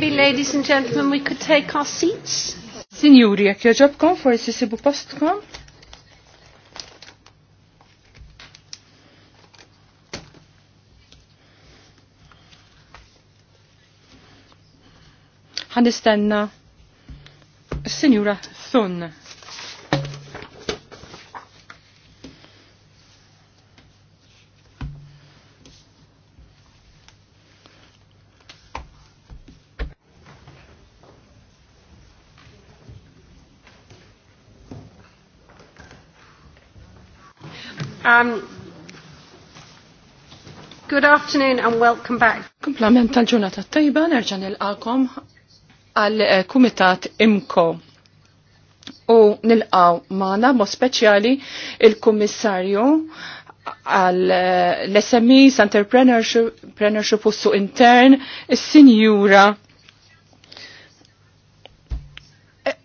Maybe, ladies and gentlemen, we could take our seats. Signori, a jekk joġobkom, forsi sibu postkom. Ħanistenna, Signora Thun. Um, good afternoon and welcome back. Komplement tal-ġurnata tajba, nerġan il-għakom għal-Kumitat eh, IMCO u nilqaw maħna mod speċjali il-Kummissarju għal eh, l-SMEs, e, entrepreneurship u su intern, il-Sinjura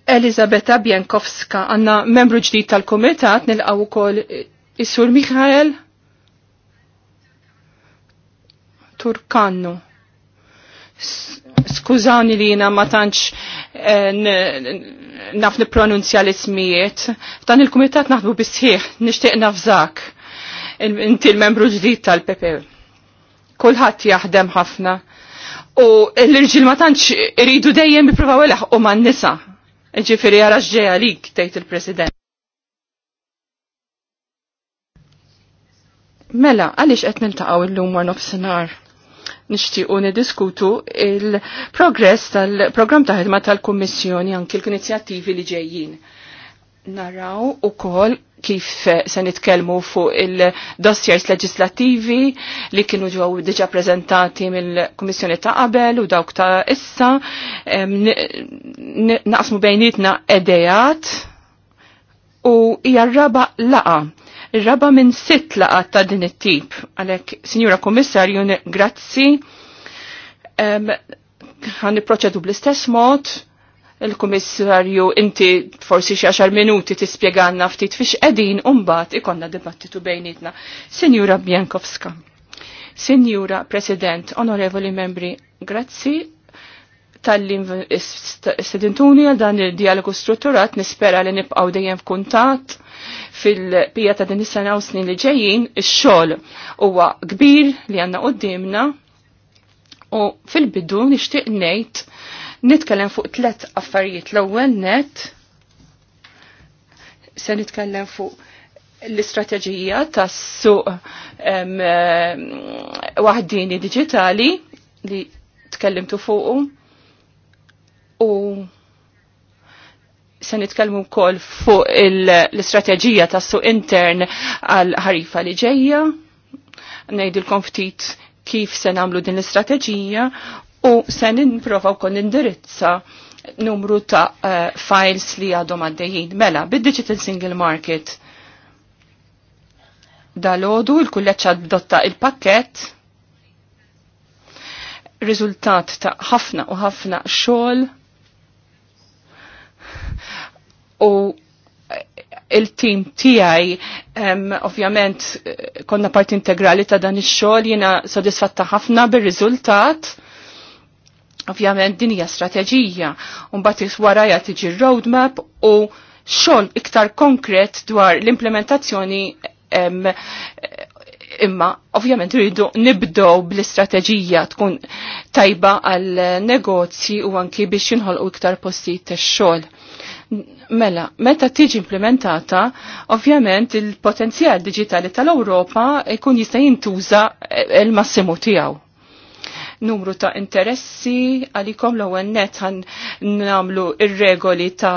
Elizabeta Bjankowska, għanna membru ġdid tal-Komitat, nilqaw ukoll Is-sur Mikhael Turkannu. Skużani li jina ma tantx eh, naf nipronunzja l-ismijiet. Dan il-kumitat naħdmu bisħieħ, nixtieq nafżak. Inti l-membru ġdid tal-PP. E. Kulħadd jaħdem ħafna. U l-irġil ma tantx iridu dejjem jippruvaw eleħqu man-nisa. Ġifieri għara ġeja lik tgħid il-President. Mela, għalix qed niltaqgħu llum war nofsinhar? Nixtiequ nidiskutu il-progress tal-programm ta' ħidma tal-Kummissjoni anki l-inizjattivi li ġejjin. Naraw ukoll kif se nitkellmu fuq il-dossiers leġislattivi li kienu ġew diġa' preżentati mill-Kummissjoni ta' qabel u dawk ta' issa, naqsmu bejnietna edejat u hija raba laqa raba minn sitt laqat ta' din it-tip. Għalek, Sinjura Komissarju, grazzi. Għan proċedu bl-istess mod, il-Komissarju inti forsi xi għaxar minuti tispjeganna ftit fiex qegħdin u mbagħad ikonna dibattitu bejnietna. Sinjura Bjankowska. Sinjura President, Onorevoli Membri, grazzi tal-sedintuni għal dan il-dialogu strutturat nispera li nibqaw dejjem f'kuntat fil-bija ta' din is-sena u snin li ġejjin ix-xogħol huwa kbir li għandna qudiemna u fil-bidu nixtieq ngħid nitkellem fuq tlet affarijiet l-ewwel net se nitkellem fuq l-istrateġija tas-suq waħdini digitali li tkellimtu fuqu u se nitkellmu wkoll fuq l-istrateġija tas suq intern għal ħarifa li ġejja, ngħidilkom ftit kif se nagħmlu din l-istrateġija u se ninprova wkoll indirizza numru ta' uh, files li għadhom għaddejjin. Mela, bid-Digital Single Market dalodu il-kulleċċa dotta il-pakket riżultat ta' ħafna u ħafna xogħol u il team tijaj, um, ovvjament, konna part integrali ta' dan ix-xogħol jiena sodisfatta ħafna bir-riżultat. Ovvjament din hija strateġija, u mbagħad waraja tiġi roadmap u xogħol iktar konkret dwar l-implementazzjoni um, imma ovvjament rridu nibdow bl-istrateġija tkun tajba għal negozji u anki biex jinħolqu iktar postijiet tax-xogħol Mela, meta tiġi implementata, ovvjament il-potenzjal digitali tal-Ewropa jkun jista' jintuża l-massimu tiegħu. Numru ta' interessi għalikom l-ewwel net ħan nagħmlu ir-regoli ta'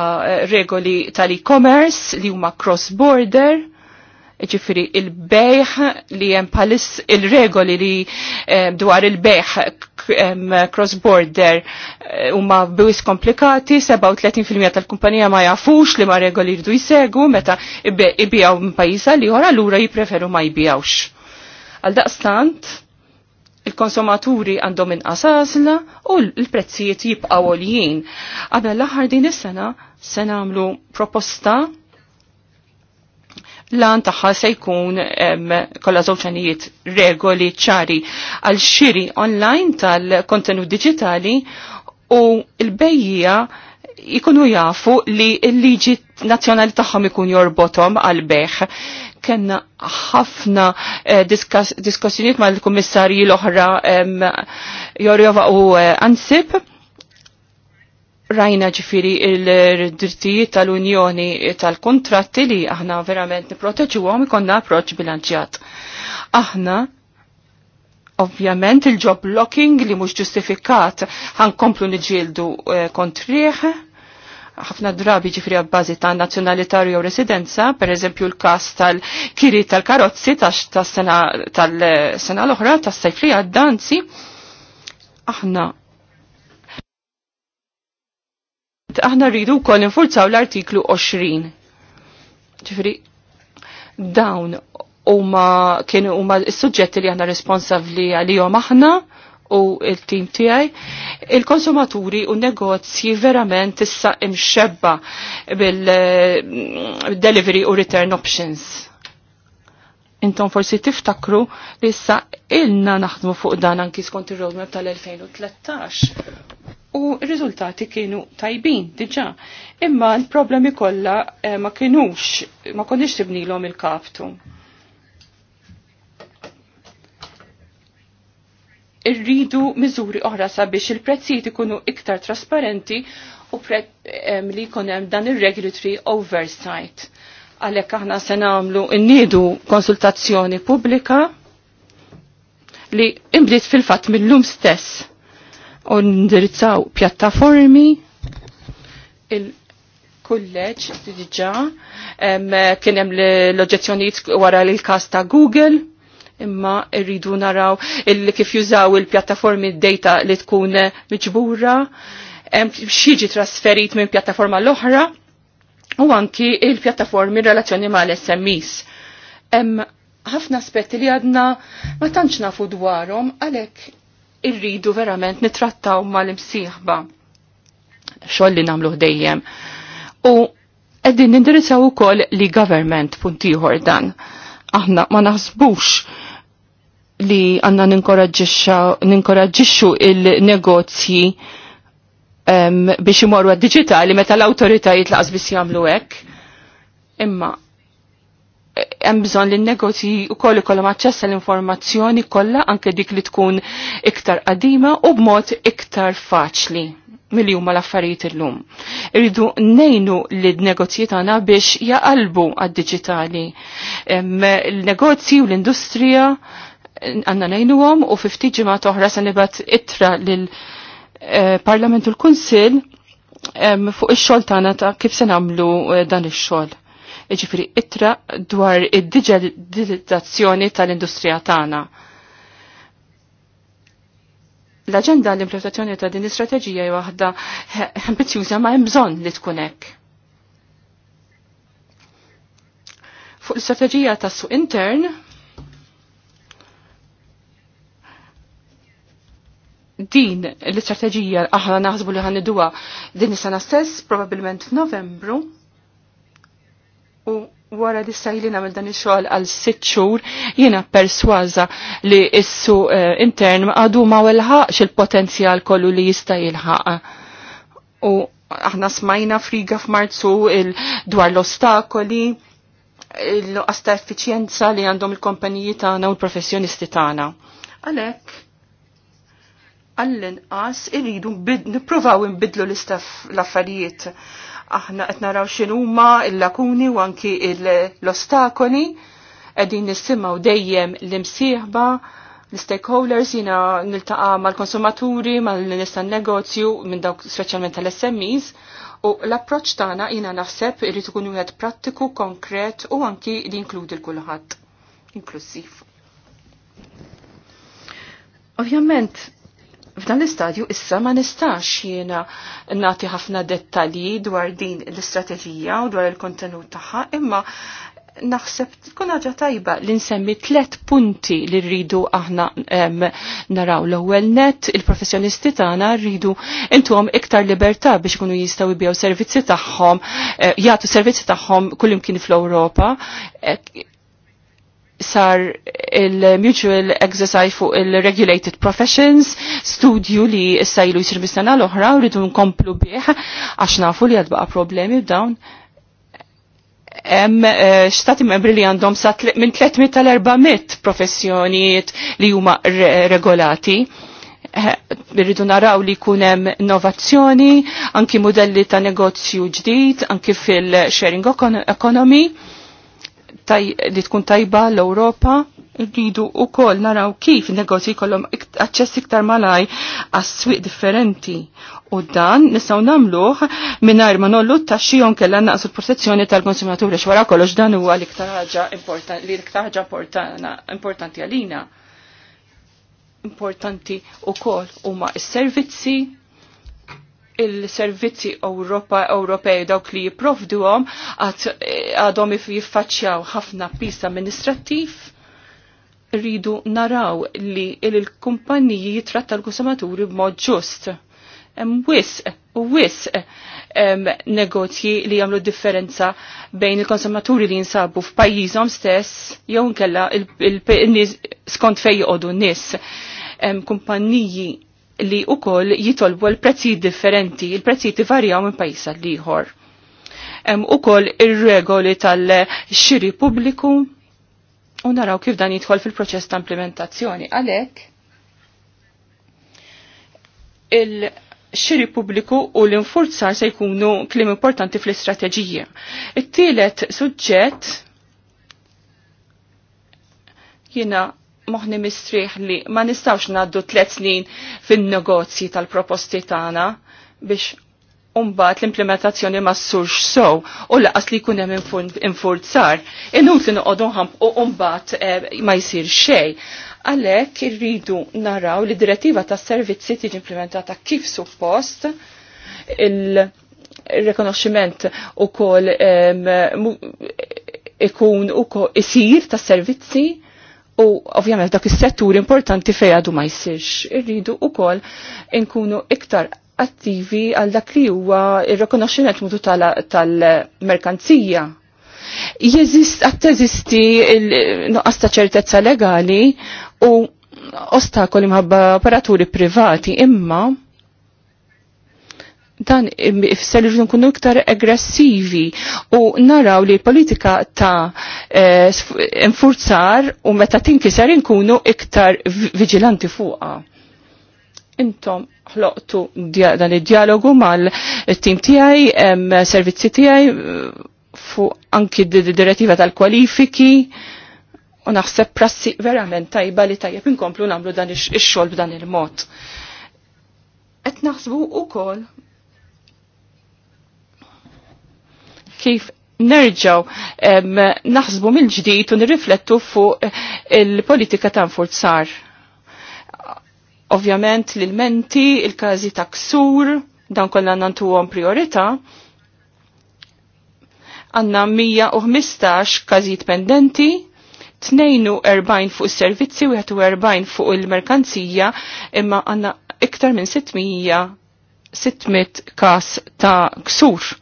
regoli tal-e-commerce li huma cross-border ġifiri il-bejħ li jem palis il-regoli li eh, dwar il-bejħ cross-border eh, huma bwis komplikati, 37% tal-kumpanija ma jafux li ma regoli jridu jsegu meta ibijaw minn pajisa li l-ura jippreferu ma jbijawx. Għal daqstant, il-konsumaturi għandhom inqas għażla u l-prezzijiet jibqgħu għoljien. Qabel l-aħħar din is-sena se nagħmlu proposta lan taħħa se jkun kolla zoċanijiet regoli ċari għal xiri online tal-kontenut digitali u l-bejja jkunu jafu li l-liġi nazjonali tagħhom ikun jorbotom għal beħ. Kenna ħafna eh, diskussjoniet mal-kummissarji l-oħra eh, Jorjova u eh, Ansip rajna ġifiri il-drittijiet tal-Unjoni tal-kontratti li aħna verament niproteġu għom ikonna approċ bilanċjat. Aħna ovvjament il-job blocking li mhux ġustifikat komplu niġieldu eh, kontriħ ħafna drabi ġifri għabbazi ta' nazjonalità jew residenza, per eżempju l-kas tal-kiri tal-karozzi tas-sena tal-sena l-oħra, tas-sajf li għaddanzi, aħna aħna rridu wkoll infurzaw l-artiklu 20. Ġifri, dawn huma kienu huma s-suġġetti li aħna responsabbli għalihom aħna u il-tim tiegħi, il-konsumaturi u negozji verament issa imxebba bil-delivery eh, u return options intom forsi tiftakru li issa ilna naħdmu fuq dan anki skont ir roadmap tal-2013 u r-riżultati kienu tajbin diġa. Imma l-problemi kollha eh, ma kienux, ma konniex tibnilhom il-kaptu. Irridu miżuri oħra sabiex il-prezzijiet ikunu iktar trasparenti u li jkun hemm dan ir-regulatory oversight. Għalhekk aħna se nagħmlu nniedu konsultazzjoni pubblika li imbdiet fil-fatt mill-lum stess u ndirizzaw pjattaformi il-kulleġ diġa kien hemm l-oġġezzjonijiet wara l-każ ta' Google imma rridu naraw il kif jużaw il-pjattaformi d-data li tkun miġbura xieġi trasferit minn pjattaforma l-oħra u anki il-pjattaformi relazzjoni ma' l-SMEs. ħafna aspetti li għadna ma tantx nafu dwarhom għalhekk irridu verament nitrattaw mal-imsieħba xoll li namlu dejjem. U eddin nindirizzaw u koll li government puntiħor dan. Aħna ma naħsbux li għanna ninkoraġġixxu il-negozji biex imorru għad-digitali meta l-autoritajiet laqas bis jamlu hekk. Imma hemm bżonn li n-negozji ukoll ikollhom aċċess l-informazzjoni kollha anke dik li tkun iktar qadima u b'mod iktar faċli mill huma l-affarijiet illum. Irridu nejnu li d-negozji tagħna biex jaqalbu għad-diġitali. l negozji u l-industrija għanna għom u fi ftit ġimgħat oħra se nibgħat ittra lil eh, Parlament u l-Kunsill fuq ix-xogħol tagħna ta' kif se nagħmlu eh, dan ix-xogħol ġifiri itra dwar id-digitalizzazzjoni tal-industrija tagħna. L-aġenda l-implementazzjoni ta' din l-istrateġija hija waħda ambizjuża ma hemm bżonn li tkun hekk. Fuq l-istrateġija tas-suq intern, din l-istrateġija aħna naħsbu li ħanidua din is-sena stess, probabbilment f'Novembru, U wara li sajli namel dan il-xogħol għal sitt xhur jiena persważa li issu uh, eh, intern għadu ma welħaqx il-potenzjal kollu li jista' jilħaq. U aħna smajna friga f'Marzu dwar l-ostakoli, l-nuqqas ta' effiċjenza li għandhom il-kompaniji tagħna u l-professjonisti tagħna. Għalhekk għall-inqas irridu nippruvaw nbidlu l-istaf l-affarijiet aħna qed naraw x'inhuma l-lakuni u anki l-ostakoli qegħdin nisimgħu dejjem l-imsieħba l-stakeholders jina niltaqa mal-konsumaturi, mal-nista negozju minn dawk speċjalment tal-SMEs u l-approċ tagħna jina naħseb irid ikun wieħed prattiku, konkret u anki li jinkludi l-kulħadd inklusiv. Ovvjament, F'dan l-istadju issa ma nistax jiena nati ħafna dettalji dwar din l-istrateġija u dwar il-kontenut tagħha, imma naħseb tkun ħaġa tajba li nsemmi tlet punti li rridu aħna naraw l-ewwel net il-professjonisti tagħna rridu intuhom iktar libertà biex ikunu jistgħu jibgħu servizzi tagħhom, eh, jagħtu servizzi tagħhom kullimkien fl-Ewropa eh, sar il-Mutual Exercise fuq il-Regulated Professions, studju li sajlu jisir bis-sena l-oħra u rridu nkomplu bieħ għax nafu li baqa' problemi b'dawn. Hemm eh, xtati membri li għandhom sa minn 300 tal-400 professjonijiet li huma regolati. Eh, rridu naraw li jkun hemm innovazzjoni, anki modelli ta' negozju ġdid, anki fil-sharing economy li tkun tajba l-Ewropa, rridu u kol naraw kif negozji kollom aċċess iktar malaj għas swieq differenti. U dan nistaw namluħ minnajr ma nollu taxxijon kella naqsu l-protezzjoni tal-konsumaturi xwara kollox dan huwa l-iktar ħagġa importanti li l-iktar importanti għalina. Importanti u u huma s-servizzi il-servizzi Europa, Ewropej dawk li jipprovduhom għadhom jiffaċċjaw ħafna pis amministrattiv rridu naraw li il-kumpaniji jitratta l-konsumaturi b'mod ġust. Wisq, wisq negozji li jamlu differenza bejn il-konsumaturi li jinsabu f'pajjiżhom stess jew nkella skont fejn joqogħdu nies. Kumpanniji li u koll jitolbu l-prezzi differenti, il-prezzi varjaw minn pajis għal-liħor. U koll ir-regoli tal-xiri pubbliku u naraw kif dan jidħol fil-proċess ta' implementazzjoni. Għalek, il-xiri pubbliku u l-infurzar se jkunu klim importanti fl-istrateġija. It-tielet suġġett jina moħni mistriħ li ma nistawx naddu tlet snin fin-negozji tal-proposti tagħna biex umbat l-implementazzjoni ma s-surx sow u laqas li kunem infurzar. Inut li noqodu u umbat eh, ma jisir xej. Għalek irridu naraw li direttiva ta' servizzi tiġi implementata kif suppost il-rekonoxximent u kol ikun u isir ta' servizzi u ovvjament dak is-settur importanti fejn għadu ma jsirx. Irridu wkoll inkunu iktar attivi għal dak li huwa ir-rikonoxximent mutu tal-merkanzija. Jeżist għat teżisti nuqqas ta' ċertezza legali u ostakoli mħabba operaturi privati imma dan ifisser li nkunu iktar aggressivi u naraw li politika ta' eh, infurzar u meta tinkiser inkunu iktar vigilanti fuqa. Intom ħloqtu dan id-dialogu mal-tim tiegħi, servizzi tiegħi fu anki d-direttiva tal-kwalifiki u naħseb prassi verament tajba li tajjeb inkomplu nagħmlu dan ix-xogħol b'dan il-mod. Qed naħsbu wkoll kif nerġaw um, naħsbu mill-ġdijt u nirriflettu fuq eh, il-politika ta' nfurzar. Ovvjament l-menti, il-kazi ta' ksur, dan kollha nantu għom priorita, għanna 115 kazit pendenti, 42 fuq il-servizzi, 41 fuq il-merkanzija, imma għanna iktar minn 600, 600 kas ta' ksur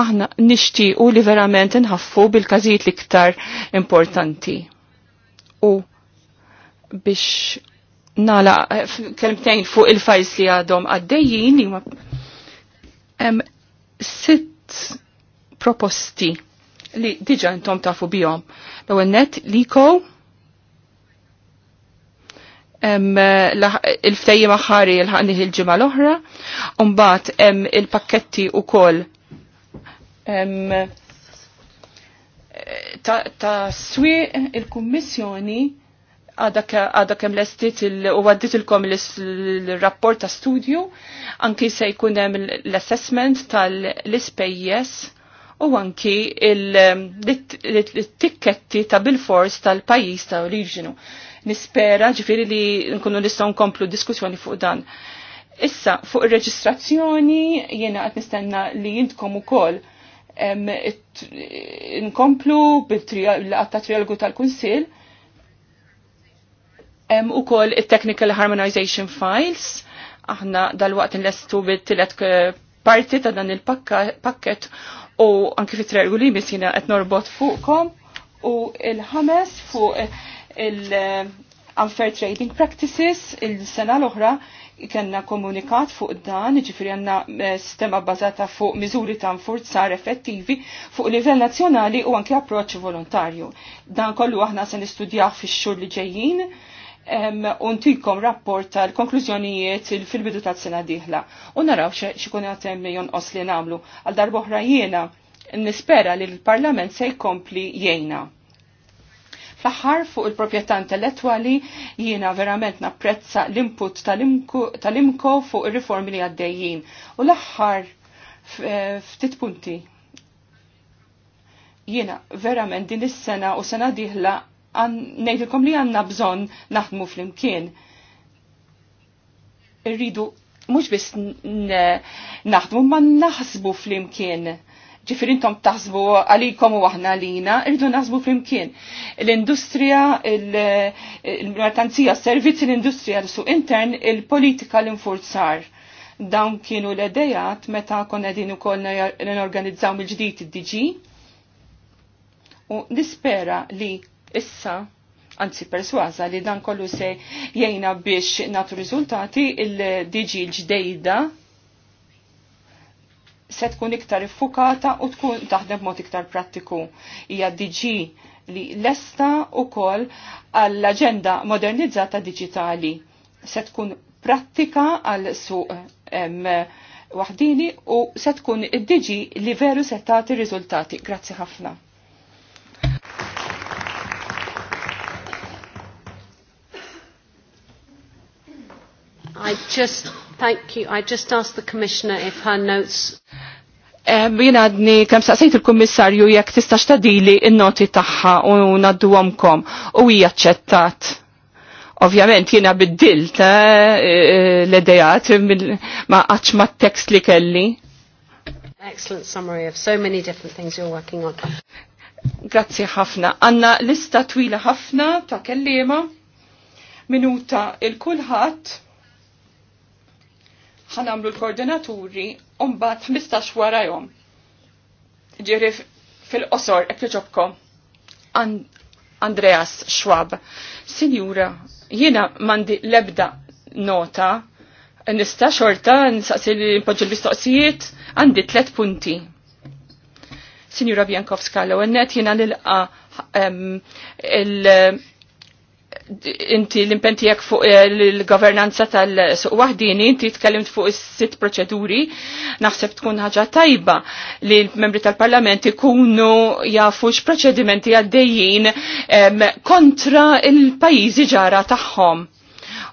aħna nixtiequ li verament nħaffu bil-każijiet l-iktar importanti. U biex nala kelmtejn fuq il-fajs li għadhom għaddejjin hemm sitt proposti li diġa intom tafu bihom. L-ewwel net liko il ftejjim aħħari l-ħanih il-ġimgħa l-oħra, u mbagħad hemm il-pakketti ukoll ta', swi il-Kummissjoni għada kem l-estit u għaddit il-kom l-rapport ta' studju, anki se jkunem l-assessment tal-ispejjes u anki l-tikketti ta' bil-fors tal-pajis ta' oriġinu. Nispera ġifiri li nkunu nistaw nkomplu diskussjoni fuq dan. Issa, fuq il-reġistrazzjoni jena għat nistenna li jintkom u koll inkomplu bil-għatta trialogu tal-Kunsil u koll il-Technical Harmonization Files aħna dal-waqt nlestu bil-tilet eh, parti ta' dan il-pakket u anki fit regoli li jina qed norbot fuqkom u il-ħames fuq il- eh, unfair trading practices il-sena l-oħra kellna komunikat fuq dan, ġifri għanna eh, sistema bazata fuq miżuri ta' nfurzar effettivi fuq livell nazzjonali u anke approċ volontarju. Dan kollu aħna se nistudjaw fix-xhur li ġejjin u ntikom rapport tal-konklużjonijiet fil-bidu tat-sena diħla. U naraw xikun għatem jonqos li namlu. Għal darboħra jiena nispera li l-Parlament se jkompli jgħina. Fl-aħħar fuq il-proprjetà intellettwali jiena verament napprezza l-input tal-imko fuq ir-riformi li għaddejjin. U l-aħħar ftit punti jiena verament din is-sena u sena diħla ngħidilkom li għandna bżonn naħdmu flimkien. Irridu mhux biss naħdmu ma naħsbu flimkien ġifir intom taħsbu għalikom u aħna lina, irridu naħsbu flimkien. L-industrija, il-mertanzija, servizzi l-industrija l-su intern, il-politika l-infurzar. Dawn kienu l-edejat meta konna din ukoll l organizzaw mill-ġdid id-DG. U nispera li issa anzi perswaza li dan kollu se jgħina biex natu riżultati il-DG l-ġdejda se tkun iktar iffukata u tkun taħdem mod iktar prattiku. Hija DG li lesta u kol għall-agenda modernizzata digitali. Se tkun prattika għal suq waħdini u se tkun id-DG li veru se tagħti riżultati. Grazzi ħafna. I just thank you. I just asked the commissioner if her notes Jina għadni kem saqsejt il-kommissarju jekk tista' xtadili il-noti tagħha u naddu għomkom u hija ċettat. Ovvjament jina biddilt eh, eh, l-idejat ma qaċ ma tekst li kelli. Excellent summary of so many different things you're working on. Grazzi ħafna. Għanna lista twila ħafna ta' kellima. Minuta il-kulħat ħanamlu l-koordinaturi umbat 15 jom. Ġiri fil-qosor, ekki ġobkom. Andreas Schwab. Sinjura, jiena mandi lebda nota, nista xorta, nsaqsi li npoġġu l-mistoqsijiet, għandi tlet punti. Signora Bjankowska, l għennet jiena nilqa il- inti l-impentijak fuq eh, l-governanza tal-suq wahdini, inti tkellimt fuq is-sitt proċeduri, naħseb tkun ħaġa tajba li l-membri tal-parlament ikunu jafu x-proċedimenti għaddejjin kontra il-pajizi ġara tagħhom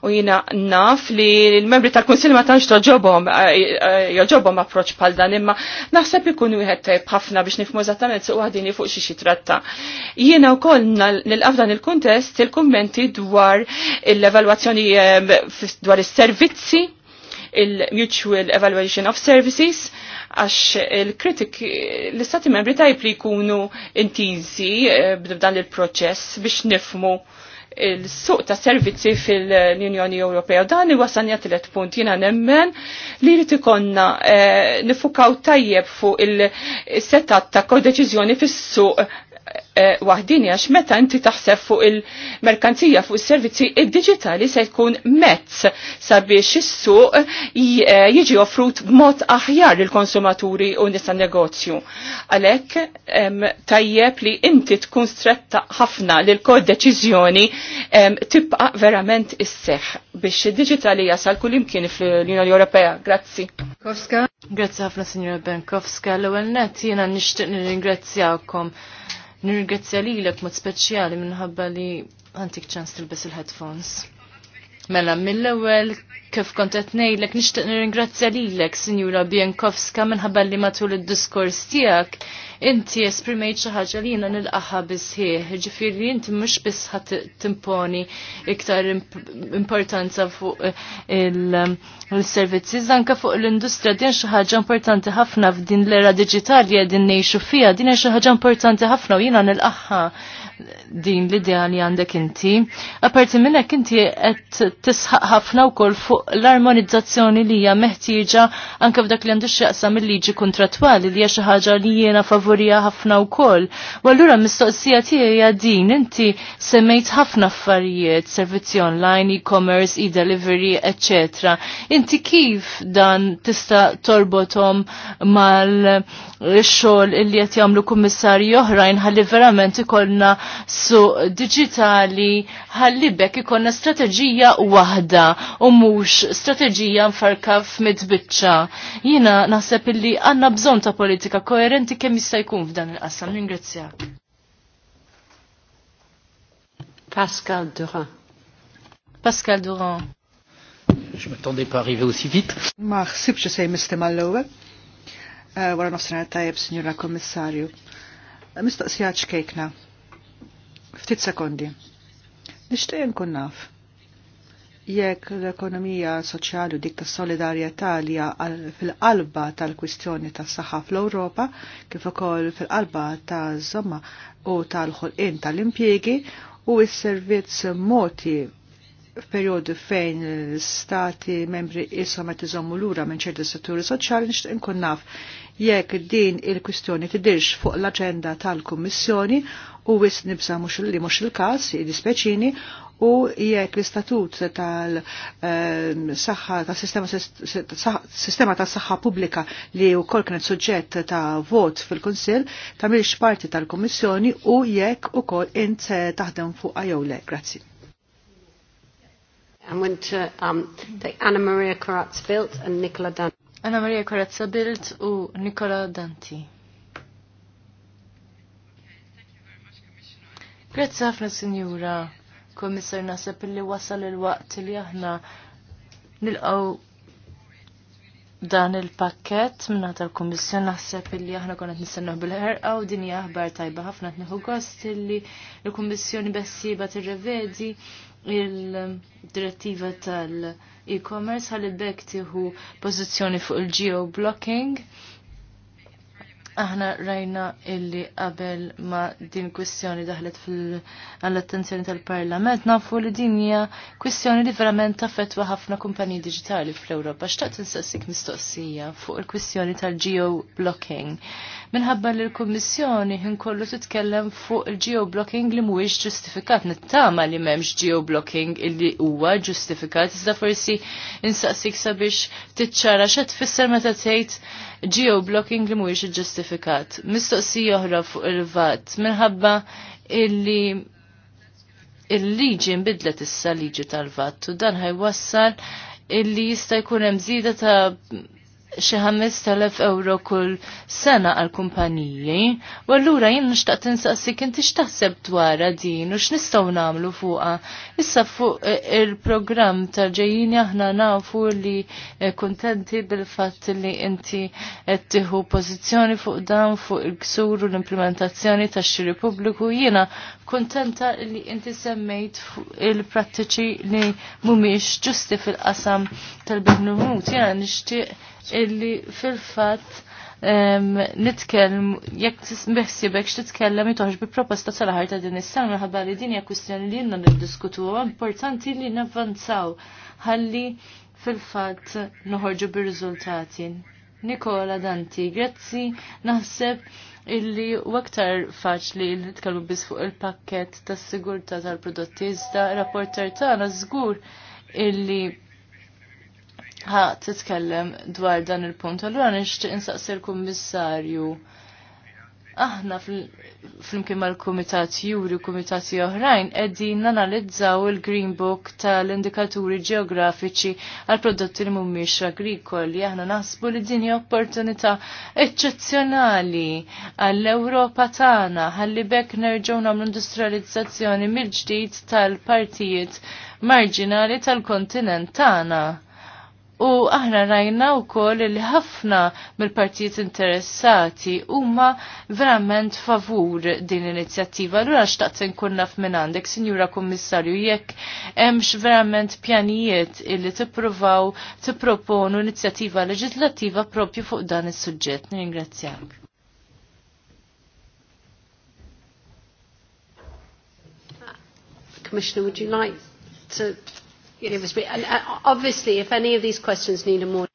U jina naf li l-membri tal-Kunsil ma tantx toġobom, eh, eh, joġobom approċċ bħal dan imma naħseb ikun wieħed tajb ħafna biex nifhmu eżattament suq ħadini fuq xi tratta. Jiena wkoll nilqaf dan il-kuntest il-kummenti dwar l-evalwazzjoni ehm, dwar is-servizzi il-Mutual Evaluation of Services, għax il-kritik l-istati membri tajb li jkunu intizi eh, b'dan il-proċess biex nifmu il-suq ta' servizzi fil-Unjoni Ewropea. Dan wasanja jatlet punt jina nemmen li rrit ikonna eh, nifukaw tajjeb fuq il-setat ta' kodeċizjoni fis-suq Eh, waħdini għax meta inti taħseb fuq il-merkanzija fuq is-servizzi id-diġitali se jkun mezz sabiex is-suq eh, jiġi offrut b'mod aħjar lil konsumaturi u nisa negozju. Għalhekk tajjeb li inti tkun stretta ħafna lil kod deċiżjoni tibqa' verament isseħ biex id-diġitali jasal kull imkien fl-Unjoni Ewropea. Grazzi. Grazzi ħafna Sinjora Benkowska. L-ewwel nett jiena nixtieq nirringrazzjawkom nirgrazzja lilek mod speċjali minħabba li għantik ċans tilbes il-headphones. Mela, mill-ewel, kif kontet nejlek, nishtiq nir-ingrazzja lilek, Sinjura Bienkowska, minħabba li matul id-diskors tijak, inti esprimejt xi ħaġa li jiena nilqaħa bisħieħ, ġifieri inti mhux biss ħadd timponi iktar importanza fuq eh, il-servizzi, anke fuq l-industrija din xi ħaġa importanti ħafna f'din l-era diġitali qegħdin ngħixu fiha, din hija xi ħaġa importanti ħafna u jiena nilqaħħa din l-idea li għandek inti. Aperti minnek inti qed tisħaq ħafna wkoll fuq l-armonizzazzjoni li hija meħtieġa anke f'dak li għandu x'jaqsam il-liġi kontratwali li hija xi ħaġa li jiena favorija ħafna wkoll. U allura mistoqsija tiegħi hija din inti semmejt ħafna affarijiet, servizzi online, e-commerce, e-delivery, etc. Inti kif dan tista' torbotom mal xogħol illi qed jagħmlu kummissari oħrajn ħalli verament ikollna su digitali ħalli bekk ikonna strateġija waħda u mhux strategija mfarka f'mitbiċċa. Jiena naħseb illi għandna bżonn ta' politika koerenti kemm jista' jkun f'dan il-qasam. Ringrazzjak. Pascal Durand. Pascal Durand. Je m'attendais pas arriver aussi vite. Ma ħsibx se jmistim għall Eh, wara nofsinhar tajjeb, Signora Kommissarju. Mistoqsija ċkejkna. Ftit sekondi. Nixtieq nkun naf. Jekk l-ekonomija soċjali u dik tas solidarjetà li fil-qalba tal-kwistjoni tas-saħħa fl-Ewropa, kif ukoll fil-qalba ta' żomma u tal-ħolqien tal-impjiegi u s-servizz moti f'perjodu fejn l-stati membri isom qed iżommu lura minn ċerti setturi soċjali nixtieq inkun naf jekk din il-kwistjoni tidirx fuq l-aġenda tal-Kummissjoni u wis nibsa mux li mux il-kas, id-dispeċini, u jekk l-istatut tal-saħħa ehm, ta' sistema ta' saħħa pubblika li u kol kienet suġġett ta' vot fil konsil ta' milx parti tal-Kommissjoni u jekk u kol int eh, taħdem fuq għajowle. Grazzi. I'm went to um, Anna Maria Karatz-Bilt and Nicola Dan. Anna Maria Corazza Bilt u Nicola Danti. Grazzi ħafna Sinjura Komissar nasab li wasal il-waqt li aħna nilqaw dan il-pakket minna tal-Komissjon naħseb li aħna konna nistennuh bil-ħerqa u din hija aħbar tajba ħafna tnieħu gost li l-Kummissjoni bessiba tirrevedi il-direttiva tal- e-commerce ħalli bekk tieħu pożizzjoni fuq il-geo blocking aħna rajna illi qabel ma din kwistjoni daħlet fil-attenzjoni tal-Parlament, nafu li din hija kwistjoni li verament tafetwa ħafna kumpaniji digitali fl-Ewropa. Xtaqt insassik mistoqsija fuq il-kwistjoni tal geoblocking Minħabba li l-Kummissjoni kollu titkellem fuq il geoblocking li mhuwiex ġustifikat, nittama li m'hemmx geoblocking illi huwa ġustifikat, iżda forsi insaqsik sabiex tiċċara xa meta tgħid geoblocking li mhuwiex iġġustifikat. Mistoqsija oħra fuq il-VAT minħabba illi il-liġi nbidlet issa liġi tal-VAT u dan ħajwassal illi jista' jkun hemm żieda ta' xi 5000 euro kull sena għal kumpaniji. U allura jien nixtaq tinsaqsik inti x'taħseb dwarha din u x'nistgħu nagħmlu fuqha. Issa fuq eh, il-programm tal ġejjini aħna nafu li eh, kuntenti bil-fatt li inti qed tieħu pożizzjoni fuq dan fuq il-ksur u l-implementazzjoni tax-xiri pubbliku jiena kuntenta li inti semmejt il-prattiċi li mhumiex ġusti fil-qasam tal-bibnumut. Jiena nixtieq illi fil-fatt nitkellem jekk tisbeħsibek x'titkellem itoħx bi proposta tal-ħar ta' din is-sena minħabba li din hija kwistjoni li jilna niddiskutu importanti li navvanzaw ħalli fil-fatt noħorġu bir-riżultati. Nikola Danti, grazzi, naħseb illi u aktar faċli li nitkellmu biss fuq il-pakket tas-sigurtà tal-prodotti iżda rapporter tagħna żgur illi ħa titkellem dwar dan il-punt. Allura nixtieq insaqsir kummissarju Aħna fl-imkien mal-Kumitat Juri, u Kumitati oħrajn, qegħdin nanalizzaw il-Green Book tal-indikaturi ġeografiċi għal prodotti li mhumiex agrikoli. Aħna naħsbu li din hija opportunità eċċezzjonali għall-Ewropa tagħna ħalli bekk nerġgħu nagħmlu industrializzazzjoni mill-ġdid tal-partijiet marġinali tal-kontinent tagħna U aħna rajna u koll li ħafna mill-partijiet interessati huma verament favur din l-inizjattiva. Allura xtaqt nkun naf minn għandek, Sinjura Kommissarju, jekk hemmx verament pjanijiet illi tippruvaw tipproponu inizjattiva leġislattiva propju fuq dan is-suġġett. Ningrazzjak. Commissioner, would you like to And uh, obviously, if any of these questions need a more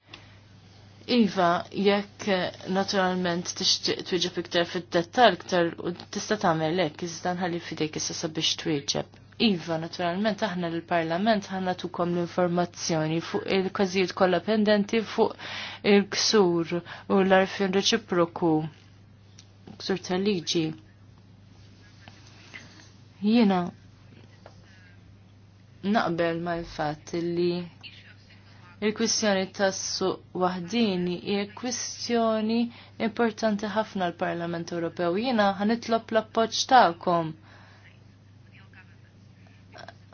Iva, jekk eh, naturalment tixtieq twieġeb iktar fid-dettall iktar u tista' tagħmel hekk iżda nħalli fidejk issa sabiex twieġeb. Iva, naturalment aħna l-Parlament ħanna tukom l-informazzjoni fuq il-każijiet kollha pendenti fuq il-ksur u l-arfin reċiproku ksur tal-liġi. Jiena naqbel ma' l-fatt li il-kwistjoni tas-suq waħdini hija kwistjoni importanti ħafna l-Parlament Ewropew. Jiena ħanitlob l-appoġġ tagħkom.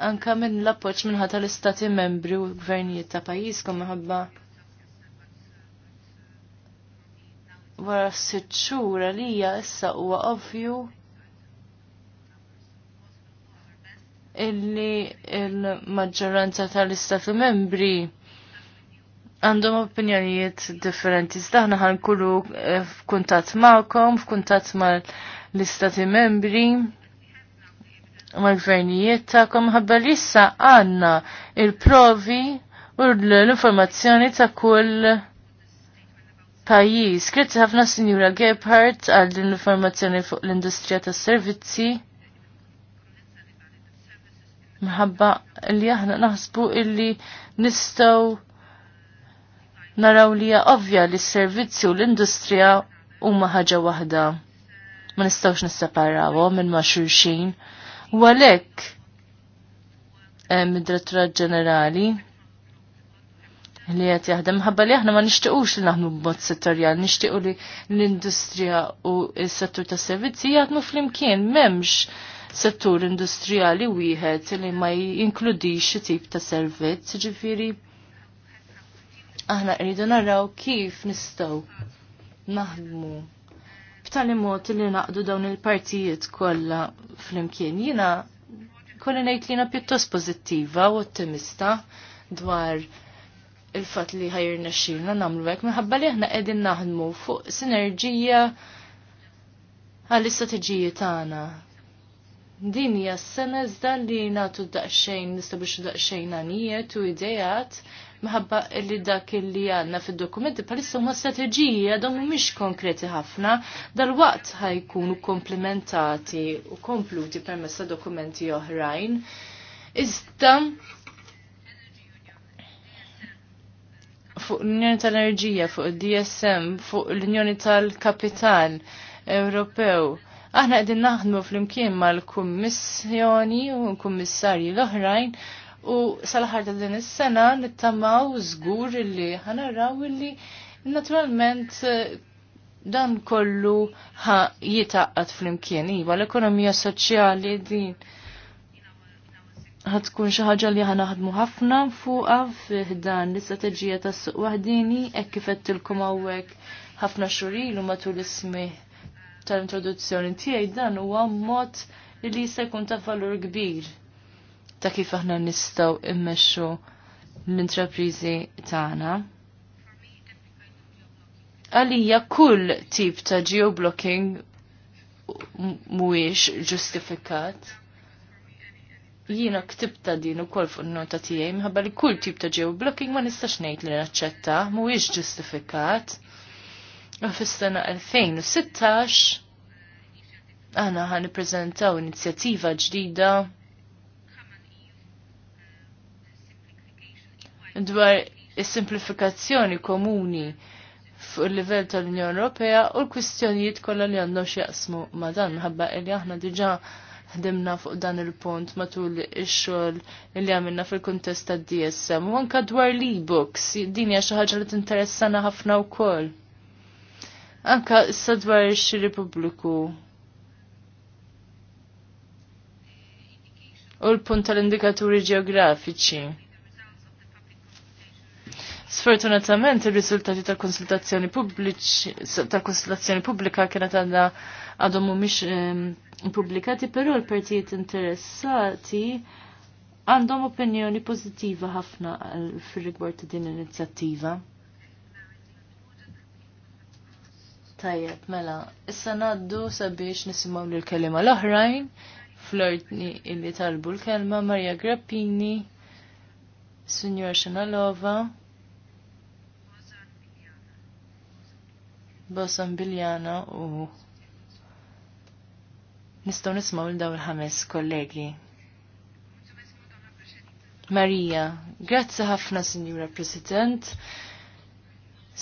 Anka minn l-appoġġ minħa tal-istati membri u gvernijiet ta' pajjiżkom minħabba wara s-sitxura li hija issa huwa ovvju illi il-maġġoranza tal-istati membri għandhom opinjonijiet differenti. Staħna ħankulu eh, f'kuntat ma'kom, f'kuntat mal istati membri, mal gvernijiet ta'kom, ħabba li issa għanna il-provi u l-informazzjoni ta' kull pajis. Kritti ħafna Sinjura Gebhardt għal din l-informazzjoni fuq l-industrija tas servizzi minħabba li aħna naħsbu illi nistgħu naraw li ovvja li s-servizzi u l-industrija huma ħaġa waħda. Ma nistgħux nisseparawhom minn ma' xulxin. U għalhekk mid id Ġenerali li qed jaħdem ħabba li aħna ma nixtiequx li b b'mod settorjal, nixtiequ li l-industrija u s-settur tas-servizzi jaħdmu flimkien m'hemmx settur industrijali wieħed li ma jinkludix tip ta' servizz, ġifiri aħna rridu naraw kif nistgħu naħdmu b'tali mod li naqdu dawn il-partijiet kollha flimkien. Jiena kolli ngħid li pjuttost pożittiva u ottimista dwar il-fatt li ħajrna xilna nagħmlu hekk minħabba li aħna qegħdin naħdmu fuq sinerġija għall-istrateġiji tagħna din hija s-sena iżda li nagħtu daqsxejn biex daqsxejn għanijiet u idejat minħabba li dak li għandna fid-dokumenti bħalissa huma strateġiji għadhom mhumiex konkreti ħafna dal-waqt ħajkunu komplementati u kompluti permezz ta' dokumenti oħrajn. Iżda fuq l-Unjoni tal-Enerġija, fuq il-DSM, fuq l-Unjoni tal-Kapital Ewropew Aħna għedin naħdmu flimkien mal-kummissjoni u kummissarji l-oħrajn u sal-ħar ta' din is-sena nittamaw żgur illi ħanaraw illi naturalment eh, dan kollu ħa jitaqqat flimkien iva l-ekonomija soċjali din ħatkun xi ħaġa li ħanaħdmu ħafna fuqha f'dan l-istrateġija tas-suq waħdini hekk kif qedtilkom hawnhekk ħafna xuril u matul ismih tal-introduzzjoni tiegħi dan huwa mod li jista' jkun ta' valur kbir ta' kif aħna nistgħu immexxu l-intrapriżi tagħna. Għalija kull tip ta' geoblocking mhuwiex ġustifikat Jiena ktib ta' din ukoll fuq nota tiegħi minħabba li kull tip ta' geoblocking ma nistax ngħid li naċċetta, mhuwiex ġustifikat fis-sena 2016 aħna ħan nippreżentaw inizjattiva ġdida dwar is-simplifikazzjoni komuni fuq il-livell tal-Unjoni Ewropea u l-kwistjonijiet kollha li għandhom jaqsmu ma' dan minħabba li aħna diġà ħdimna fuq dan il-punt matul ix-xogħol li għamilna fil-kuntest tad-DSM u anke dwar l-e-books din hija xi ħaġa li tinteressana ħafna wkoll. Anka sadwar dwar ix pubbliku. U l-punt tal-indikaturi ġeografiċi. Sfortunatament ir-riżultati tal-konsultazzjoni tal-konsultazzjoni pubblika kienet għandha għadhom mhumiex ehm, pubblikati, però l-partijiet interessati għandhom opinjoni pożittiva ħafna eh, fir-rigward ta' din l-inizjattiva. Tajjeb, mela, issa naddu sabiex nisimaw l-kelima l-oħrajn, flirtni illi talbu l-kelma Marja Grappini, Signor Xanalova, Bosan Biljana u nistaw nisimaw l-daw l-ħames kollegi. Marija, grazzi ħafna, Signora President,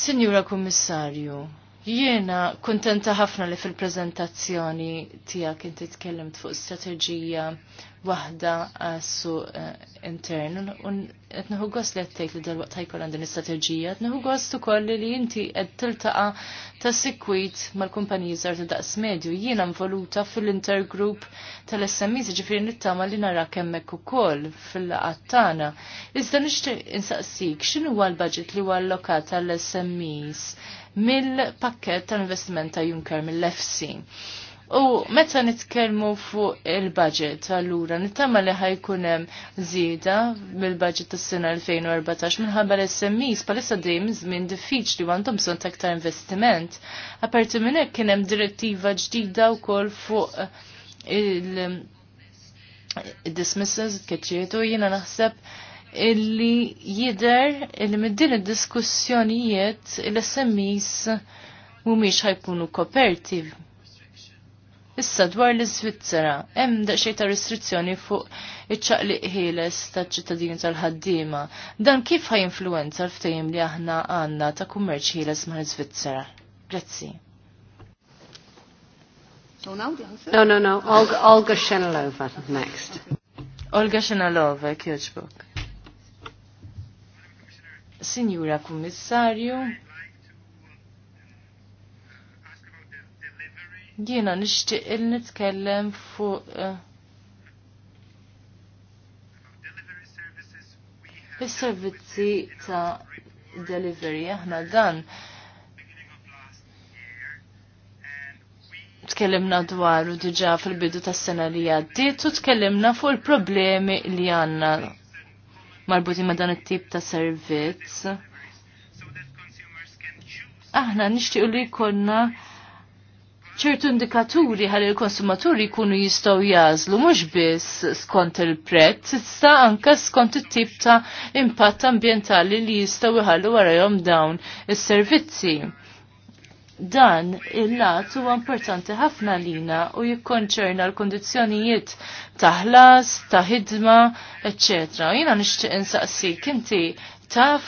Signora Kommissarju. Jiena kuntenta ħafna li fil-prezentazzjoni tiegħek inti tkellem fuq strateġija waħda għassu eh, intern. Un qed neħu gost li għattejt li dal-waqt ħajkol għandin istrateġija, qed neħu gost ukoll li inti qed tiltaqa ta' sikwit mal-kumpaniji żgħar ta' daqs medju. Jiena mvoluta fil-intergroup tal-SMEs, ġifieri nittama li narak hemmhekk ukoll fil-laqat tagħna. Iżda nixtieq insaqsik x'inhuwa l-budget li huwa allokat tal-SMEs mill-pakket tal-investiment ta' Juncker mill fc U meta nitkellmu fuq il-budget, allura nittama li ħajkunem zida mill-budget tas sena 2014 minħabba l-SMEs palissa dejjem żmien diffiċli u għandhom bżonn ta' aktar investiment. Aperti minn hekk kien hemm direttiva ġdida wkoll fuq il- dismisses kieċietu jina naħseb illi jider illi middin din id-diskussjonijiet il-SMEs mumiex ħajkunu koperti. Issa dwar l-Svizzera, hemm daqsxej ta' restrizzjoni fuq iċ ħieles taċ-ċittadini tal-ħaddiema. Dan kif ħajinfluenza l-ftehim li aħna għandna ta' kummerċ ħieles ma' l-Svizzera? Grazzi. No, no, no, Olga Shenalova next. Olga Shenalova, Kjoċbok. Sinjura Kummissarju, jiena nixtieq il nitkellem fuq eh, is-servizzi ta' delivery aħna dan. tkellimna dwaru diġa fil-bidu tas sena li għaddiet u tkellimna fuq il-problemi li għandna marbuti ma' dan it-tip ta' servizz. Aħna nixtiequ li jkollna ċertu indikaturi ħalli l-konsumaturi jkunu jistgħu jażlu mhux biss skont il-prezz, issa anke skont it-tip ta' impatt ambjentali li jistgħu iħallu warahom dawn is-servizzi dan il-lat huwa importanti ħafna lina u jikkonċerna l-kondizzjonijiet ta' ħlas, ta' ħidma, ecc. Jina nixtieq insaqsik inti taf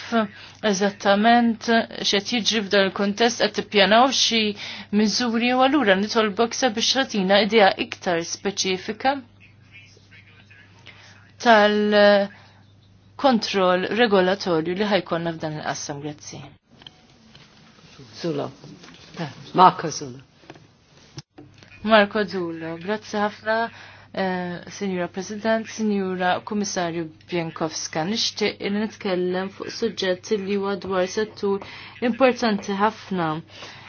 eżattament xed jiġri f'dan il-kontest qed tippjanaw xi miżuri u allura nitolbok sabiex ratina idea iktar speċifika tal-kontroll regolatorju li ħajkonna f'dan il-qassam. Grazzi. Marco Zulo. Marko Zulo, grazie ħafna. Eh, Signora President, Signora Komissarju Bienkowska, nixtieq il nitkellem fuq suġġetti li huwa dwar settur importanti ħafna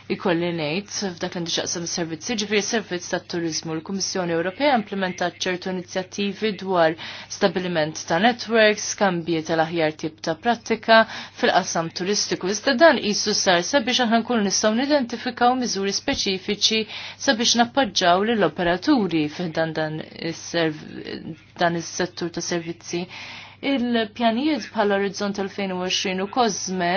ikolli ngħid f'dak li xaqsam is-servizzi, ġifieri servizz tat-turiżmu l-Kummissjoni Ewropea implementat ċertu inizjattivi dwar stabiliment ta' networks, skambji tal-aħjar tip ta' prattika fil-qasam turistiku. Iżda dan qisu sar sabiex aħna nkunu nistgħu nidentifikaw miżuri speċifiċi sabiex nappoġġaw lill-operaturi f'dan dan is-settur ta' servizzi. Il-pjanijiet bħal Orizzont 2020 u Kozme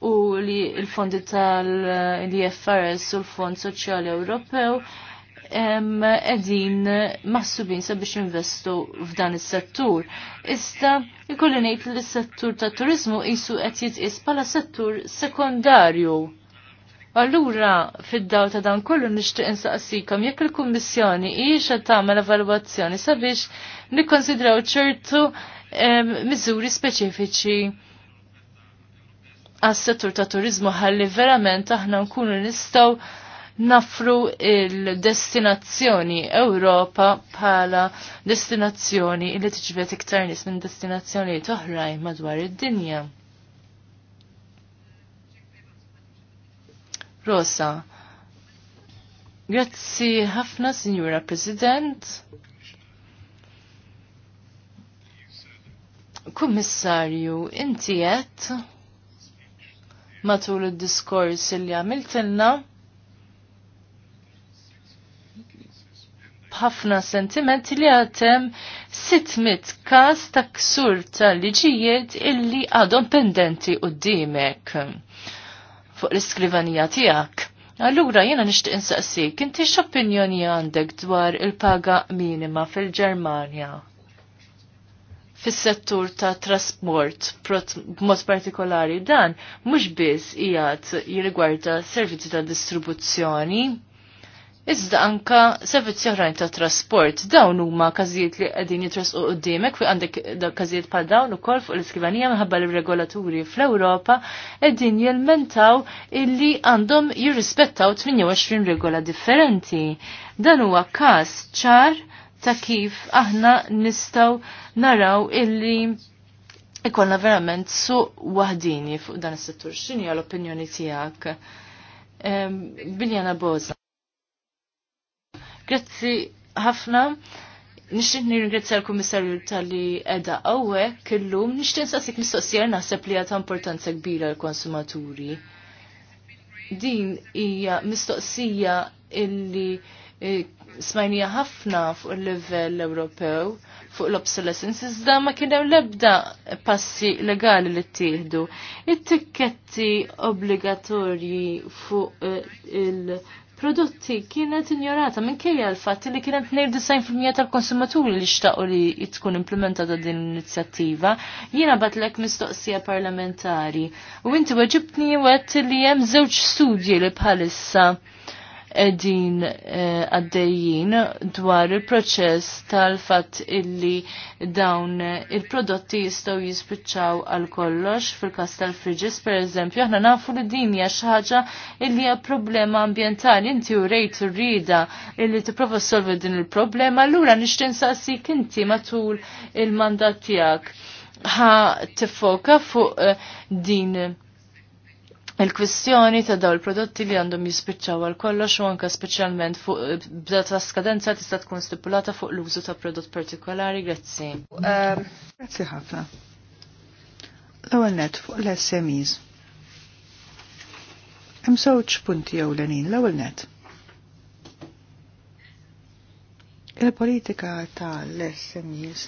u li l-fondi tal-IFRS u l-Fond Soċjali Ewropew edin massubin sabiex investu f'dan is-settur. Ista ikolli ngħid li s-settur ta' turizmu qisu qed jitqis bħala settur sekondarju. Allura, fid-daw ta' dan kollu nixtieq insaqsikom jekk il-Kummissjoni hijiex qed tagħmel evalwazzjoni sabiex nikkonsidraw ċertu miżuri speċifiċi għas-settur ta' turizmu ħalli verament aħna nkunu nistgħu nafru il-destinazzjoni Ewropa bħala destinazzjoni li tiġbet iktar nies minn destinazzjoni toħrajn madwar id-dinja. Rosa, grazzi ħafna, Signora President. Kummissarju, inti qed matul id-diskors li għamiltilna. ħafna sentimenti li għatem 600 kas ta' ksur ta' liġijiet illi għadhom pendenti u d-dimek fuq l-iskrivanija tijak. Allura jena nishtiq insaqsik, inti x'opinjoni għandek dwar il-paga minima fil-Ġermanja? fis-settur ta' trasport b'mod partikolari dan mhux biss qiegħed jirrigwarda servizzi ta' distribuzzjoni Iżda anka servizzi oħrajn ta' trasport dawn huma każijiet li qegħdin jitrasqu quddiemek fi għandek każijiet bħal dawn ukoll fuq l-iskivanija minħabba li regolaturi fl-Ewropa qegħdin jelmentaw illi għandhom jirrispettaw 28 regola differenti. Dan huwa każ ċar ta' kif aħna nistaw naraw illi ikonna verament suq wahdini fuq dan is-settur. X'inhi l-opinjoni tiegħek? Biljana Boza. Grazzi ħafna. Nixtieq nirringrazzja l-Kummissarju tal-li qiegħda hawnhekk illum nixtieq nsaqsik mistoqsija naħseb li għadha importanza kbira l-konsumaturi. Din hija mistoqsija illi eh, smajnija ħafna fuq il-level Ewropew fuq l-obsolescence, iżda ma kien hemm l-ebda passi legali li ttieħdu. It-tikketti obbligatorji fuq eh, il-prodotti kienet injorata minkejja l fat li kienet 92% tal-konsumaturi li xtaq li tkun implementata din l-inizjattiva. Jiena batlek mistoqsija parlamentari u inti weġibni wet li hemm żewġ studji li bħalissa edin eh, għaddejjin dwar il-proċess tal-fat illi dawn il-prodotti jistaw jispiċċaw għal kollox fil-kas tal-friġis per eżempju aħna nafu li din hija xi ħaġa illi hija problema ambjentali inti u rejt rrida illi tipprova solvi din il-problema allura nixtieq nsaqsik inti matul il-mandat tiegħek ħa tifoka fuq eh, din il-kwistjoni ta' daw il-prodotti li għandhom jispiċċaw għal kollox u anka speċjalment fuq eh, bda ta' skadenza tista' tkun stipulata fuq l-użu ta' prodott partikolari, grazzi. Um, grazzi ħafna. L-ewwel net fuq l-SMEs. Hemm żewġ punti ewlenin l-ewwel net. Il-politika ta' l-SMEs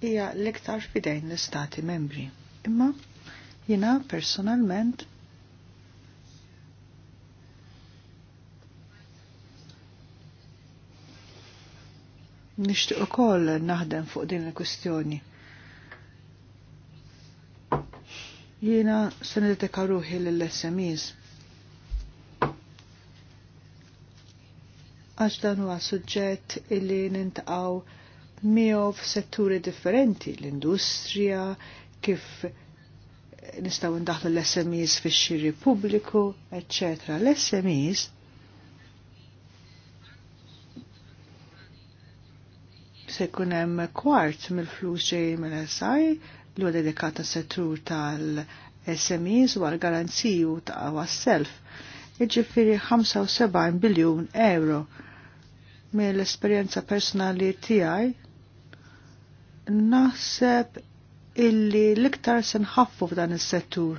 hija l-iktar fidejn l-Istati membri. Imma jina personalment nixtieq ukoll naħdem fuq din il-kwistjoni. Jiena se nideteka ruħi lill-SMEs. Għax dan huwa suġġett illi nintaqgħu miegħu f'setturi differenti, l-industrija, kif nistaw ndaħlu l-SMEs fix xiri pubbliku, etc. L-SMEs se jkun hemm kwart mill-flus ġej minn si li huwa dedikata settur tal-SMEs u għal-garanziju ta' għas-self. Iġifieri 75 biljun euro mill-esperjenza personali tiegħi naħseb illi l-iktar se nħaffu f'dan is-settur.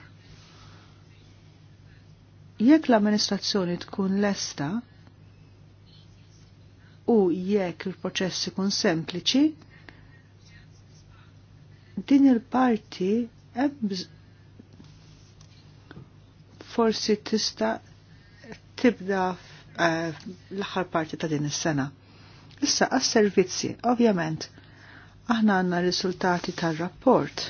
Jekk l-amministrazzjoni tkun lesta, u jekk il-proċess ikun sempliċi, din il-parti forsi tista tibda eh, l-aħħar parti ta' din is-sena. Issa għas-servizzi, ovvjament, aħna għanna risultati tal-rapport.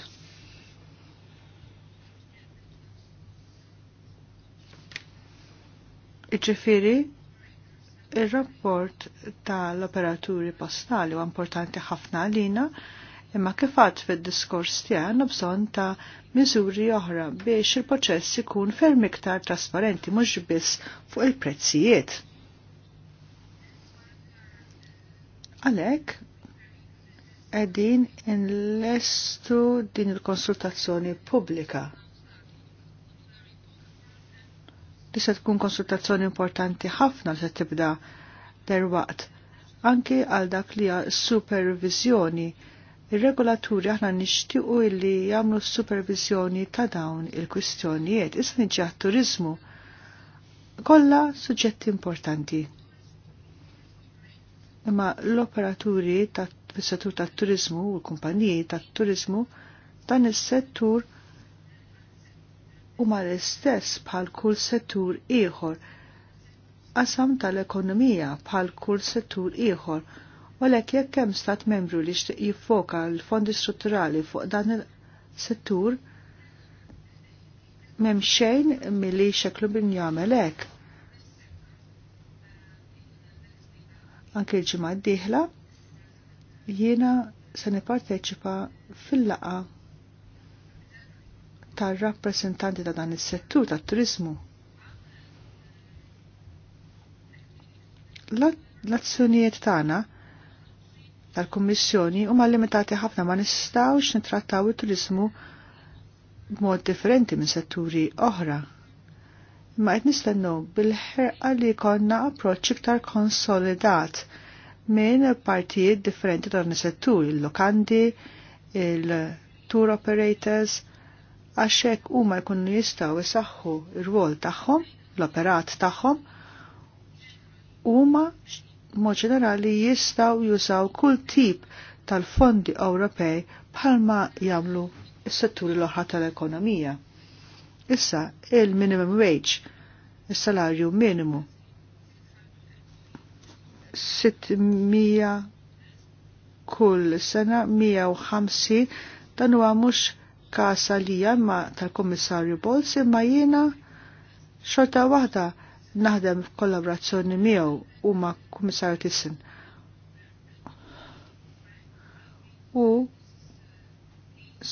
Iġifiri, Il-rapport tal-operaturi postali u importanti ħafna għalina imma kifat fil-diskors tijan nabżon ta' miżuri oħra biex il-proċess ikun ferm iktar trasparenti mhux biss fuq il-prezzijiet. Għalhekk qegħdin inlestu din il-konsultazzjoni pubblika li se tkun konsultazzjoni importanti ħafna li se tibda derwaqt. Anki għal dak li supervizjoni, ir-regolaturi aħna nixtiequ li jagħmlu supervizjoni ta' dawn il-kwistjonijiet issa niġi turizmu kollha suġġetti importanti. Imma l-operaturi tas-settur tat-turizmu u l-kumpaniji tat-turizmu dan is-settur ta ma l-istess bħal kull settur ieħor qasam tal-ekonomija bħal kull settur ieħor u lek jekk hemm stat membru li xtieq jiffoka l-fondi strutturali fuq dan il-settur m'hemm xejn milli xeklu bin jagħmel hekk. Anke l-ġimgħa d-dieħla jiena se nipparteċipa fil-laqa tar-rappresentanti ta' dan is-settur tat-turizmu. L-azzjonijiet tagħna tal-Kummissjoni huma limitati ħafna ma nistgħux nittrattaw it-turizmu b'mod differenti minn setturi oħra. Ma qed nistennu bil-ħerqa li konna approċċ iktar konsolidat minn partijiet differenti dan is-settur, il-lokandi, il-tour operators, għaxek hekk huma jkunu jistgħu jisaxħu r-rwol tagħhom, l-operat tagħhom, huma mod ġenerali jistgħu jużaw kull tip tal-fondi Ewropej bħalma jagħmlu s-setturi l-oħra tal-ekonomija. Issa il-minimum wage, is-salarju minimu 600 kull sena 150 dan huwa mhux kasa li jamma tal-Kommissarju Bols imma jiena xorta waħda naħdem kollaborazzjoni miegħu u ma' Kummissarju Tissin. U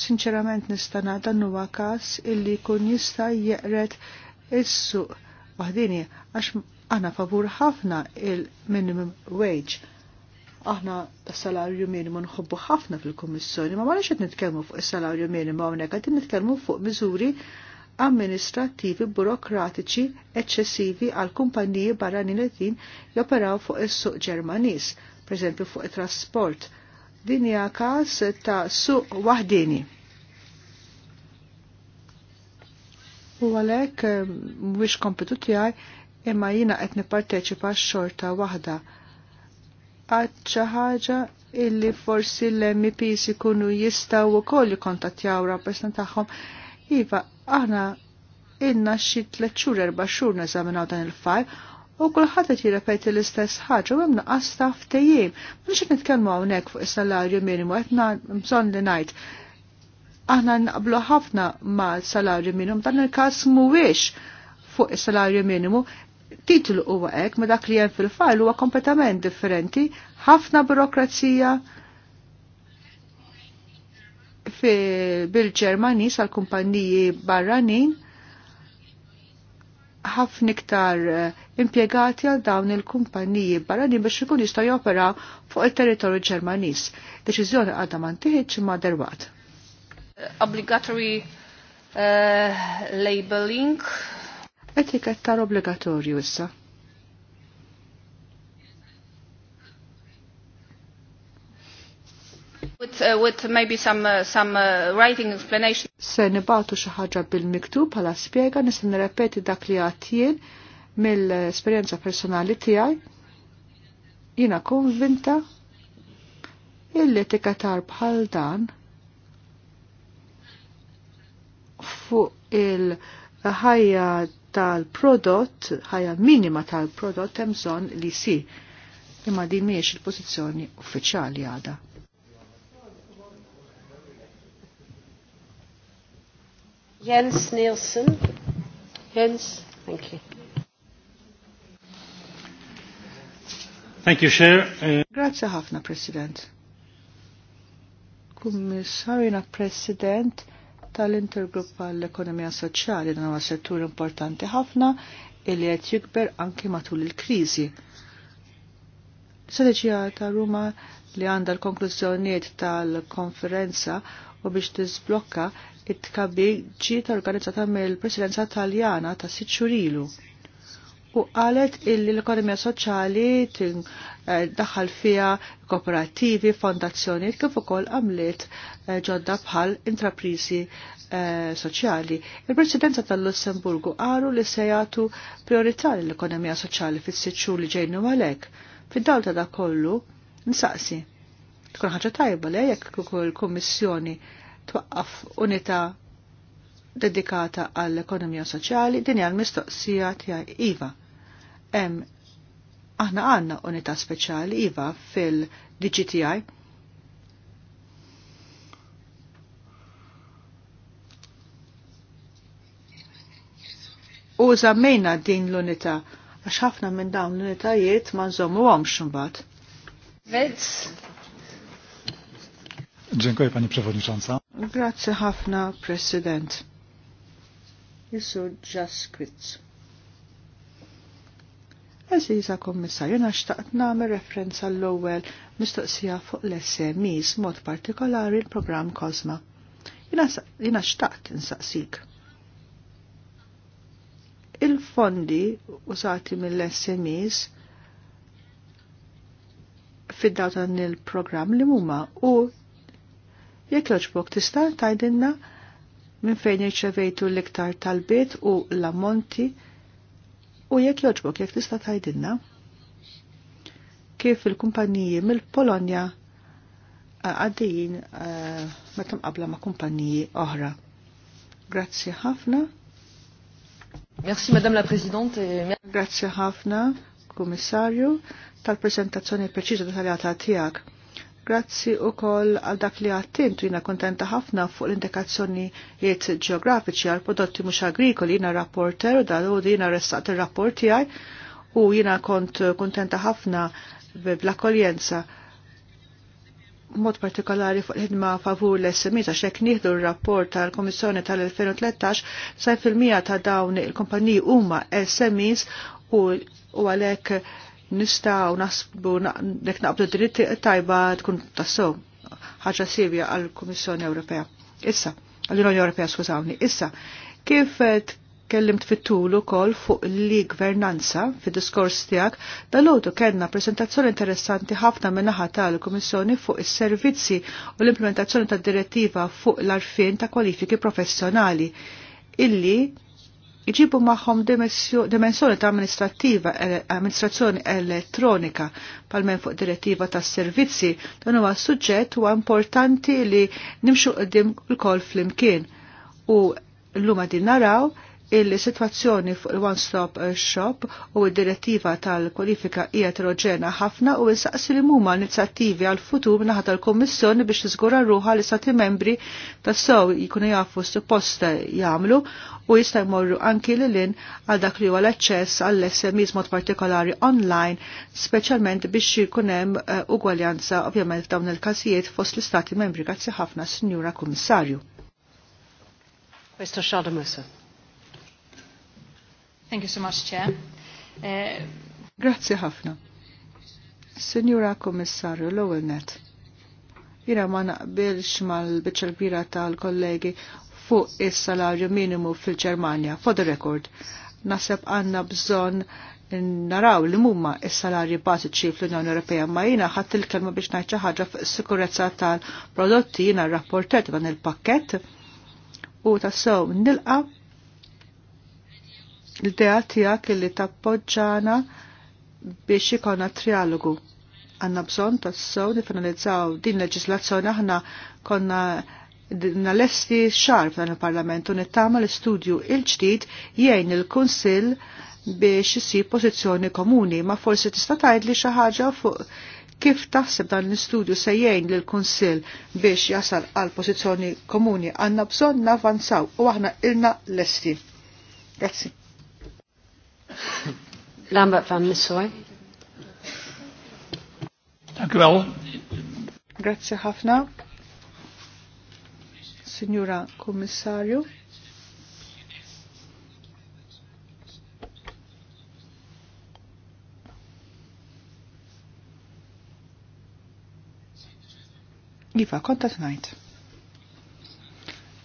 sinċerament nista' nagħta huwa każ illi jkun jista' jeqret is-suq waħdini għax aħna favur ħafna il-minimum wage aħna s-salarju minimu nħobbu ħafna fil-Kommissjoni, ma għalix qed nitkellmu fuq is-salarju minimu hawnhekk qed nitkellmu fuq miżuri amministrativi burokratiċi eċċessivi għal kumpaniji barranin li joperaw fuq is-suq Ġermaniż, pereżempju fuq it-trasport. Din hija każ ta' suq waħdini. U għalhekk eh, mhuwiex kompetu tiegħi imma jiena qed nipparteċipa x xorta waħda għadċa ħaġa illi forsi l-MPs ikunu jistaw u koll jikontattjaw rappresentant tagħhom. Iva, aħna inna xi tliet xhur erba' xhur neżaminaw dan il-fajl u kulħadd qed jirrepeti l-istess ħaġa u hemm naqas ta' ftehim. Mhux qed nitkellmu hawnhekk fuq is-salarju minimu qed bżonn li ngħid. Aħna naqblu ħafna ma' salarju minimu, dan il-każ mhuwiex fuq is-salarju minimu, titlu huwa hekk ma dak li hemm fil fajlu huwa kompletament differenti, ħafna burokrazija bil-Ġermani sal-kumpanniji barranin ħafna iktar eh, impjegati għal dawn il-kumpanniji barranin biex ikun jistgħu joperaw fuq il-territorju Ġermaniż. Deċiżjoni għadha ma ntieħiġ imma derwat. Obligatory uh, labeling etikettar obbligatorju issa. With, uh, with maybe some, uh, some uh, writing explanation. Se nibatu xi ħaġa bil-miktub bħala spjega nista' nirrepeti dak li għatjien mill-esperjenza personali tiegħi. Jiena konvinta illi tikatar bħal dan fuq il-ħajja tal-prodott, ħajja minima tal-prodott hemm bżonn li si. Imma din mhijiex il-pożizzjoni uffiċjali għada. Jens Nielsen. Jens, thank you. Thank you, Chair. Uh... Grazie ħafna, President. Kummissarina President tal-intergrupp għall-ekonomija soċjali dan huwa settur importanti ħafna illi qed jikber anki matul il-kriżi. Strateġija ta' Ruma li għandha l-konklużjonijiet tal-konferenza u biex tiżblokka it tkabbi ġiet organizzata mill-Presidenza Taljana ta' Siċurilu u qalet illi l-ekonomija soċjali eh, daħal fija kooperativi, fondazzjoni, kif ukoll għamliet eh, ġodda bħal intraprizi eh, soċjali. Il-Presidenza tal-Lussemburgu għaru li se jagħtu priorità l-ekonomija soċjali fis-sitt xhur li ġejnu għalhekk. Fid-dawl ta' dak kollu nsaqsi. Tkun ħaġa tajba li jekk il-Kummissjoni twaqqaf unità dedikata għall-ekonomija soċjali din hija l-mistoqsija tiegħi iva. Hemm aħna għandna unità speċjali iva fil-DGTI. U żammejna din l-unità għax ħafna minn dawn l-unitajiet ma nżommuhomx imbagħad. Dziękuję Pani Przewodnicząca. Grazie ħafna President. Isur Jaskwitz. Eżiza jena xtaqt nagħmel referenza l-ewwel mistoqsija fuq l smis mod partikolari l-programm Kozma. Jena xtaqt insaqsik. Il-fondi użati mill-SMEs fid-daw dan il-programm li huma u jekk loġbok tista' tajdinna minn fejn irċevejtu l-iktar tal-bit u l-ammonti u jekk joġbok jekk tista' tgħidilna kif il-kumpaniji mill-Polonja eh, għaddejjin eh, meta mqabla ma' kumpaniji oħra. Grazzi ħafna. Merci Madame la Presidente. Grazzi ħafna, Kummissarju, tal prezentazzjoni preċiża detaljata tiegħek Grazzi u koll għal dak li għattintu jina kontenta ħafna fuq l-indikazzjonijiet ġeografiċi għal prodotti mux agrikoli jina rapporter u dal u jina ressaqt il-rapporti għaj u jina kont kontenta ħafna bl-akkoljenza mod partikolari fuq l ħidma favur l-SMI e ta' xek nieħdu r-rapport tal-Komissjoni tal-2013 sa' fil-mija ta' dawn il kompanji huma SMEs u għalek u nasbu nek naqbdu dritti tajba tkun tassew ħaġa sivja għall-Kummissjoni Ewropea. Issa, għall-Unjoni Ewropea skużawni. Issa, kif eh, kellimt fit-tul ukoll fuq li gvernanza fid-diskors tiegħek, dalgħodu kellna presentazzjoni interessanti ħafna min-naħa tal-Kummissjoni fuq is-servizzi u l-implementazzjoni tad-direttiva fuq l-arfin ta' kwalifiki professjonali illi iġibu maħħom dimensjoni ta' amministrativa, amministrazzjoni elettronika palmen fuq direttiva ta' servizzi dan huwa suġġett huwa importanti li nimxu qdim l-kol flimkien u l-luma din naraw il-situazzjoni fuq il-one-stop eh, shop u id-direttiva tal-kwalifika hija ħafna u nsaqsi li huma inizjattivi għal futur naħat tal-Kommissjoni biex tiżgura ruħa li stati membri tas-sew jkunu jafu suppost jagħmlu u jista' jmorru anki l lin għal dak li huwa l-aċċess għall smis mod partikolari online, speċjalment biex jkun hemm eh, ugwaljanza ovvjament dawn il-każijiet fost l-Istati membri. Grazzi ħafna, Sinjura Kummissarju. Questo Schaldemüsse. Thank you so much, Chair. Uh, eh, Grazzi ħafna. Signora Komissarju, l-ewwel net. Ira ma naqbilx mal-biċċa kbira tal-kollegi fuq is-salarju minimu fil-Ġermanja, for the record. Naseb għandna bżonn naraw li mumma is-salarji bażiċi fl-Unjoni Ewropea ma jiena ħadd il-kelma biex ngħid xi ħaġa fuq sikurezza tal-prodotti jiena rrapportet dan il-pakkett u tassew nilqa' l-idea tiegħek illi tappoġġana biex ikonna trialogu. Għanna bżon li nifinalizzaw din leġislazzjoni aħna konna l-esti xar f'dan il-Parlament u nittama l-istudju il-ġdid jgħin il-Kunsill biex jisib pożizzjoni komuni, ma forsi tista' tgħidli xi ħaġa fuq kif taħseb dan l-istudju se jgħin l kunsill biex jasal għal pożizzjoni komuni għandna bżonn navanzaw u aħna ilna lesti. Grazie. Lambert van Missoy. Dank u wel. Grazie Hafna. Signora Kommissarju. Iva, kontat najt.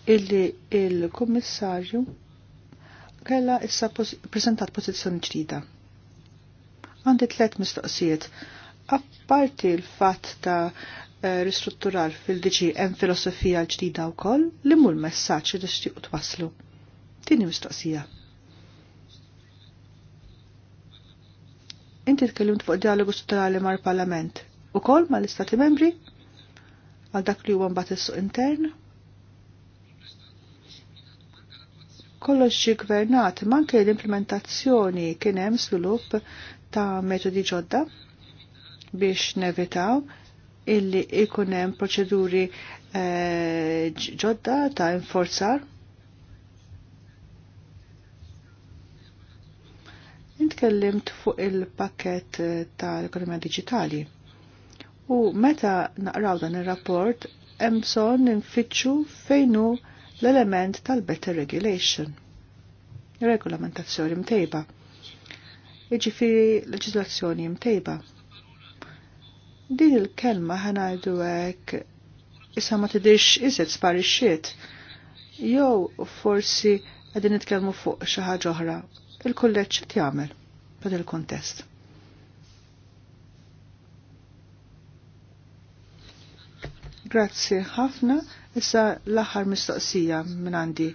Illi il-Kommissarju kella issa prezentat pozizjoni ġdida. Għandi tlet mistoqsijiet. Apparti l-fatt ta' eh, ristrutturar fil-diġi hemm filosofija ġdida wkoll li mhu l-messaġġ li tixtiequ twasslu. Tieni mistoqsija. Inti tkellimt fuq dialogu strutturali mar-Parlament ukoll mal-Istati Membri għal dak li huwa mbagħad is-suq intern kollox gvernat, manke l-implementazzjoni kien hemm svilupp ta' metodi ġodda biex nevitaw illi ikun hemm proċeduri eh, ġodda ta' inforzar. Intkellimt fuq il-pakket eh, tal-ekonomija digitali. U meta naqraw dan ir-rapport hemm bżonn nfittxu fejn hu l-element tal-better regulation, regolamentazzjoni mtejba, iġifiri leġislazzjoni mtejba. Din il-kelma ħanajdu għek issa ma tidirx iżet sparixiet, jew forsi għedin nitkellmu fuq xi ħaġa oħra. Il-kulleġġ qed jagħmel f'dan il-kuntest. Grazzi ħafna Issa l-aħħar mistoqsija minn għandi.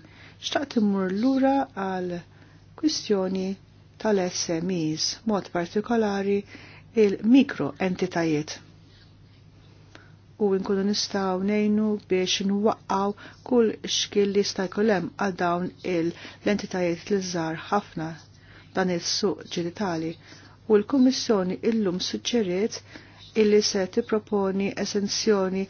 Xtaqt immur lura għal kwistjoni tal-SMEs, mod partikolari il-mikro entitajiet u nkunu nistaw nejnu biex nwaqqaw kull xkil li sta' għal dawn l-entitajiet li żar ħafna dan il-suq ġiditali u l-Kummissjoni illum suġġeriet illi se tipproponi esenzjoni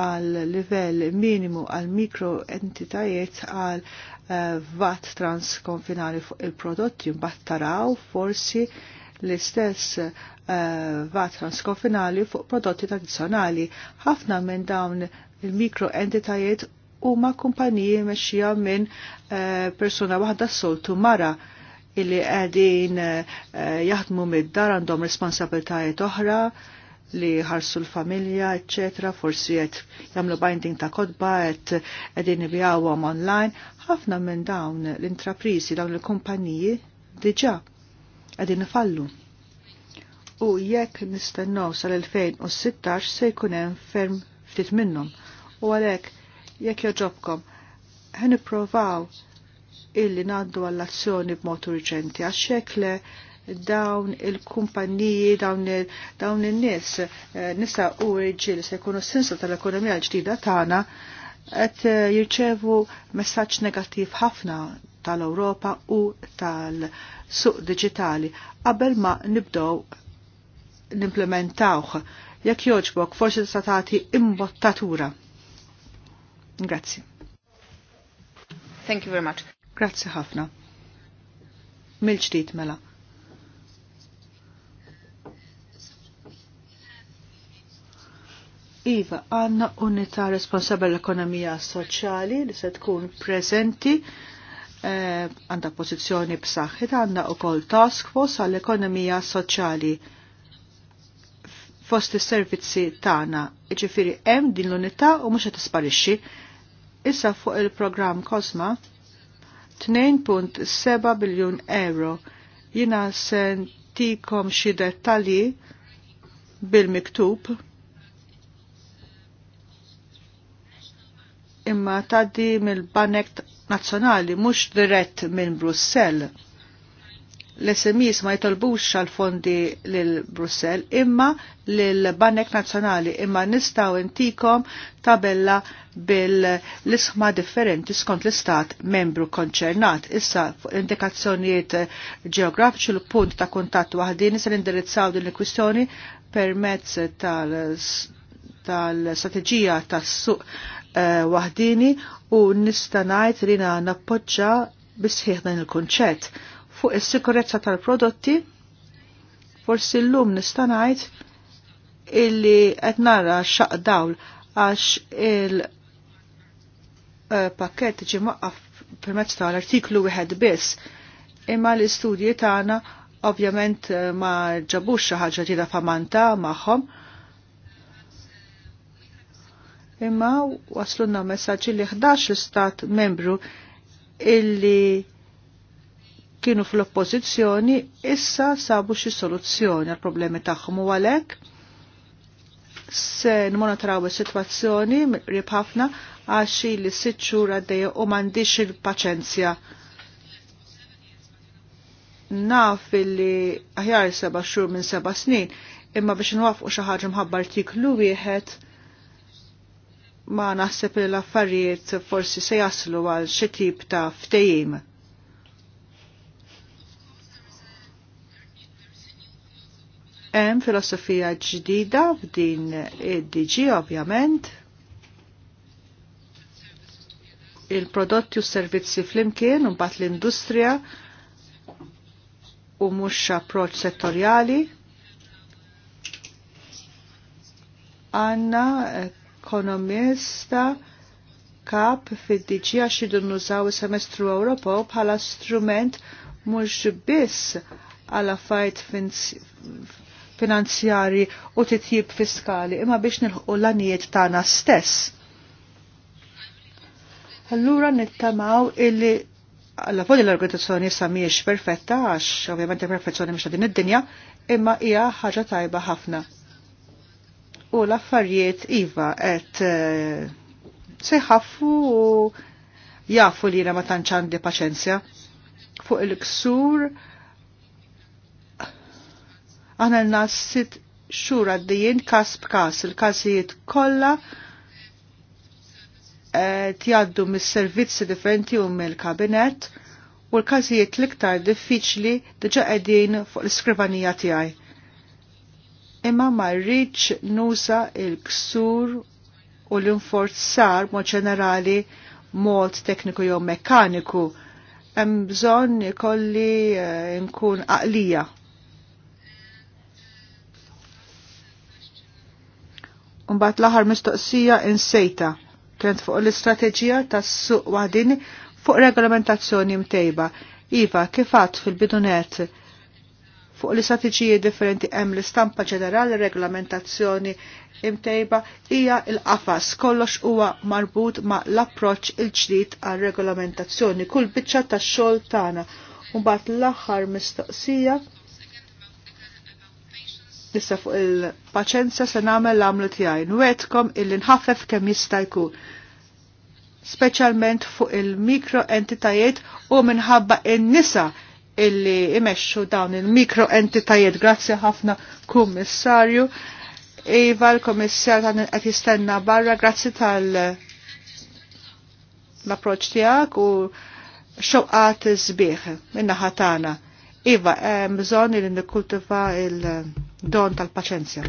għal livell minimu għal mikro entitajiet għal eh, vat transkonfinali fuq il-prodotti mbagħad taraw forsi l-istess uh, vat transkonfinali fuq prodotti tradizzjonali. Ħafna minn dawn il-mikro entitajiet huma kumpaniji mexxija minn uh, persuna waħda soltu mara illi qegħdin uh, jaħdmu mid-dar għandhom responsabiltajiet oħra, uh, li ħarsu l-familja, etc. Forsi qed jagħmlu binding ta' kodba qed qegħdin ibjawhom online. Ħafna minn dawn l intraprisi dawn il-kumpaniji diġà qegħdin fallu. U jekk nistennu sal-2016 se jkun hemm ferm ftit minnhom. U għalhekk jekk joġobkom ħen ipprovaw illi ngħaddu għall-azzjoni b'mod urġenti għax xekle dawn il-kumpanniji, dawn il-nies, eh, nisa u rġil se jkunu s-sensu tal-ekonomija l-ġdida tagħna qed eh, jirċevu messaġġ negattiv ħafna tal-Ewropa u tal-suq digitali qabel ma nibdow nimplementawh. Jekk joġbok, forsi t-satati imbottatura. Grazzi. Thank you very much. Grazzi ħafna. Mil-ġdid mela. Iva, għanna unità responsabel l-ekonomija soċjali li se tkun prezenti għanda eh, pozizjoni b'saħħit għanna u kol task force għall-ekonomija soċjali fost is-servizzi tagħna. e hemm din l-unità u mhux qed tisparixxi. Issa fuq il-programm Cosma 2.7 biljun euro. Jina sentikom xi dettalji bil-miktub imma taddi mill-banek nazzjonali mhux dirett minn Brussell. L-SMIs ma jitolbux għal fondi lil Brussell imma lil banek nazzjonali imma nistaw intikom tabella bil lisma differenti skont l-istat membru konċernat. Issa indikazzjonijiet ġeografiċi l-punt ta' kuntatt waħdin se indirizzaw din il-kwistjoni permezz tal-strategija tal-suq Eh, waħdini u nista' ngħid li nappoġġa bisħieħ dan il-kunċett fuq is-sikurezza tal-prodotti forsi l-lum nista' ngħid illi qed narra xaq dawl għax il eh, pakket ġi maqqaf permezz tal-artiklu wieħed biss imma l-istudji tagħna ovvjament eh, ma ġabux xi ħaġa ġdida famanta magħhom imma waslunna messaġġi li 11 stat membru illi kienu fl-oppożizzjoni issa sabu xi soluzzjoni għal problemi tagħhom u għalhekk se nmonitoraw is-sitwazzjoni rib ħafna għax li sitt xhur għaddejja u m'għandix il-paċenzja. Naf illi aħjar seba' xhur minn seba' snin, imma biex nwafqu xi ħaġa mħabba artiklu wieħed ma naħseb li l-affarijiet forsi se jaslu għal xi tip ta' ftehim. Hemm filosofija ġdida f'din id-DG ovvjament. Il-prodotti u servizzi flimkien u mbagħad l-industrija u mhux approċċ settorjali għanna eh, ekonomista kap fid-diġi għax idun nużaw semestru Ewropew bħala strument mhux biss għal affarijiet finanzjari u titjib fiskali imma biex nilħu l-anijiet tagħna stess. Allura nittamaw illi alla voli l-organizzazzjoni sa mhijiex perfetta għax ovvjament il-perfezzjoni mhix din id-dinja imma hija ħaġa tajba ħafna u l-affarijiet iva qed eh, sejħaffu u jafu li ma tantx għandi paċenzja fuq il-ksur aħna l-nas sit xhur kas każ b'każ il-każijiet kollha eh, tjaddu mis-servizzi differenti u mill-kabinet u l-każijiet l-iktar diffiċli diġa qegħdin fuq l-iskrivanija tiegħi imma ma rridx nusa il-ksur u l-inforzar mod ġenerali mod tekniku jew mekkaniku. Hemm bżonn ikolli eh, nkun aqlija. Mbagħad l-aħħar mistoqsija insejta kienet fuq l-istrateġija tas-suq waħdini fuq regolamentazzjoni mtejba. Iva, kif fil-bidunet fuq li strategiji differenti hemm l-istampa ġenerali, regolamentazzjoni imtejba hija l-qafas kollox huwa marbut ma' l-approċċ il-ġdid għal regolamentazzjoni kull biċċa tax-xogħol tagħna. Mbagħad l-aħħar mistoqsija issa fuq il-paċenza se nagħmel l-għamlu tiegħi. Nwedkom illi nħaffef kemm jista' jkun speċjalment fuq il-mikro entitajiet u minħabba in-nisa illi imesċu dawn il-mikro entitajiet. Grazzi ħafna kummissarju. Iva l-Komissar għan qed jistenna barra, grazzi tal approċ tijak u xoqqat zbieħ minna ħatana. Iva, bżon il-nikultiva il-don tal-paċenzja.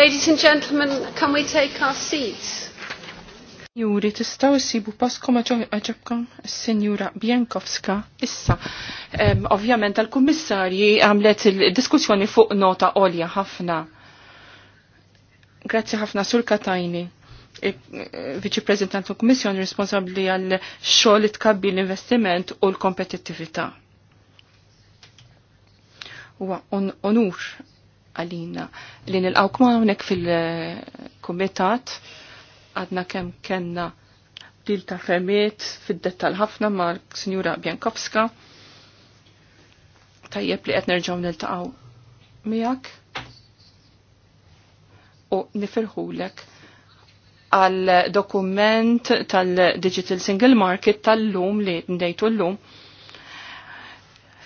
Ladies and gentlemen, can we take our seats? Juri, tistaw sibu paskom għaġabkom s-senjura Bjankowska issa. Ovvjament, għal-kummissarji għamlet il-diskussjoni fuq nota olja ħafna. Grazzi ħafna, Sur Katajni viċi prezentant u kummissjoni responsabli għal xogħol tkabbi l-investiment u l-kompetittività. Huwa onur għalina li nil-għawk għonek fil-kumitat għadna kemm kena bil ta' fil fid-dettal ħafna ma' Sinjura Bjankowska. Tajjeb li qed nerġgħu niltaqgħu miegħek u nifirħulek għal dokument tal-Digital Single Market tal-lum li ndejtu l-lum. l lum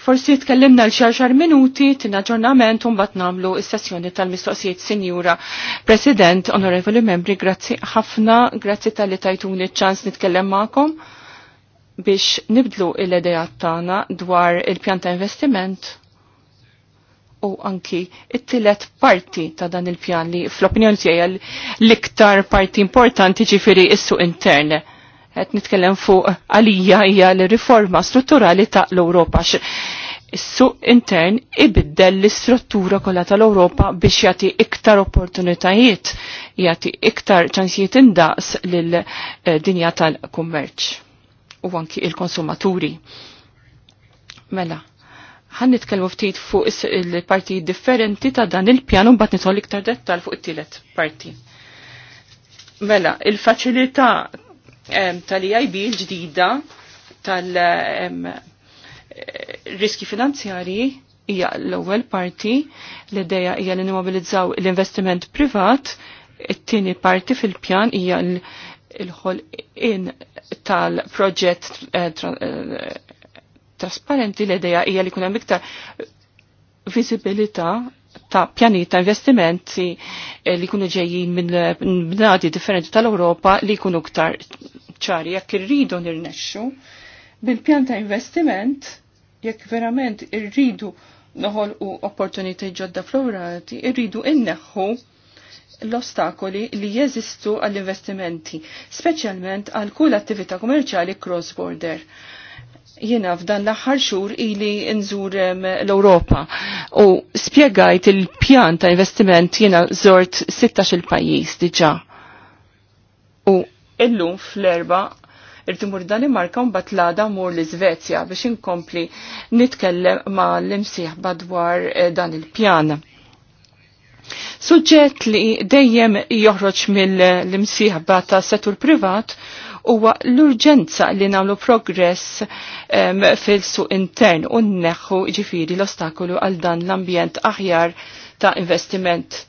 Forsi tkellimna l-xarxar minuti tina ġornament un bat namlu il-sessjoni tal-mistoqsijiet Sinjura President, onorevoli membri, grazzi ħafna, grazzi tal-li tajtuni ċans nitkellem ma'kom biex nibdlu il-idejat tagħna dwar il-pjan ta' investiment u anki it-tielet parti ta' dan il-pjan li fl-opinjoni tiegħi l-iktar parti importanti ġifieri is-suq interne qed nitkellem fuq għalija hija l-riforma strutturali ta' l-Ewropa. Is-suq intern ibiddel l-istruttura kollha tal-Ewropa biex jagħti iktar opportunitajiet, jagħti iktar ċansijiet indaqs lil eh, dinja tal-kummerċ u anki il-konsumaturi. Mela, ħan nitkellmu ftit fuq il-parti differenti ta' dan il-pjan bat mbagħad iktar dettal fuq it-tielet parti. Mela, il-faċilità tal-EIB l-ġdida tal-riski finanzjari hija l-ewwel parti l ideja hija li nimmobilizzaw l-investiment privat, it-tieni parti fil-pjan hija l-ħol in tal-proġett eh, eh, trasparenti l ideja hija li kun hemm iktar viżibilità ta' pjani ta' investimenti eh, li jkunu ġejjin minn bnadi differenti tal-Ewropa li jkunu ktar ċari jekk irridu nirnexxu bil-pjan ta' investiment jekk verament irridu noħolqu opportunitaj ġodda florati irridu inneħħu l-ostakoli li jeżistu għall-investimenti, speċjalment għal kull attività kummerċjali cross-border. Jiena f'dan l-aħħar xhur ili nżur l-Ewropa u spjegajt il-pjan ta' investiment jiena żort 16 il-pajjiż diġà. U illum fl-erba irtimur Danimarka mbagħad l-għada mur l-Iżvezja biex inkompli nitkellem ma' l-imsieħba dwar eh, dan il-pjan. Suġġett li dejjem joħroġ mill-imsieħba ta' settur privat huwa l-urġenza li nagħmlu progress um, fil-suq intern u nneħħu ġifiri l-ostakolu għal dan l-ambjent aħjar ta' investiment.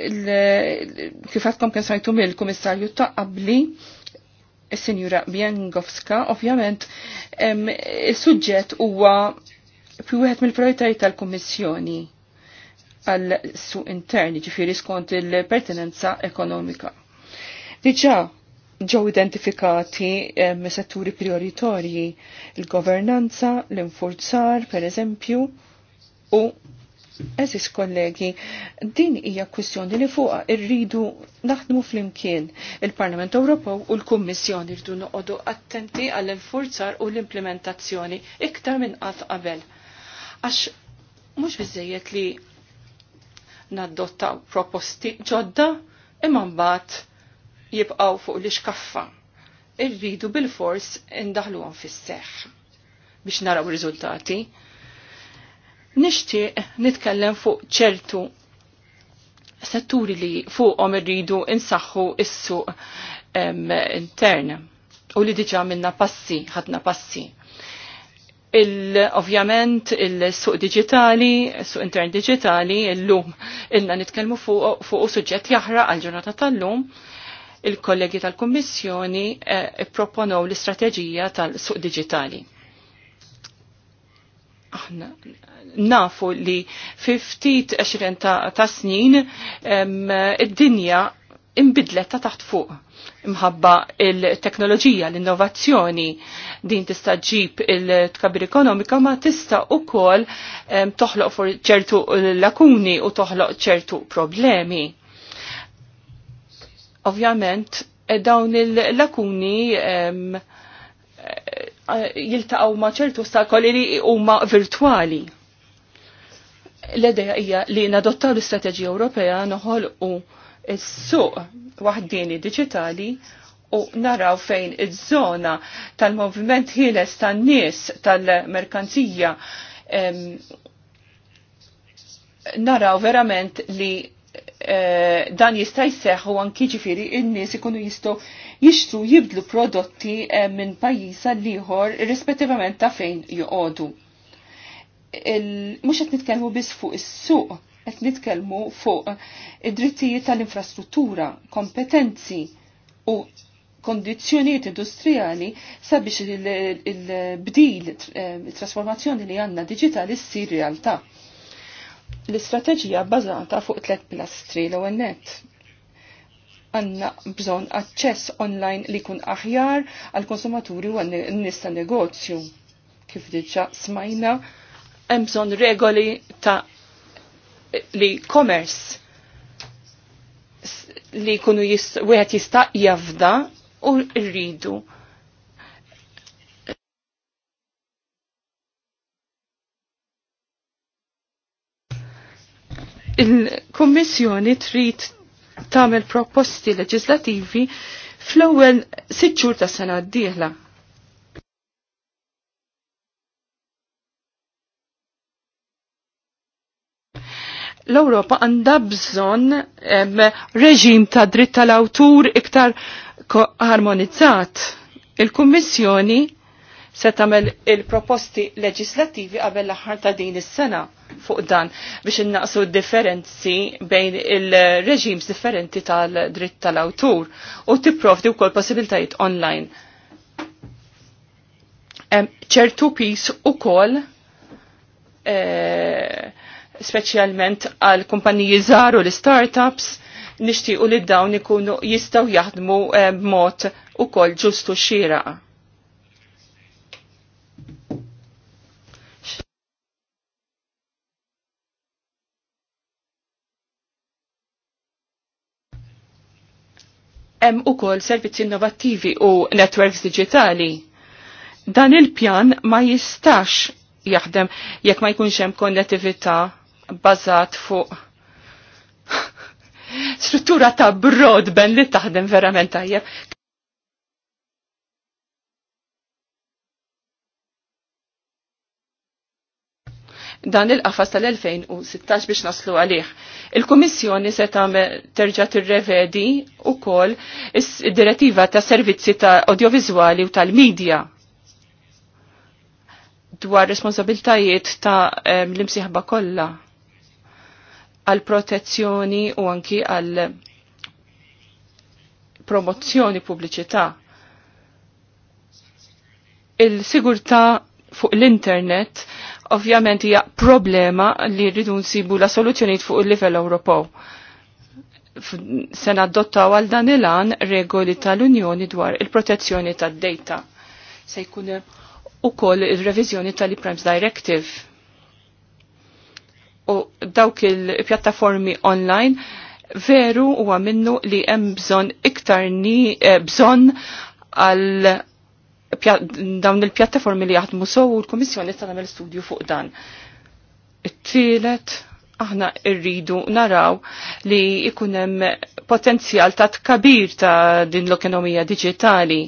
Kif għadkom kien sajtu mill-Kummissarju ta' qabli Sinjura Bjengowska, ovvjament, il-sujġet huwa fi wieħed mill-prioritajiet tal-Kummissjoni għal suq interni, ġifiri skont il-pertinenza ekonomika. Diġa ġew identifikati eh, setturi prioritorji il-governanza, l-infurzar, per eżempju, u Eżis kollegi, din hija kwistjoni li fuqa irridu naħdmu flimkien Il-Parlament Ewropew u l-Kummissjoni rridu noqogħdu attenti għall infurzar u l-implementazzjoni iktar minn qatt qabel. Għax mhux biżejjed li naddottaw proposti ġodda imma mbagħad jibqaw fuq l-iskaffa. Irridu bil-fors indaħluhom fis-seħħ biex naraw riżultati. Nixtieq nitkellem fuq ċertu setturi li fuqhom irridu insaħħu is-suq intern u li diġa minna passi, ħadna passi. Il, ovvjament il-suq digitali, suq intern digitali, il-lum, inna nitkelmu fuq u suġġett jahra għal-ġurnata tal-lum, il-kollegi tal-Kommissjoni eh, proponow l-istrateġija tal-suq digitali. Aħna nafu li fi ftit 20 ta', snin id-dinja imbidlet ta' taħt fuq imħabba il-teknoloġija, l-innovazzjoni din tista' ġib il-tkabir ekonomika ma tista' kol toħloq ċertu lakuni u toħloq ċertu problemi. Ovvjament, eh, dawn il-lakuni eh, jiltaqaw ma' ċertu ostakoli li huma virtwali. L-idea hija li nadottaw l-istrateġija Ewropea noħolqu s-suq waħdini diġitali u naraw fejn iż-żona tal-moviment ħieles tan-nies tal-merkanzija naraw verament li Eh, dan jista' jseħħ u anki ġifieri n-nies ikunu jistgħu jixtru jibdlu prodotti eh, minn pajjiż għal ieħor rispettivament ta' fejn joqogħdu. Mhux qed nitkellmu biss fuq is-suq, qed nitkellmu fuq id-drittijiet tal-infrastruttura, kompetenzi u kondizjoniet industrijali sabiex il-bdil, eh, il, trasformazzjoni li għanna digitali s-sir realtà. L-istrateġija bbażata fuq tliet pilastri l ewwel nett. Għanna bżon aċċess online li kun aħjar għal konsumaturi u għan-nies negozju. Kif diġa smajna, hemm bżon regoli ta' li commerce li kunu jist, wieħed jista' jafda u rridu il-Kommissjoni trid tagħmel proposti leġislativi fl-ewwel sitt xhur ta' sena d-dieħla. L-Ewropa għandha bżonn reġim ta' dritt tal-awtur iktar armonizzat. Il-Kummissjoni se tagħmel il-proposti leġislativi qabel l-aħħar ta' din is-sena fuq dan biex innaqsu differenzi bejn il-reġims differenti tal-dritt tal-awtur u tipprovdi wkoll possibiltajiet online. ċertu pis u kol eh, speċjalment għal kumpaniji żgħar u l-startups nixtiequ li dawn ikunu jistgħu jaħdmu eh, b'mod ukoll ġustu xieraq hemm ukoll servizzi innovattivi u networks digitali. Dan il-pjan ma jistax jaħdem jekk ma jkunx hemm konnettività bażat fuq struttura ta' broadband li taħdem verament tajjeb. dan il-qafas tal-2016 biex naslu għalih. Il-Kummissjoni se tagħmel terġa' tirrevedi wkoll id-direttiva ta' servizzi ta' audiovizuali u tal-medja dwar responsabiltajiet ta' l imsiħba kollha għal protezzjoni u anki għal promozzjoni pubbliċità. Il-sigurtà fuq l-internet ovvjament hija problema li rridu nsibu la soluzzjonijiet fuq il-livell Ewropew. Se nadottaw għal dan il-an regoli tal-Unjoni dwar il-protezzjoni tad-data. Se jkun ukoll il-reviżjoni tal-Primes Directive. U dawk il-pjattaformi online veru u minnu li hemm bżonn iktar ni eh, bżonn għal dawn il-pjattaformi li jaħdmu sew u l-Kummissjoni tagħna nagħmel studju fuq dan. It-tielet aħna rridu naraw li ikun hemm potenzjal ta' tkabir ta' din l-ekonomija diġitali.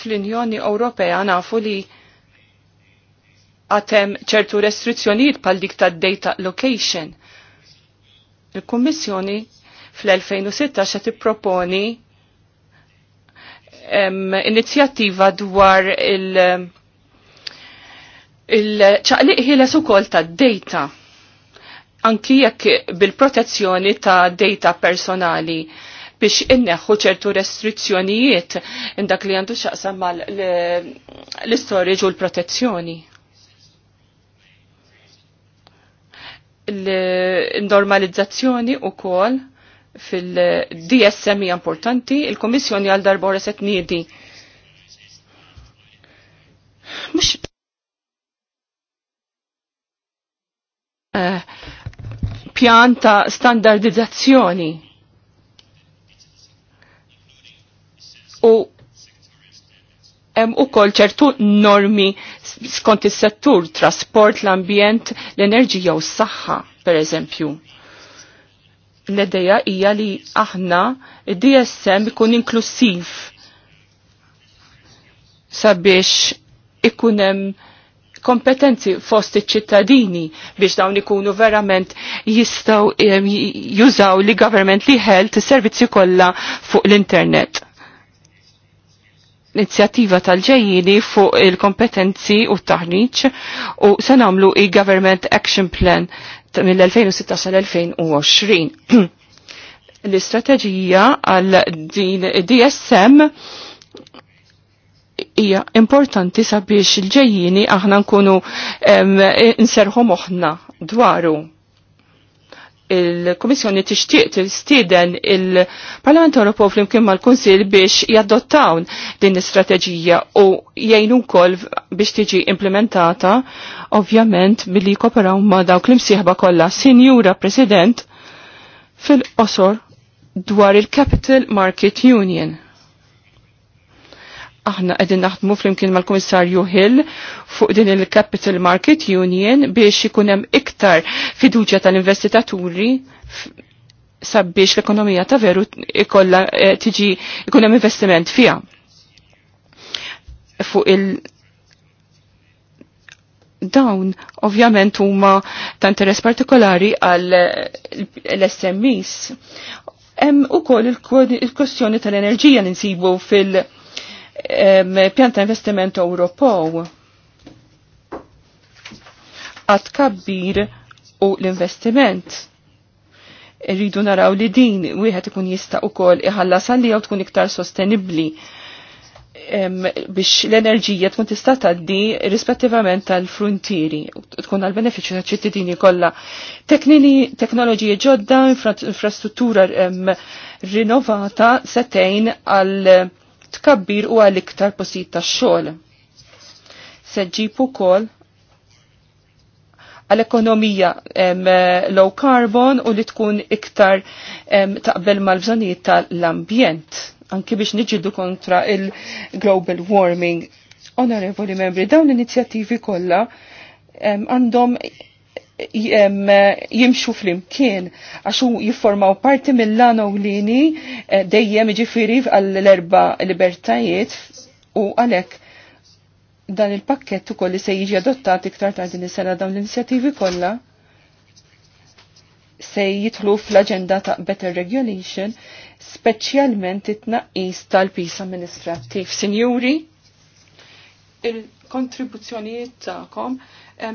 Fl-Unjoni Ewropea nafu li għatem ċertu restrizzjonijiet pal dik ta' data location. Il-Kummissjoni fl-2006 xa tipproponi inizjattiva dwar il- il-ċaqliq ħiles ukoll ta' data anki jekk bil-protezzjoni ta' data personali biex inneħħu ċertu restrizzjonijiet indak li għandu xaqsam mal l-istorieġ u l-protezzjoni. L-normalizzazzjoni u kol fil-DSM hija importanti, il-Komissjoni għal darbora set niedi. Mux. pjanta eh, pjan ta' standardizzazzjoni. U hemm ukoll ċertu normi skont is-settur, trasport, l-ambjent, l-enerġija u s-saħħa, per eżempju l ideja hija li aħna id-DSM ikun inklusiv sabiex ikunem kompetenzi fost iċ-ċittadini biex dawn ikunu verament jistaw jużaw li government li ħelt servizzi kollha fuq l-internet. L-inizjattiva tal-ġejjini fuq il-kompetenzi u t-taħriġ u se nagħmlu i-Government Action Plan mill-2016 sal-2020. L-istrateġija għal din DSM hija importanti sabiex il-ġejjini aħna nkunu nserħu moħna dwaru il-Komissjoni tixtieq tistieden il-Parlament Ewropew flimkien mal-Kunsill biex jaddottawn din l-istrateġija u jgħinu wkoll biex tiġi implementata ovvjament billi jkoperaw ma' dawk l-imsieħba kollha. Sinjura President fil-qosor dwar il-Capital Market Union aħna qegħdin naħdmu flimkien mal-Kummissarju Hill fuq din il-Capital Market Union biex ikun hemm iktar fiduċja tal-investitaturi sabiex l-ekonomija ta' veru ikolla eh, tiġi ikun hemm investiment fiha. Fuq il- dawn ovvjament huma ta' interess partikolari għal eh, l-SMEs. Hemm ukoll il-kwestjoni tal-enerġija ninsibu nsibu fil- pjanta investiment Ewropew għad kabbir u l-investiment. Irridu naraw li din wieħed ikun jista' ukoll iħallas għalija jew tkun iktar sostenibbli biex l-enerġija tkun tista' tgħaddi rispettivament tal-fruntieri u tkun għal benefiċċju tal-ċittadini kollha. Teknoloġija ġodda, infrastruttura rinnovata setejn għal tkabbir u għal-iktar posit ta' xol. Seġġipu kol għal-ekonomija low carbon u li tkun iktar taqbel mal-bżonijiet tal-ambjent, anki biex niġidu kontra il-global warming. Onorevoli membri, dawn l-inizjattivi kollha għandhom jimxu fl-imkien għaxu jifformaw parti mill l-lini eh, dejjem ġifiri għall-erba libertajiet u għalek dan il-pakket u kolli se jiġi adottat iktar ta' din is-sena dawn l inizjativi kollha se jitlu fl-agenda ta' Better Regulation, speċjalment it-naqis tal-pis amministrattiv. Sinjuri, il-kontribuzzjonijiet ta'kom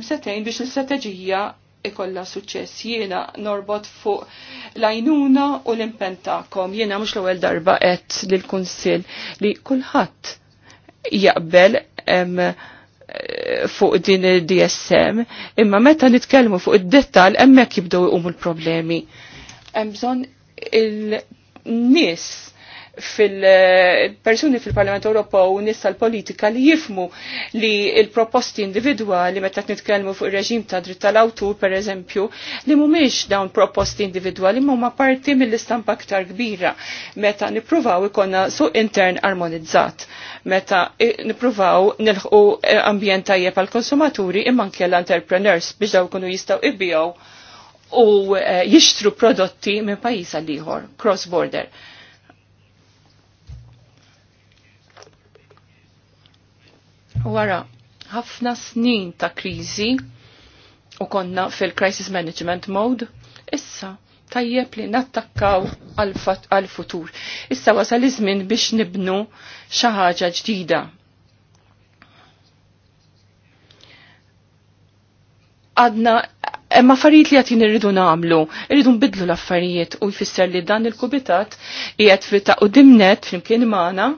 setejn biex l-istrateġija ikolla suċċess jiena norbot fuq lajnuna u l-impentakom. Jiena mhux l-ewwel darba qed lill-Kunsill li kulħadd jaqbel eh, fuq din il-DSM, imma meta nitkellmu fuq id-dettal hemmhekk jibdew jqumu l-problemi. Hemm bżonn il-nies fil-persuni fil-Parlament Ewropew nissa l-politika li jifmu li il-proposti individwali meta nitkellmu fuq ir-reġim ta' dritt tal-awtur per eżempju li mhumiex dawn proposti individwali huma parti mill-istampa aktar kbira meta nippruvaw ikonna suq intern armonizzat meta nippruvaw nilħqu eh, ambjent tajjeb għall-konsumaturi imma anke l-entrepreneurs biex daw kunu jistgħu ibbijaw u eh, jixtru prodotti minn pajjiż għal ieħor cross border wara ħafna snin ta' kriżi u konna fil-crisis management mode, issa tajjeb li nattakkaw għal-futur. Issa wasal iż-żmien biex nibnu xi ħaġa ġdida. Għadna Emma affarijiet li għatin irridu namlu, irridu nbidlu l-affarijiet u jfisser li dan il-kubitat jgħet fi ta' u dimnet fl-imkien maħna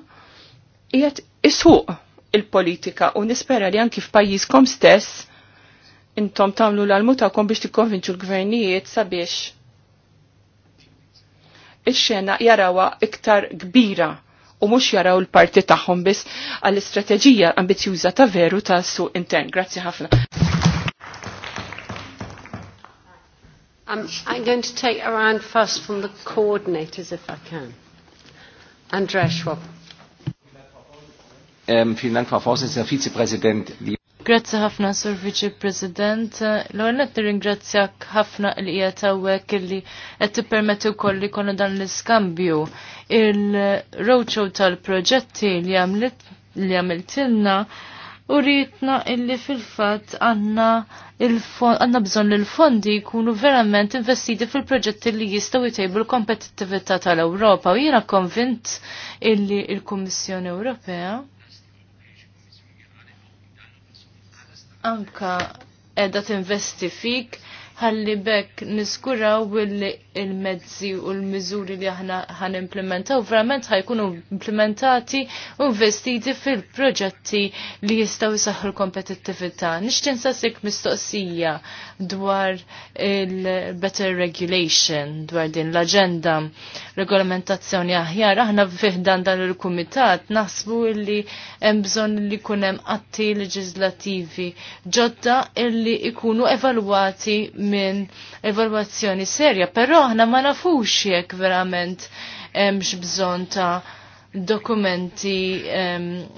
jgħet isuq il-politika u nispera li anki f'pajjiżkom stess intom tamlu l-almutakom biex tikkonvinċu l-gvernijiet sabiex ix-xena jarawa iktar kbira u mhux jaraw l-parti tagħhom biss għall-istrateġija ambizjuża ta' veru ta' suq intern. Grazzi ħafna. Um, I'm going to take a round first from the coordinators if I can. Andrea Schwab. Ähm, vielen Dank, Frau Vorsitzende, Vizepräsident. Grazzi ħafna, Sur Vice President. L-għonet nir-ingrazzjak ħafna li jgħatawek li għed t-permetti kolli konu dan l-skambju. il roċo tal-proġetti li li għamiltilna u rritna illi fil-fat għanna bżon li l-fondi jkunu verament investiti fil-proġetti li jistaw jtejbu l-kompetittivita tal-Europa u jena konvint illi il-Kommissjoni Ewropea anka edha t-investi fik ħalli bekk niskuraw billi il-mezzi u l-miżuri li aħna ħan implementaw verament ħajkunu implementati u investiti fil-proġetti li jistaw jisaħħu l-kompetittività. Nixtin sasik mistoqsija dwar il-better regulation, dwar din l-agenda regolamentazzjoni aħjar. Aħna fiħdan dan il-kumitat naħsbu li hemm bżonn li kunem atti leġislativi ġodda illi ikunu evalwati minn evalwazzjoni serja, però aħna ma nafux jekk verament hemmx bżonn ta' dokumenti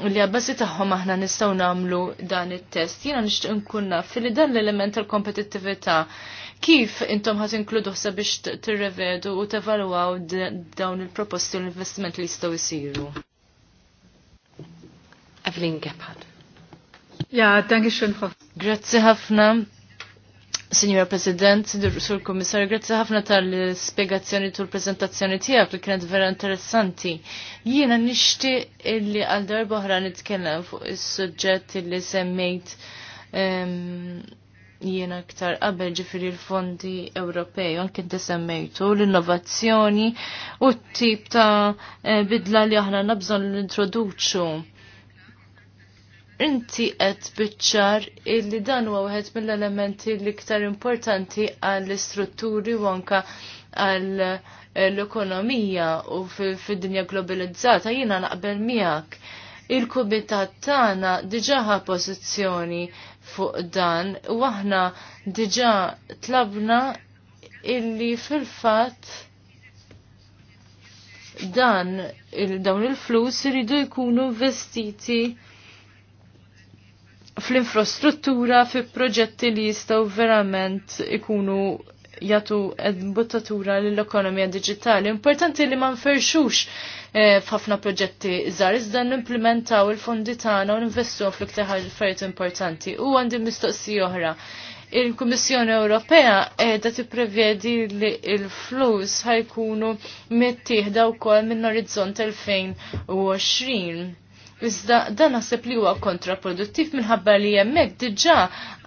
li għabbasi taħħom aħna nistaw namlu dan it test Jina nishtiq nkunna fil-li dan l-element tal-kompetittivita. Kif intom ħat inkludu biex tirrevedu u tevalwaw dawn il-proposti u l-investiment li jistaw jisiru? Evelyn Gephardt. Ja, dankeschön, Frau. Grazie ħafna. Signora President, Sur Komissar, grazzi ħafna tal-spiegazzjoni tul prezentazzjoni tijak li kienet vera interessanti. Jiena nishti illi għal darba oħra nitkellem fuq is-suġġett illi semmejt ehm, jiena aktar qabel ġifiri l-fondi Ewropej, anke inti semmejtu l-innovazzjoni u t-tip ta' eh, bidla li aħna nabżon l-introduċu inti qed biċċar illi dan huwa wieħed mill-elementi l-iktar importanti għall-istrutturi u anka għall l-ekonomija u fid-dinja globalizzata jiena naqbel miegħek. Il-kumitat tagħna diġaħa pożizzjoni fuq dan u aħna diġà tlabna illi fil-fatt dan il dawn il-flus iridu jkunu investiti fl-infrastruttura fi proġetti li jistaw verament ikunu jatu buttatura l-ekonomija digitali. Importanti li ma nferxux eh, f'ħafna proġetti iżgħar iżda nimplementaw il-fondi tagħna u ninvestu fl-iktar affarijiet importanti. U għandi mistoqsi oħra. Il-Kummissjoni Ewropea qiegħda tipprevjedi li l-flus ħajkunu mittieħda wkoll minn orizzont 2020 Iżda dan naħseb li huwa kontraproduttiv minħabba li hemmhekk diġà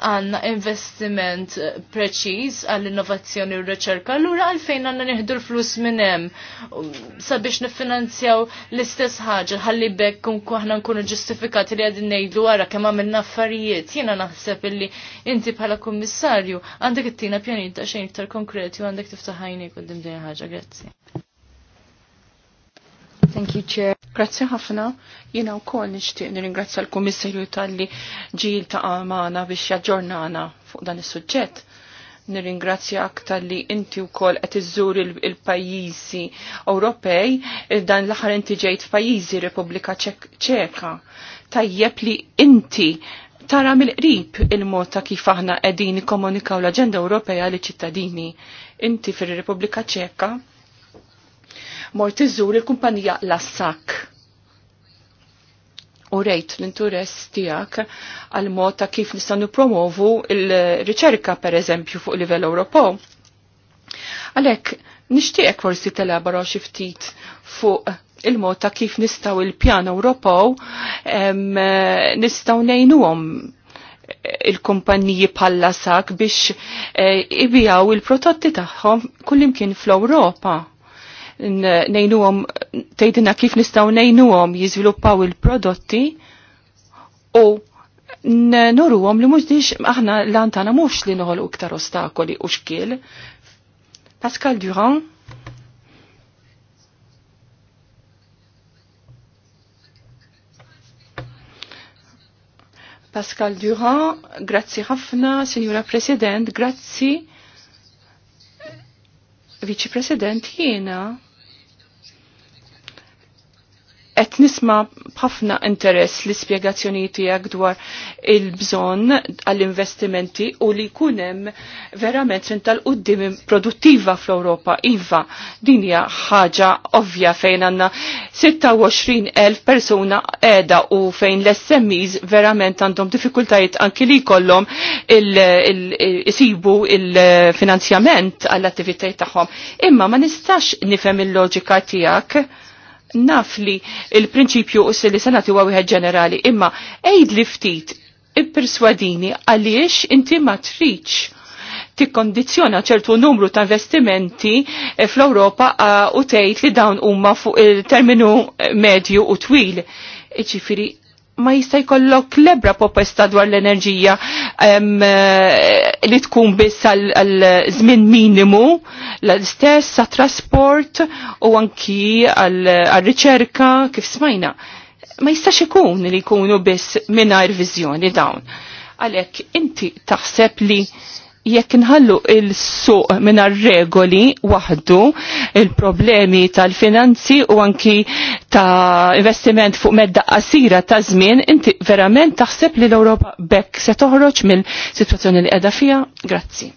għandna investiment preċiż għall innovazzjoni u r-riċerka, allura għalfejn għandna nieħdu l-flus minn hemm sabiex niffinanzjaw l-istess ħaġa ħalli bekk aħna nkunu ġustifikati li qegħdin ngħidu wara kemm għamilna affarijiet. Jiena naħseb illi inti bħala kummissarju għandek ittina pjanita xejn iktar konkreti u għandek tiftaħ ħajnik qudiem din ħaġa. Grazzi. Thank you, Chair. Grazie ħafna. Jina u kol nishtiq nirringrazzja l-Komissarju tal-li ġil ta' għamana biex jaġġornana fuq dan is-suġġett nirringrazzja aktar li inti u kol għet iżżur il-pajizi Ewropej, dan l ħar inti ġejt f'pajizi Repubblika Ċeka. Tajjeb li inti tara mill-qrib il-mod ta' kif aħna qegħdin nikkomunikaw l-Aġenda Ewropea li ċittadini. Inti fir-Repubblika Ċeka mort iżur il-kumpanija Lassak. U rejt l-interess tijak għal mod ta' kif nistanu promovu il-riċerka per eżempju fuq livell Ewropew. Għalek, nishtiqek forsi telabora xiftit fuq il-mod ta' kif nistaw il-pjan Ewropew nistaw nejnuhom il-kumpanniji bħalla sak biex eh, ibijaw il-prototti tagħhom kullimkien fl-Ewropa nejnuhom tgħidilna kif nistgħu nejnuhom jiżviluppaw il-prodotti u nurruhom li mhux dix aħna lantana mhux li noħolqu iktar ostakoli u xkiel. Pascal Durand Pascal Durand, grazzi ħafna, Signora President, grazzi Viċi President jiena qed nisma b'ħafna interess l ispjegazzjonijiet tiegħek dwar il-bżonn għall-investimenti u li jkun hemm verament tal qudiem produttiva fl-Ewropa. Iva, din hija ħaġa ovvja fejn għandna 26,000 persuna qiegħda u fejn l-SMEs verament għandhom diffikultajiet anki li jkollhom isibu il-finanzjament għall-attivitajiet tagħhom. Imma ma nistax nifhem il-loġika tiegħek naf li il-prinċipju u s-sili sanati u wieħed ġenerali, imma ejd li ftit ipperswadini għaliex inti ma triċ tikkondizjona ċertu numru ta' investimenti eh, fl-Europa eh, u tgħid li dawn huma fuq il-terminu eh, medju u twil. Iġifieri ma jista' jkollok lebra popesta dwar l-enerġija eh, li tkun biss għal żmien minimu l-istess sa trasport u anki għal riċerka kif smajna. Ma jistax ikun li jkunu biss mingħajr viżjoni dawn. Għalhekk inti taħseb li jekk nħallu il-suq minna regoli waħdu il-problemi tal-finanzi u anki ta' investiment fuq medda qasira ta' żmien, inti verament taħseb li l-Ewropa bekk se toħroġ mill-sitwazzjoni li qiegħda fija? Grazzi.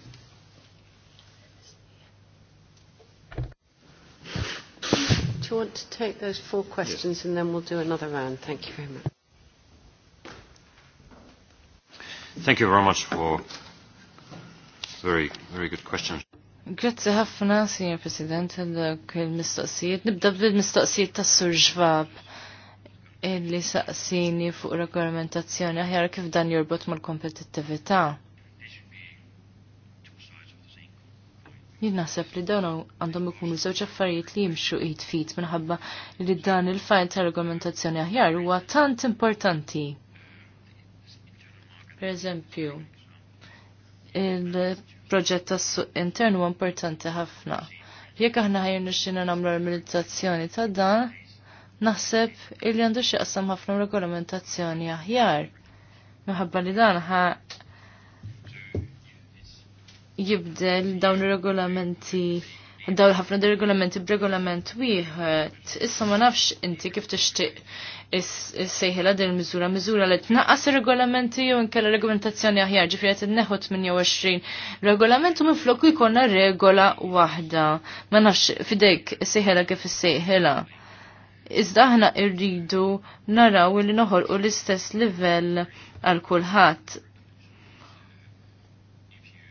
Do you want to take those four questions yes. and then we'll do another round? Thank you very much. Thank you very much for Very, very good question. Grazzi ħafna, Signor President, il-mistoqsijiet. Nibda bil-mistoqsijiet ta' Sur Ġvab illi saqsini fuq regolamentazzjoni aħjar kif dan jorbot mal-kompetittività. Jien naħseb li dawn għandhom ikunu żewġ affarijiet li jimxu id fit minħabba li dan il fajn ta' regolamentazzjoni aħjar huwa tant importanti. Per eżempju, il-proġett tas-suq intern huwa importanti ħafna. Jekk aħna ħajrna xina nagħmlu armonizzazzjoni ta' dan, naħseb illi għandu xieqsam ħafna regolamentazzjoni aħjar. Minħabba li dan ħa jibdel dawn ir-regolamenti dawn ħafna regolamenti b'regolament wieħed. Issa ma nafx inti kif tixtieq is sejħela din miżura miżura li tnaqqas ir regolamenti jew inkella regolamentazzjoni aħjar ġifieri qed jew 28 regolamentu minn flokku jkollna regola waħda. Ma nafx fidejk sejħela kif is-sejħela. Iżda aħna rridu naraw li noħolqu l-istess livell għal kulħadd.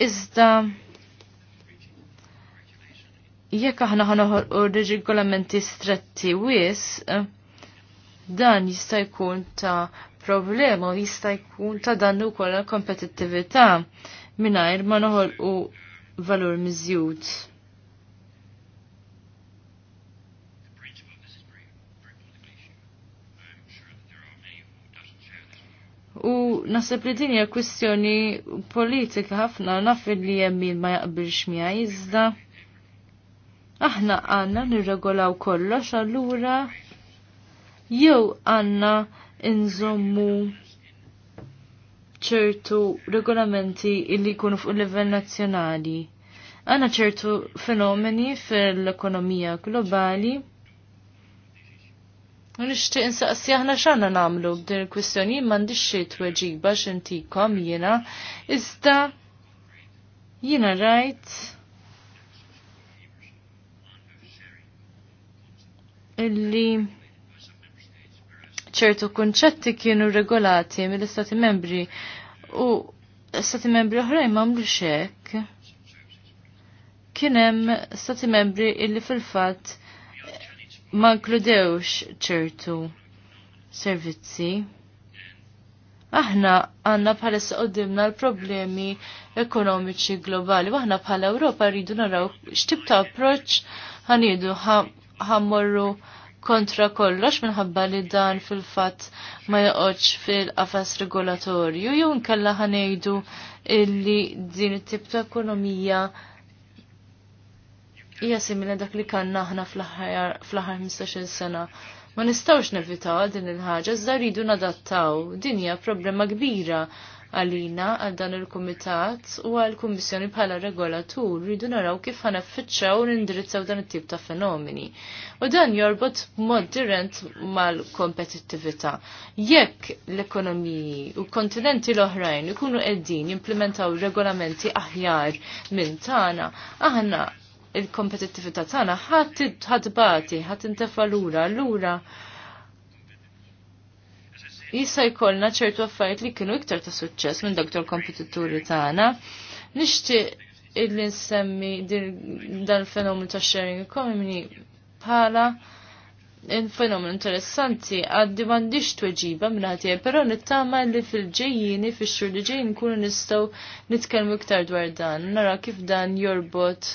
Iżda jekk aħna ħanoħolqu regolamenti stretti wis, uh, dan jista' jkun ta' problema u jista' jkun ta' dannu wkoll kompetittività mingħajr ma noħolqu valur miżjud. U nasib li din hija kwistjoni politika ħafna naf li hemm min ma jaqbilx miha iżda. Aħna għandna nirregolaw kollox allura jew għanna inżommu ċertu regolamenti illi jkunu fuq livell nazzjonali. Għanna ċertu fenomeni fil-ekonomija globali. Nishti insaqsi aħna x'għandna nagħmlu b'din il-kwistjoni m'għandix xi tweġiba x'intikom jiena, iżda jiena rajt illi ċertu kunċetti kienu regolati mill-Istati membri u Stati membri oħrajn hekk. Kien Kienem Stati membri illi fil-fat ma nkludewx ċertu servizzi. Aħna għanna bħalissa qoddimna l-problemi ekonomiċi globali, u aħna bħala Ewropa rridu naraw x'tib ta' approċċ ħanidu ħammorru ha kontra kollox minħabba li dan fil-fatt ma joqgħodx fil-qafas regolatorju jew nkella ħanejdu illi din it-tip ta' ekonomija hija simili dak li kanna aħna fl-aħħar 15-il sena. Ma nistgħux nevitaw din il-ħaġa, iżda rridu nadattaw. Din hija problema kbira għalina għal dan il-Kumitat u għal Kummissjoni bħala regolatur rridu naraw kif ħana fitxaw nindirizzaw dan it-tip ta' fenomeni. U dan jorbot mod dirent mal-kompetittività. Jekk l-ekonomiji u kontinenti l-oħrajn ikunu qegħdin jimplementaw regolamenti aħjar minn tagħna, aħna il kompetittivita tagħna ħat ħadd bati, ħadd intefa' lura, lura jissa jkollna ċertu affarijiet li kienu iktar ta' suċċess minn dak tal-kompetituri tagħna. Nixtieq illi nsemmi dan il-fenomenu ta' sharing economy bħala il fenomenu interessanti għaddi m'għandix tweġiba minn minnaħti, pero nittama li fil-ġejjini, fil-xur li ġejjini kunu nistaw nitkelmu iktar dwar dan, nara kif dan jorbot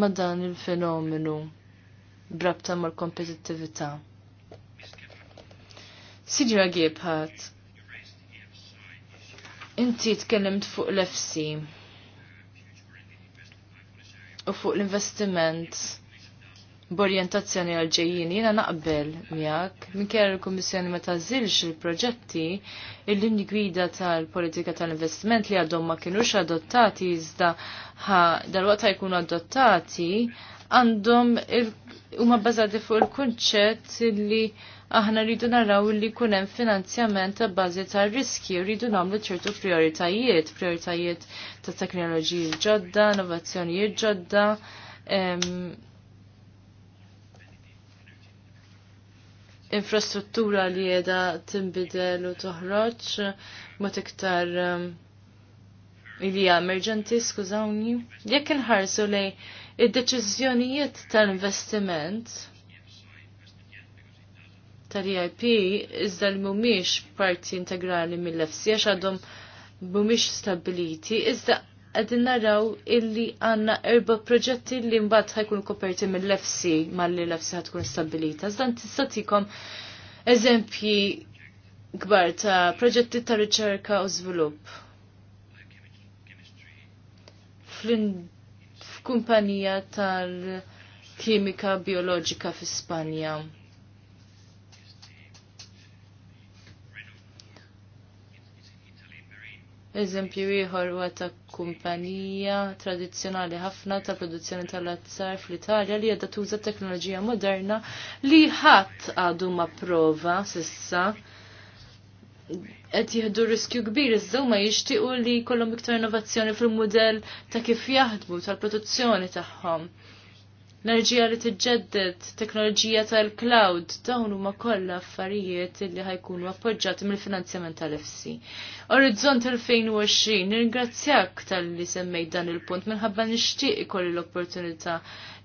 ma dan il-fenomenu brabta mal kompetittività Sidra Gebhardt, inti tkellimt fuq l-FC u fuq l-investiment b'orjentazzjoni għal ġejjini jena naqbel miegħek kera l-Kummissjoni ma tażilx il-proġetti il-linji gwida tal-politika tal-investiment li għadhom ma kienux adottati iżda dal-waqt jkunu adottati għandhom huma bbażati fuq il-kunċett li aħna rridu naraw li jkun hemm finanzjament ta' bażi ta' riski, rridu nagħmlu ċertu prioritajiet, prioritajiet ta' teknoloġiji ġodda, innovazzjonijiet ġodda. infrastruttura li jeda timbidel u toħroġ mod iktar li emerġenti, skużawni. Jekk inħarsu lejn id-deċiżjonijiet tal-investiment, tal-EIP iżda li mhumiex parti integrali mill-FC għax għadhom mhumiex stabiliti, iżda għadin naraw illi għanna erba proġetti li mbagħad ħajkun koperti mill-lefsi mal-li lefsi ħatkun stabilita. Zdan tistatikom eżempji kbar ta' proġetti ta' riċerka u żvilupp. F'kumpanija tal-kimika bioloġika fi Spanja. Eżempju ieħor huwa ta' kumpanija tradizzjonali ħafna ta' produzzjoni tal-azzar fl-Italja li qiegħda tuża teknoloġija moderna li ħadd għadu ma' prova s'issa qed jieħdu riskju kbir iżda ma jixtiequ li jkollhom iktar innovazzjoni fil-mudell ta' kif jaħdmu tal-produzzjoni tagħhom enerġija li tiġġedded, teknoloġija tal-cloud, dawn huma kollha affarijiet li ħajkunu appoġġjati mill-finanzjament tal-FC. Orizzont 2020, nirringrazzjak tal-li semmejt dan il-punt minħabba nixtieq ikolli l-opportunità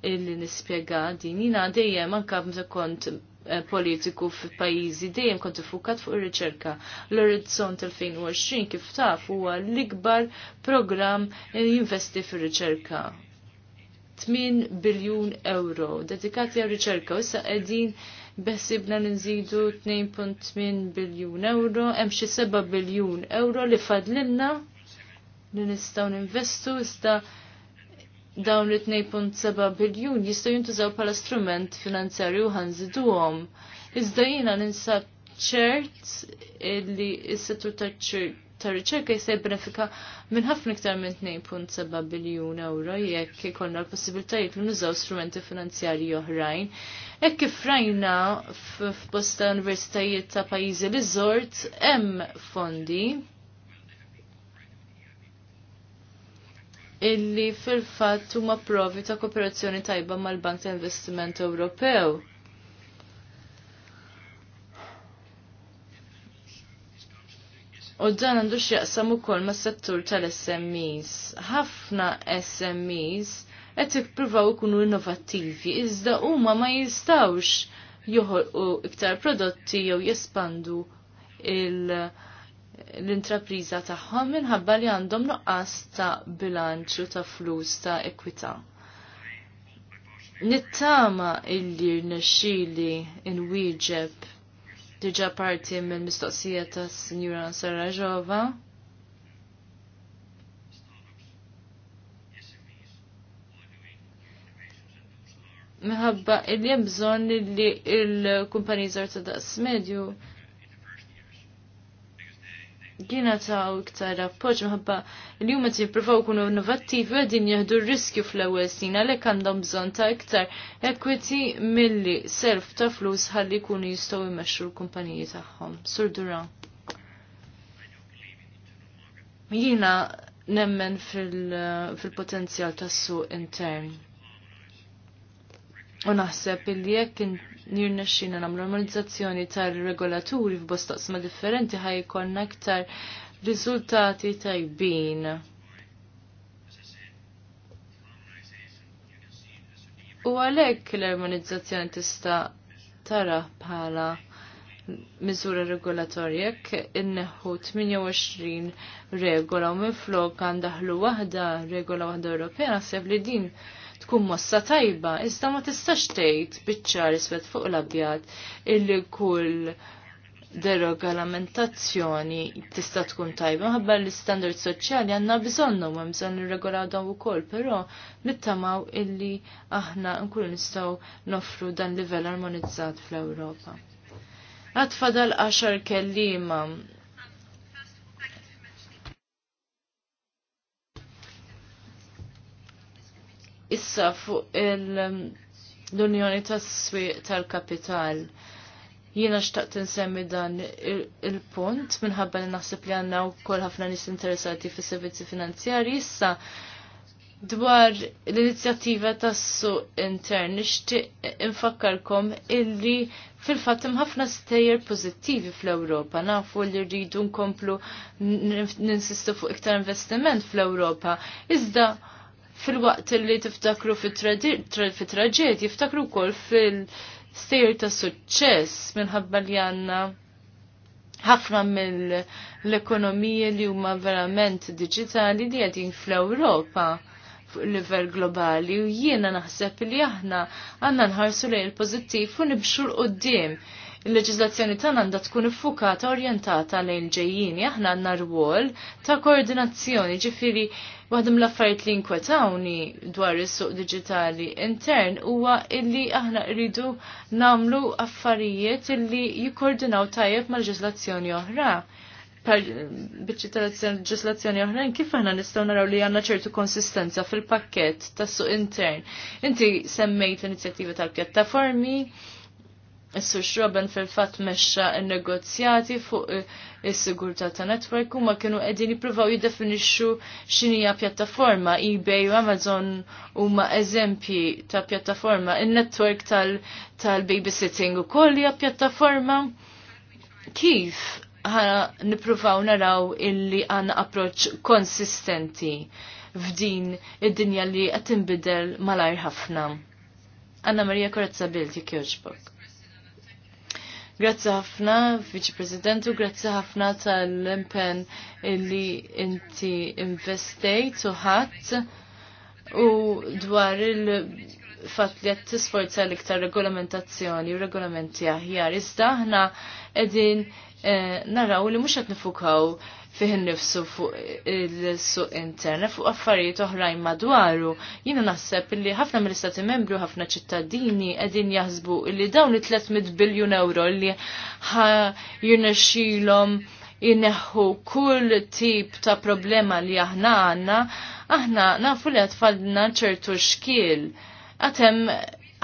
li nispjega din. Jina dejjem anke b'mza kont eh, politiku f'pajjiżi dejjem kont ifukat fuq ir-riċerka. L-Orizzont 2020 kif taf huwa l-ikbar programm jinvesti fir-riċerka 8 biljun euro dedikati għal riċerka u issa qegħdin beħsibna li nżidu 2.8 biljun euro, hemm xi 7 biljun euro li fadlilna li nistgħu ninvestu iżda dawn li 2.7 biljun jistgħu jintużaw bħala strument finanzjarju ħanżiduhom. Iżda jiena ninsab ċert li s-settur taċ-ċirk ta' riċerka jista' jibbenefika minn ħafna iktar minn 2.7 biljun euro jekk ikollna l possibilità li nużaw strumenti finanzjarji oħrajn. Hekk kif rajna f'bosta universitajiet ta' pajjiżi li żort hemm fondi illi fil-fatt huma provi ta' kooperazzjoni tajba mal-Bank ta' Investiment Ewropew U dan għandu x'jaqsam ukoll mas-settur tal-SMEs. Ħafna SMEs qed jippruvaw ikunu innovattivi, iżda huma ma jistawx joħolqu iktar prodotti jew jespandu l-intrapriża tagħhom minħabba li għandhom nuqqas ta' bilanċ u ta' flus ta' ekwita. Nittama illi in inwieġeb diġa parti mill-mistoqsija ta' Signora Sarajova. Minħabba il-jemżon li il kumpanizar ta' daqs medju jiena u iktar appoġġ minħabba li huma jippruvaw kunu innovattivi qegħdin għedin r-riskju fl-ewwel snin għalhekk għandhom bżonn ta' iktar equity milli self ta' flus ħalli jkunu jistgħu jmexxu l-kumpaniji tagħhom. Sur Duran. Jiena nemmen fil-potenzjal fil potenzjal ta' tas suq intern. U naħseb illi jekk nirnexxina nagħmlu normalizzazzjoni tar-regolaturi f'bostaqsma differenti ħajkonna aktar riżultati tajbin. U għalhekk l-armonizzazzjoni tista' tara bħala miżura regolatorja jekk inneħħu 28 regola u minflok għandaħlu waħda regola waħda Ewropea naħseb li din tkun mossa tajba, iżda ma tistax tgħid biċ-ċar iswed fuq l-abjad illi kull deregolamentazzjoni tista' tkun tajba ħabba l-standard soċjali għandna bżonnhom hemm bżonn nirregolaw dawn ukoll, però nittamaw illi aħna nkunu nistgħu nofru dan livell armonizzat fl-Ewropa. Għad fadal għaxar kellima issa fuq l-Unjoni tas-Swieq tal-Kapital. Jiena xtaqt insemmi dan il-punt minħabba li naħseb li għandna wkoll ħafna nies interessati fis servizzi finanzjarji issa dwar l-inizjattiva tas-suq intern nixtieq infakkarkom illi fil-fatt hemm ħafna stejjer pożittivi fl-Ewropa. Nafu li rridu nkomplu ninsistu fuq iktar investiment fl-Ewropa. Iżda fil-waqt li tiftakru fit-traġed, jiftakru kol fil-sejr ta' suċċess minħabba li għanna ħafna mill-ekonomija li huma verament digitali li għedin fl-Ewropa fuq livell globali u jiena naħseb li aħna għanna nħarsu lejn il-pozittiv u nibxu l-qoddim. Il-leġizlazzjoni tagħna għandha tkun iffukata orjentata lejn ġejjini aħna għandna rwol ta' koordinazzjoni ġifieri Waħdem l affarijiet li nkwetawni dwar is-suq digitali intern huwa illi aħna rridu namlu affarijiet illi jikkordinaw tajjeb mal-ġislazzjoni oħra biċċi tal-ġislazzjoni oħrajn, kif aħna nistgħu naraw li għandna ċertu konsistenza fil-pakkett tas-suq intern. Inti semmejt l-inizjattiva tal-pjattaformi, Is-Sur Xroben fil-fatt mexxa n-negozjati fuq eh, is-sigurtà ta' u huma kienu qegħdin jippruvaw jiddefinixxu x'inhija pjattaforma eBay u Amazon huma eżempji ta' pjattaforma. in network tal-babysitting -tal ukoll hija pjattaforma kif nippruvaw naraw illi għandna approċċ konsistenti f'din id-dinja li qed bidel malajr ħafna. Anna Maria Korazza Bilti Kirchberg. Grazzi ħafna, Viċi Presidentu, grazzi ħafna tal-impen illi inti investejt u ħadd u dwar il- fatt li qed tisforza l-iktar regolamentazzjoni u regolamenti aħjar. Iżda aħna qegħdin eh, naraw li mhux qed nifukaw fih nifsu fuq il-suq Interna fuq affarijiet oħrajn madwaru. Jiena naħseb li ħafna mill-istati membri u ħafna ċittadini qegħdin jaħsbu li dawn it-300 biljun euro li jirnexxilhom jineħu kull tip ta' problema li aħna għanna, aħna nafu li għatfadna ċertu xkiel. Għatem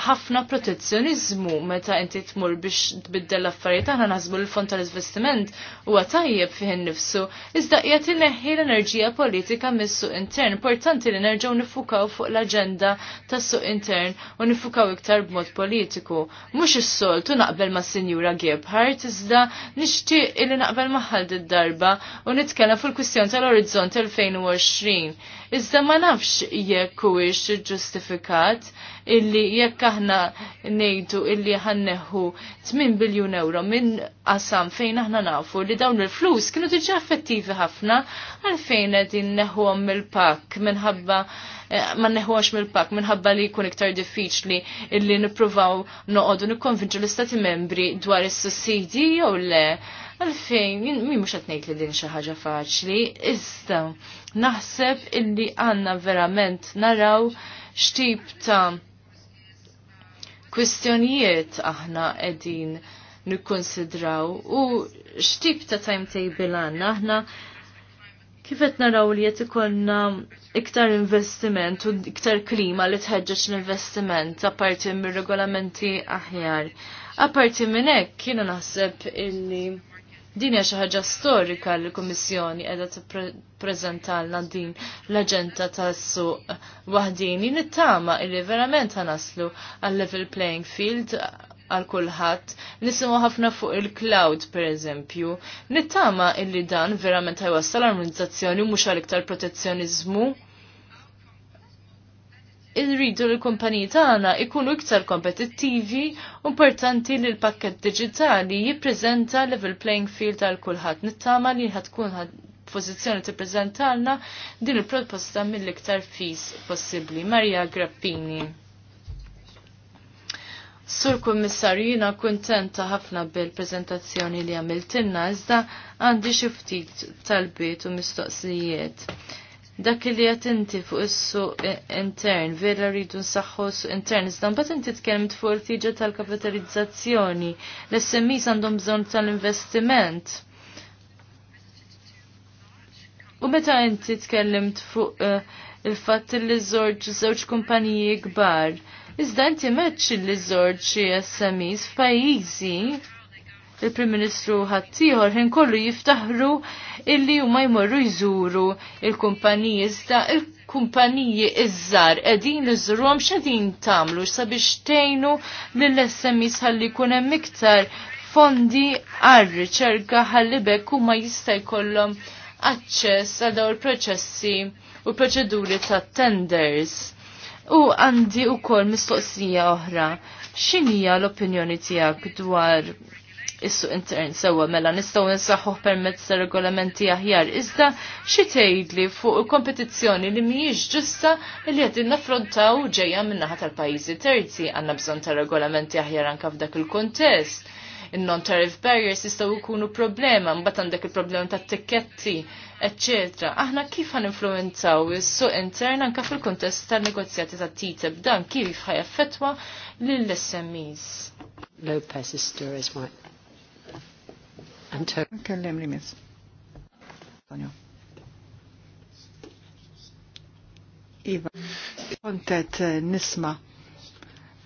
ħafna protezzjonizmu meta inti tmur biex tbiddel l-affarijiet aħna naħsbu l-fond tal-investiment huwa tajjeb fih innifsu iżda qiegħed inneħħi l-enerġija politika mis-suq intern. Importanti li nerġgħu nifukaw fuq l-aġenda tas-suq intern u nifukaw iktar b'mod politiku. Mhux is-soltu naqbel ma' Sinjura Gebhardt iżda nixtieq illi naqbel maħal darba u nitkellem fil kwistjon tal-orizzont 2020. Iżda ma nafx jekk huwiex ġustifikat illi jekk aħna ngħidu illi ħanneħu 8 biljun euro minn qasam fejn aħna nafu li dawn il-flus kienu diġà effettivi ħafna għalfejn qegħdin neħuhom mill-pakk minħabba eh, ma neħuħax mill-pak minħabba li jkun iktar diffiċli illi nippruvaw noqogħdu nikkonvinċu l-istati membri dwar is-sussidi jew le għalfejn mi mhux qed ngħid li din xi ħaġa faċli, iżda naħseb illi għandna verament naraw x'tip ta' kwistjonijiet aħna qegħdin nikkonsidraw u x'tip ta' timetable għandna aħna kifet naraw li jett ikonna iktar investiment u iktar klima li tħeġġeġ l-investiment apparti mir regolamenti aħjar. Apparti minn hekk kienu naħseb illi Din hija xi ħaġa storika li l-Kummissjoni qiegħda tippreżentalna din l-aġenda tas-suq waħdini nittama li verament ħanaslu għal level playing field għal kulħadd, nisimgħu ħafna fuq il-cloud pereżempju. Nittama illi dan verament ħajwassal armonizzazzjoni mhux għal iktar protezzjoniżmu irridu li l-kumpaniji tagħna ikunu iktar kompetittivi u importanti li l-pakket digitali jippreżenta level playing field għal kulħadd. Nittama li ħad tkun pożizzjoni tippreżentalna din il-proposta mill-iktar fis possibbli. Maria Grappini. Sur Kummissarju, jina kuntenta ħafna bil-prezentazzjoni li għamiltinna, iżda għandi xi ftit talbiet u mistoqsijiet dak li qed inti fuq is-suq intern vera rridu nsaħħu suq intern iżda mbagħad inti tkellem fuq il-tiġa tal-kapitalizzazzjoni. L-SMEs għandhom bżonn tal-investiment. U meta inti tkellimt fuq eh, il-fatt li żorġ żewġ kumpaniji kbar, iżda inti meċċi li żorġ SMEs f'pajjiżi il-Prim Ministru ħaddieħor ħin kollu jiftaħru illi huma jmorru jżuru il-kumpaniji iżda il-kumpaniji iżżar qegħdin iżżurhom x'edin tagħmlu sabiex tgħinu lill-SMEs ħalli jkun hemm iktar fondi għar-riċerka ħalli bekk huma jista' jkollhom aċċess għal dawn il-proċessi u proċeduri ta' tenders. U għandi u kol mistoqsija oħra. Xinija l-opinjoni tijak dwar is-suq intern sewa mela nistgħu nsaħħuh permezz ta' regolamenti aħjar. Iżda xi tgħidli fuq il kompetizzjoni li mhijiex ġusta li qed naffrontaw ġejja min-naħa tal-pajjiżi terzi għandna bżonn ta' regolamenti aħjar anke f'dak il-kuntest. In-non-tariff barriers jistgħu jkunu problema, mbagħad għandek il-problema tat-tikketti etc. Aħna kif għan influenzaw il-suq intern anka fil-kontest tal-negozjati ta' TTIP e dan kif ħajaffetwa lill-SMEs. Lopez is my Kellem li mis. Iva, kontet eh, nisma.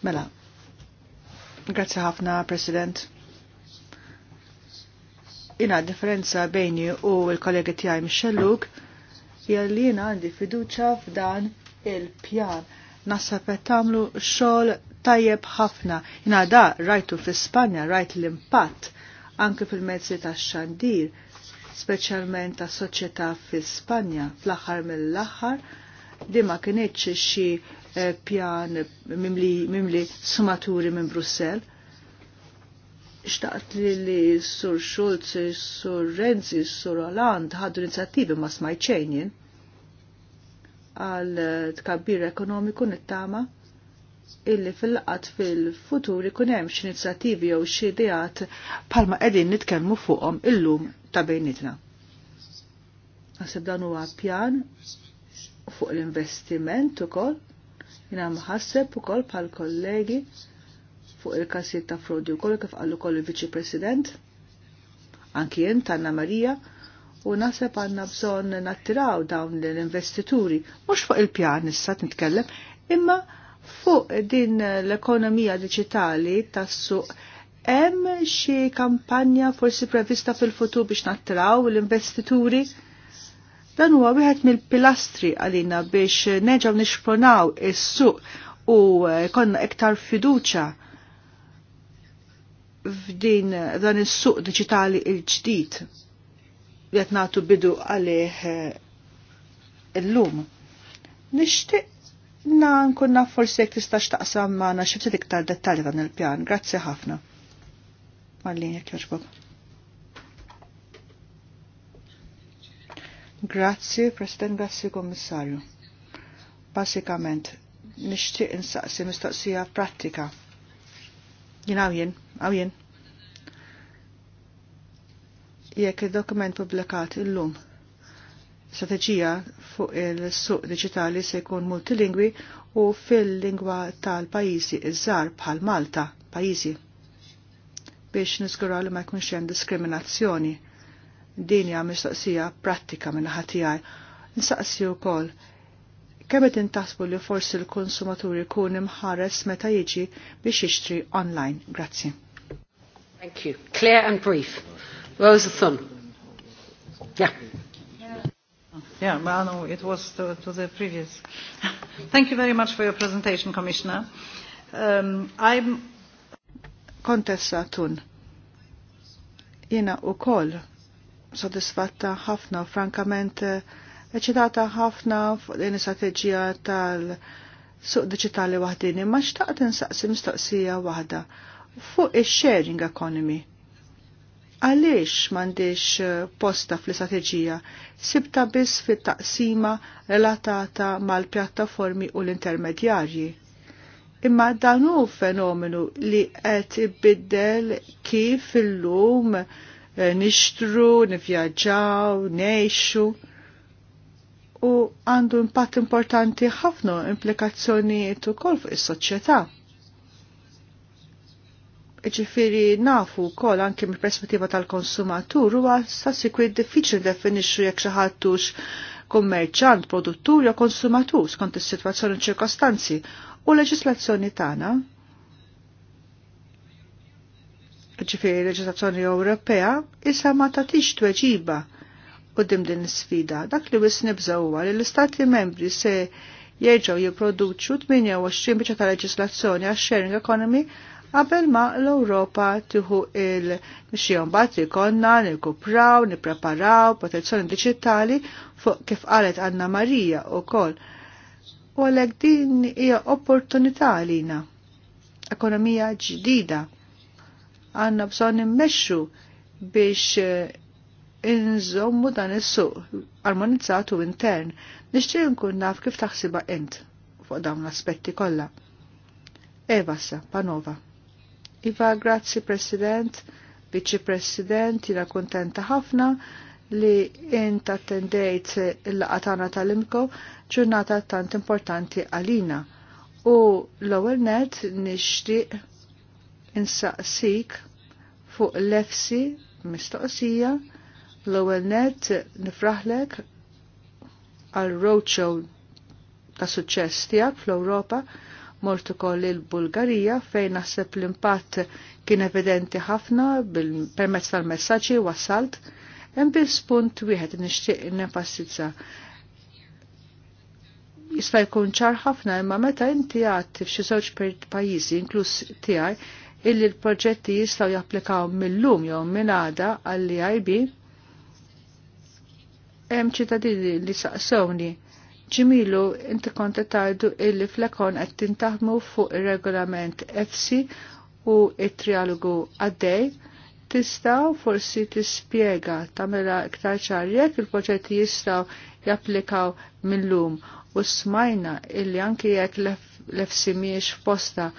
Mela, Grazie ħafna, President. Ina differenza bejni u l-kollegi tijaj Michelluk. hija għandi fiduċa f'dan il-pjan. Nasab qed tagħmlu xogħol tajjeb ħafna. Ina da rajtu fi Spanja rajt l-impatt anke fil-mezzi tax-xandir, speċjalment ta' soċjetà fi Spanja fl-aħħar mill-aħħar di ma kienieċ xi eh, pjan mimli, mimli sumaturi minn Brussell. Xtaqt li li sur Schulz, sur Renzi, sur Hollande ħaddu inizjattivi ma smajċenjen għal tkabbir ekonomiku nittama' illi fil-qat fil-futur ikun hemm inizjattivi jew xi ideat bħalma qegħdin nitkellmu fuqhom illum ta' bejnietna. Naħseb dan huwa pjan fuq l-investiment ukoll jiena mħasseb ukoll bħal kollegi fuq il-każijiet ta' frodi wkoll kif qal ukoll il-Viċi President anki jien Anna Marija u naħseb għandna bżonn nattiraw dawn l-investituri mhux fuq il-pjan issa nitkellem imma Fuq din l-ekonomija diġitali tas-suq hemm xi kampanja forsi prevista fil-futur biex nattraw l-investituri? Dan huwa wieħed mill-pilastri għalina biex neġaw nixpronaw is-suq u konna iktar fiduċa f'din dan is-suq digitali il-ġdid li qed nagħtu bidu għalih eh, illum. Nixtieq na nkunna forse forsi jekk tista' maħna xifti xi ftit iktar dan il-pjan. Grazzi ħafna. Marlin jekk jogħġbok. Grazzi, President, grazzi Kommissarju. Basikament, nixtieq insaqsi mistoqsija pratika. Jien għawjen, għawjen. Jekk il-dokument publikat illum, strateġija fuq il-suq digitali se jkun multilingwi u fil-lingwa tal-pajjiżi iż-żar bħal Malta, pajjiżi biex niskuraw li ma jkunx hemm diskriminazzjoni. Din hija mistoqsija prattika minn ħatijaj. Nsaqsi wkoll kemm qed intasbu li forsi l konsumaturi jkun imħares meta jiġi biex jixtri online. Grazzi. Thank you. Clear and brief. Rosa Thun. Yeah. Yeah, well, no, it was to, to the previous. Thank you very much for your presentation, Commissioner. Um, I'm Contessa Tun. Jena u koll sodisfatta ħafna, frankament, eh, eċitata ħafna fuq din istrateġija tal-suq digitali wahdini, ma xtaqt insaqsi mistoqsija wahda fuq il sharing economy għaliex m'għandix eh, posta fl-istrateġija sibta biss fit-taqsima relatata mal-pjattaformi u l-intermedjarji. Imma dan hu fenomenu li qed ibiddel kif illum eh, nixtru, nivjaġġaw, nejxu u għandu impatt importanti ħafna implikazzjonijiet ukoll fuq is-soċjetà ġifiri nafu kol anki mill perspettiva tal-konsumatur huwa sassikwi diffiċli definixxu jekk xi ħaddux kummerċant, produttur jew konsumatur skont is-sitwazzjoni ċirkostanzi u leġislazzjoni tagħna. Ġifiri leġislazzjoni Ewropea issa ma tagħtix tweġiba qudiem din is-sfida. Dak li wisni nibża li l-Istati membri se jerġgħu jipproduċu 28 biċċa ta' leġislazzjoni għax sharing economy qabel ma l-Ewropa tieħu il-mixjon bat konna nikkupraw, nippreparaw protezzjoni digitali fuq kif qalet Anna Marija wkoll. U għalek din hija opportunità għalina. Ekonomija ġdida. Għanna bżonn immexxu biex eh, inżommu dan is-suq armonizzat u intern nixtieq nkun naf kif taħsiba int fuq dawn l-aspetti kollha. Eva sa, Panova. Iva, grazzi President, Viċi President, jina kontenta ħafna li int attendejt il-laqatana tal-imko ġurnata tant importanti għalina. U l-ewwel net nixtieq insaqsik fuq l-efsi mistoqsija l-ewwel net nifraħlek għal roadshow ta' suċċess tiegħek fl-Ewropa Mort ukoll il-Bulgarija fejn naħseb l-impatt kien evidenti ħafna permezz tal-messaġġi wasalt Hemm biss punt wieħed nixtieq nenfasizza. Jista' jkun ċar ħafna imma meta inti għad f'xi żewġ pajjiżi inkluż tiegħi illi l-proġetti jistgħu japplikaw mill-lum jew minn għada għall-IB hemm ċittadini li saqsewni ġimilu inti konta tajdu illi flakon għed tintaħmu fuq il-regolament FC u il-trialogu għaddej, tistaw forsi tispiega tamela iktar jekk il-proġetti jistaw japplikaw mill-lum u smajna illi anki jekk l fc miex f'posta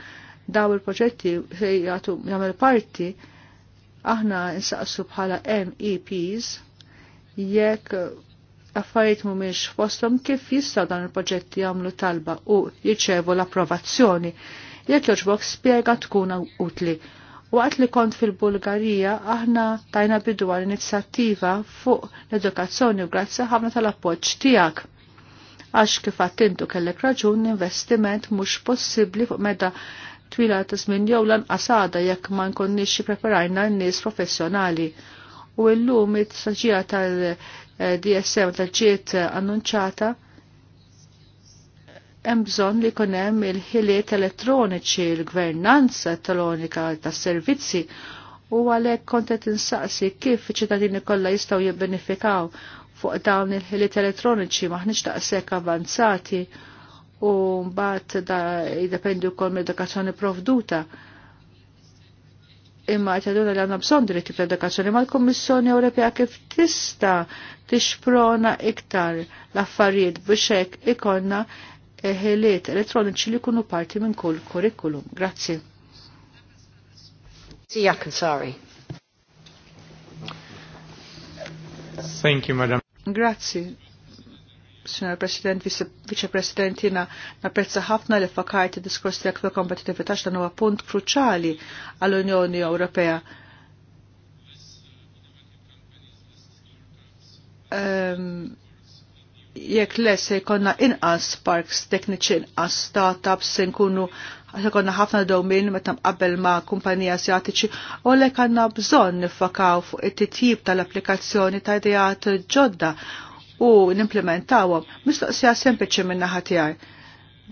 daw il-proġetti jgħatu jagħmel parti aħna nsaqsu bħala MEPs jekk affarijiet mhumiex fosthom kif jistgħu dan il proġetti jagħmlu talba u jiċċevu l-approvazzjoni. Jekk jogħġbok spjega tkun utli. Waqt li kont fil-Bulgarija, aħna tajna bidu għal inizjattiva fuq l-edukazzjoni u grazzi ħafna tal-appoġġ tiegħek. Għax kif għattintu kellek raġun investiment mhux possibbli fuq meta twila ta' żmien jew lanqasada jekk ma nkunniex preparajna n-nies professjonali. U llum it-saġija tal- Eh, DSM tal-ġiet eh, annunċata hemm bżonn li jkun hemm il-ħiliet elettroniċi, il-gvernanza elettronika tas-servizzi u għalhekk kont qed insaqsi kif iċ-ċittadini kollha jistgħu jibbenifikaw fuq dawn il-ħiliet elettroniċi maħniex taqsek avanzati u mbagħad da jiddependi wkoll mill-edukazzjoni provduta. duta imma għataduna li għanna bżon diritti fl-edukazzjoni, ma l-Kommissjoni Ewropea kif tista tixprona iktar l-affarijiet biex hekk ikonna eh, ħiliet elettroniċi li kunu parti minn kull kurrikulum. Grazzi. Sijak, sorry. Thank you, madam. Grazie. Sr. President, Vice President, jina napprezza ħafna li fakajt il-diskors tijak fil kompetitività x'dan huwa punt kruċali għall-Unjoni Ewropea. Jek ehm, jekk le se jkonna inqas parks tekniċi inqas startups se nkunu se konna ħafna domin meta qabel ma' kumpanija asjatiċi u lek għandna bżonn nifakaw fuq it-titjib tal-applikazzjoni ta' idejat ġodda u n-implementawom, mistoqsija sempliċi minn naħa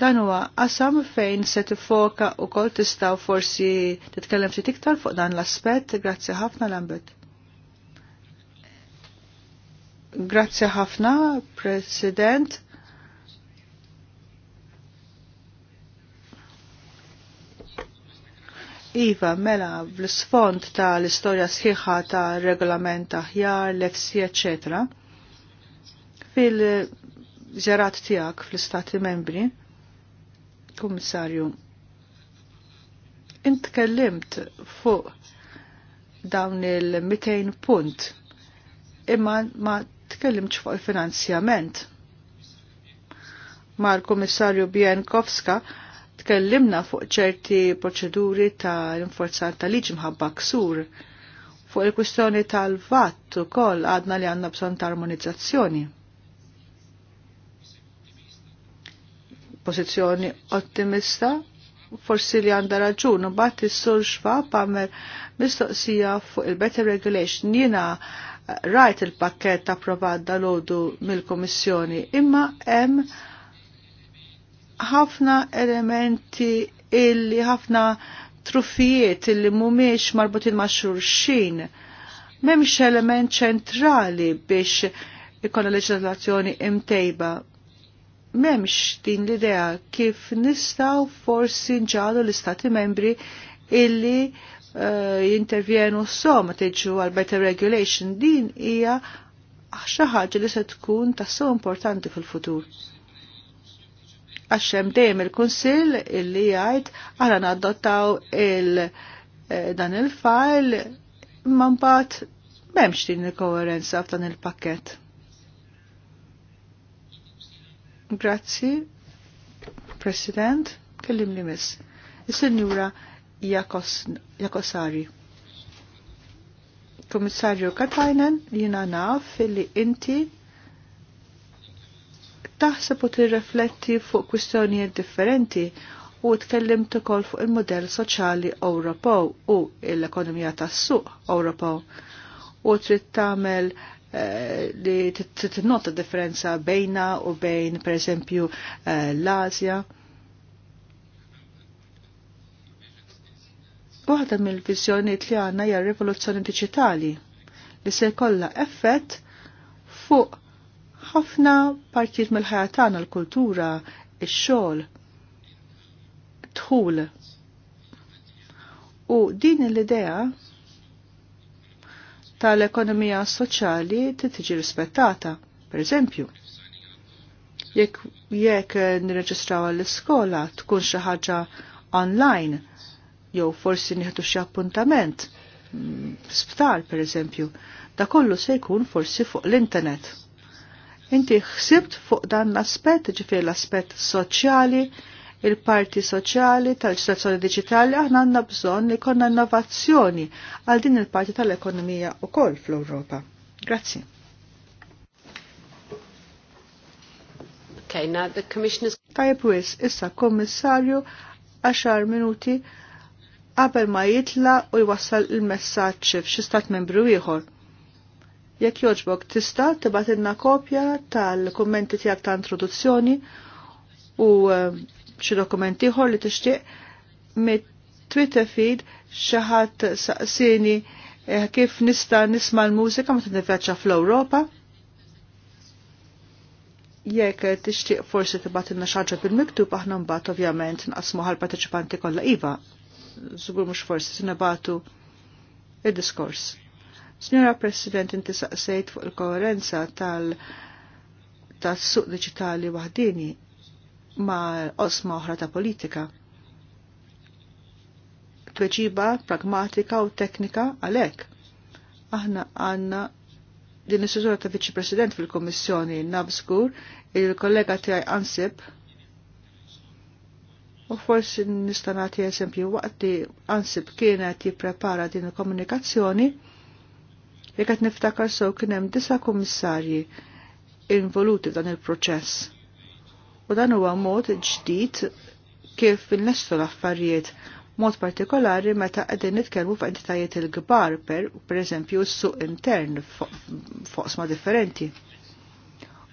Dan huwa qasam fejn se tifoka wkoll tistgħu forsi titkellem ftit iktar fuq dan l-aspett, grazzi ħafna Lambert. Grazzi ħafna, President. Iva, mela, bl isfond tal istorja sħiħa ta' regolament ħjar, l fc eccetera fil-ġerat tijak fl-istati membri, kummissarju, int kellimt fuq dawn il-200 punt imma ma tkellimx fuq il-finanzjament. Mar kummissarju Bienkowska tkellimna fuq ċerti proċeduri ta' l-inforzat ta' liġi mħabba ksur fuq il-kwistjoni tal-vatt ukoll għadna li għandna bżonn ta' armonizzazzjoni. pożizzjoni ottimista, forsi li għanda raġun, u bat il-sur xfab għamel mistoqsija fuq il-Better Regulation. Jina eh, rajt il-pakket approvat dal-ħodu mill-Komissjoni, imma hemm ħafna elementi illi ħafna truffijiet illi mumiex marbutin ma' xurxin. Memx element ċentrali biex ikon leġislazzjoni imtejba memx din l-idea kif nistaw forsi nġalu l-istati membri illi uh, jintervjenu s-som tiġu għal better regulation din hija xi ħaġa li se tkun tassu importanti fil-futur. Għax hemm dejjem il-Kunsill illi jgħid aħna nadottaw il eh, dan il-file ma mbagħad m'hemmx din il-koherenza f'dan il-pakkett Grazzi, President, kellim li miss. Is-Senjura Jakosari. Komissarju Katajnen, jina naf li inti taħseb u tirrefletti fuq kwistjonijiet differenti u tkellimt ukoll fuq il-modell soċjali Ewropew u l-ekonomija tas-suq Ewropew u trid tagħmel Eh, li t-nota differenza bejna u bejn per esempio eh, l-Asja. Waħda mill-vizjoniet li għanna hija rivoluzzjoni diġitali li se jkollha effett fuq ħafna partijiet mill-ħajja tagħna l-kultura, ix-xogħol, dħul. U din l-idea tal-ekonomija soċjali tiġi rispettata. Per eżempju, jekk jekk nirreġistraw għall-iskola tkun xi ħaġa online jew forsi nieħdu xi appuntament mm, sptar per eżempju, da kollu se jkun forsi fuq l-internet. Inti ħsibt fuq dan l-aspett, ġifier l-aspett soċjali, il-parti soċjali tal-ġitazzjoni digitali aħna għandna bżonn li konna innovazzjoni għal din il-parti tal-ekonomija wkoll fl-Ewropa. Grazzi. Okay, now the commissioners... Tajib wis, issa kommissarju 10 minuti qabel ma jitla u jwassal il-messaġġ f'xi stat membru ieħor. Jekk joġbok tista' tibatilna kopja tal-kummenti tiegħek ta' introduzzjoni u eh, xi dokument ieħor li tixtieq mit-Twitter feed xi ħadd saqsini eh, kif nista' nisma' l-mużika meta nivvjaġġa fl-Ewropa. Jekk tixtieq forsi tibatilna xaġa bil-miktub aħna mbagħad ovvjament nqasmu ħall-parteċipanti kollha iva. Żgur mhux forsi se nibatu id-diskors. Signora President, inti saqsejt fuq il-koherenza tal suq digitali waħdini ma' osma oħra ta' politika. Tweġiba pragmatika u teknika għalek. Aħna għanna din is-siżura ta' viċi president fil-Kommissjoni nabżgur il-kollega tiegħi ansib u forsi nista' nagħti eżempju waqt li ansib kienet jipprepara din il-komunikazzjoni li qed niftakar sew kien hemm disa' kummissarji involuti f'dan il-proċess u dan huwa mod ġdid kif innestu l-affarijiet mod partikolari meta qegħdin nitkellmu fuq entitajiet il-kbar per pereżempju s-suq intern foqsma differenti.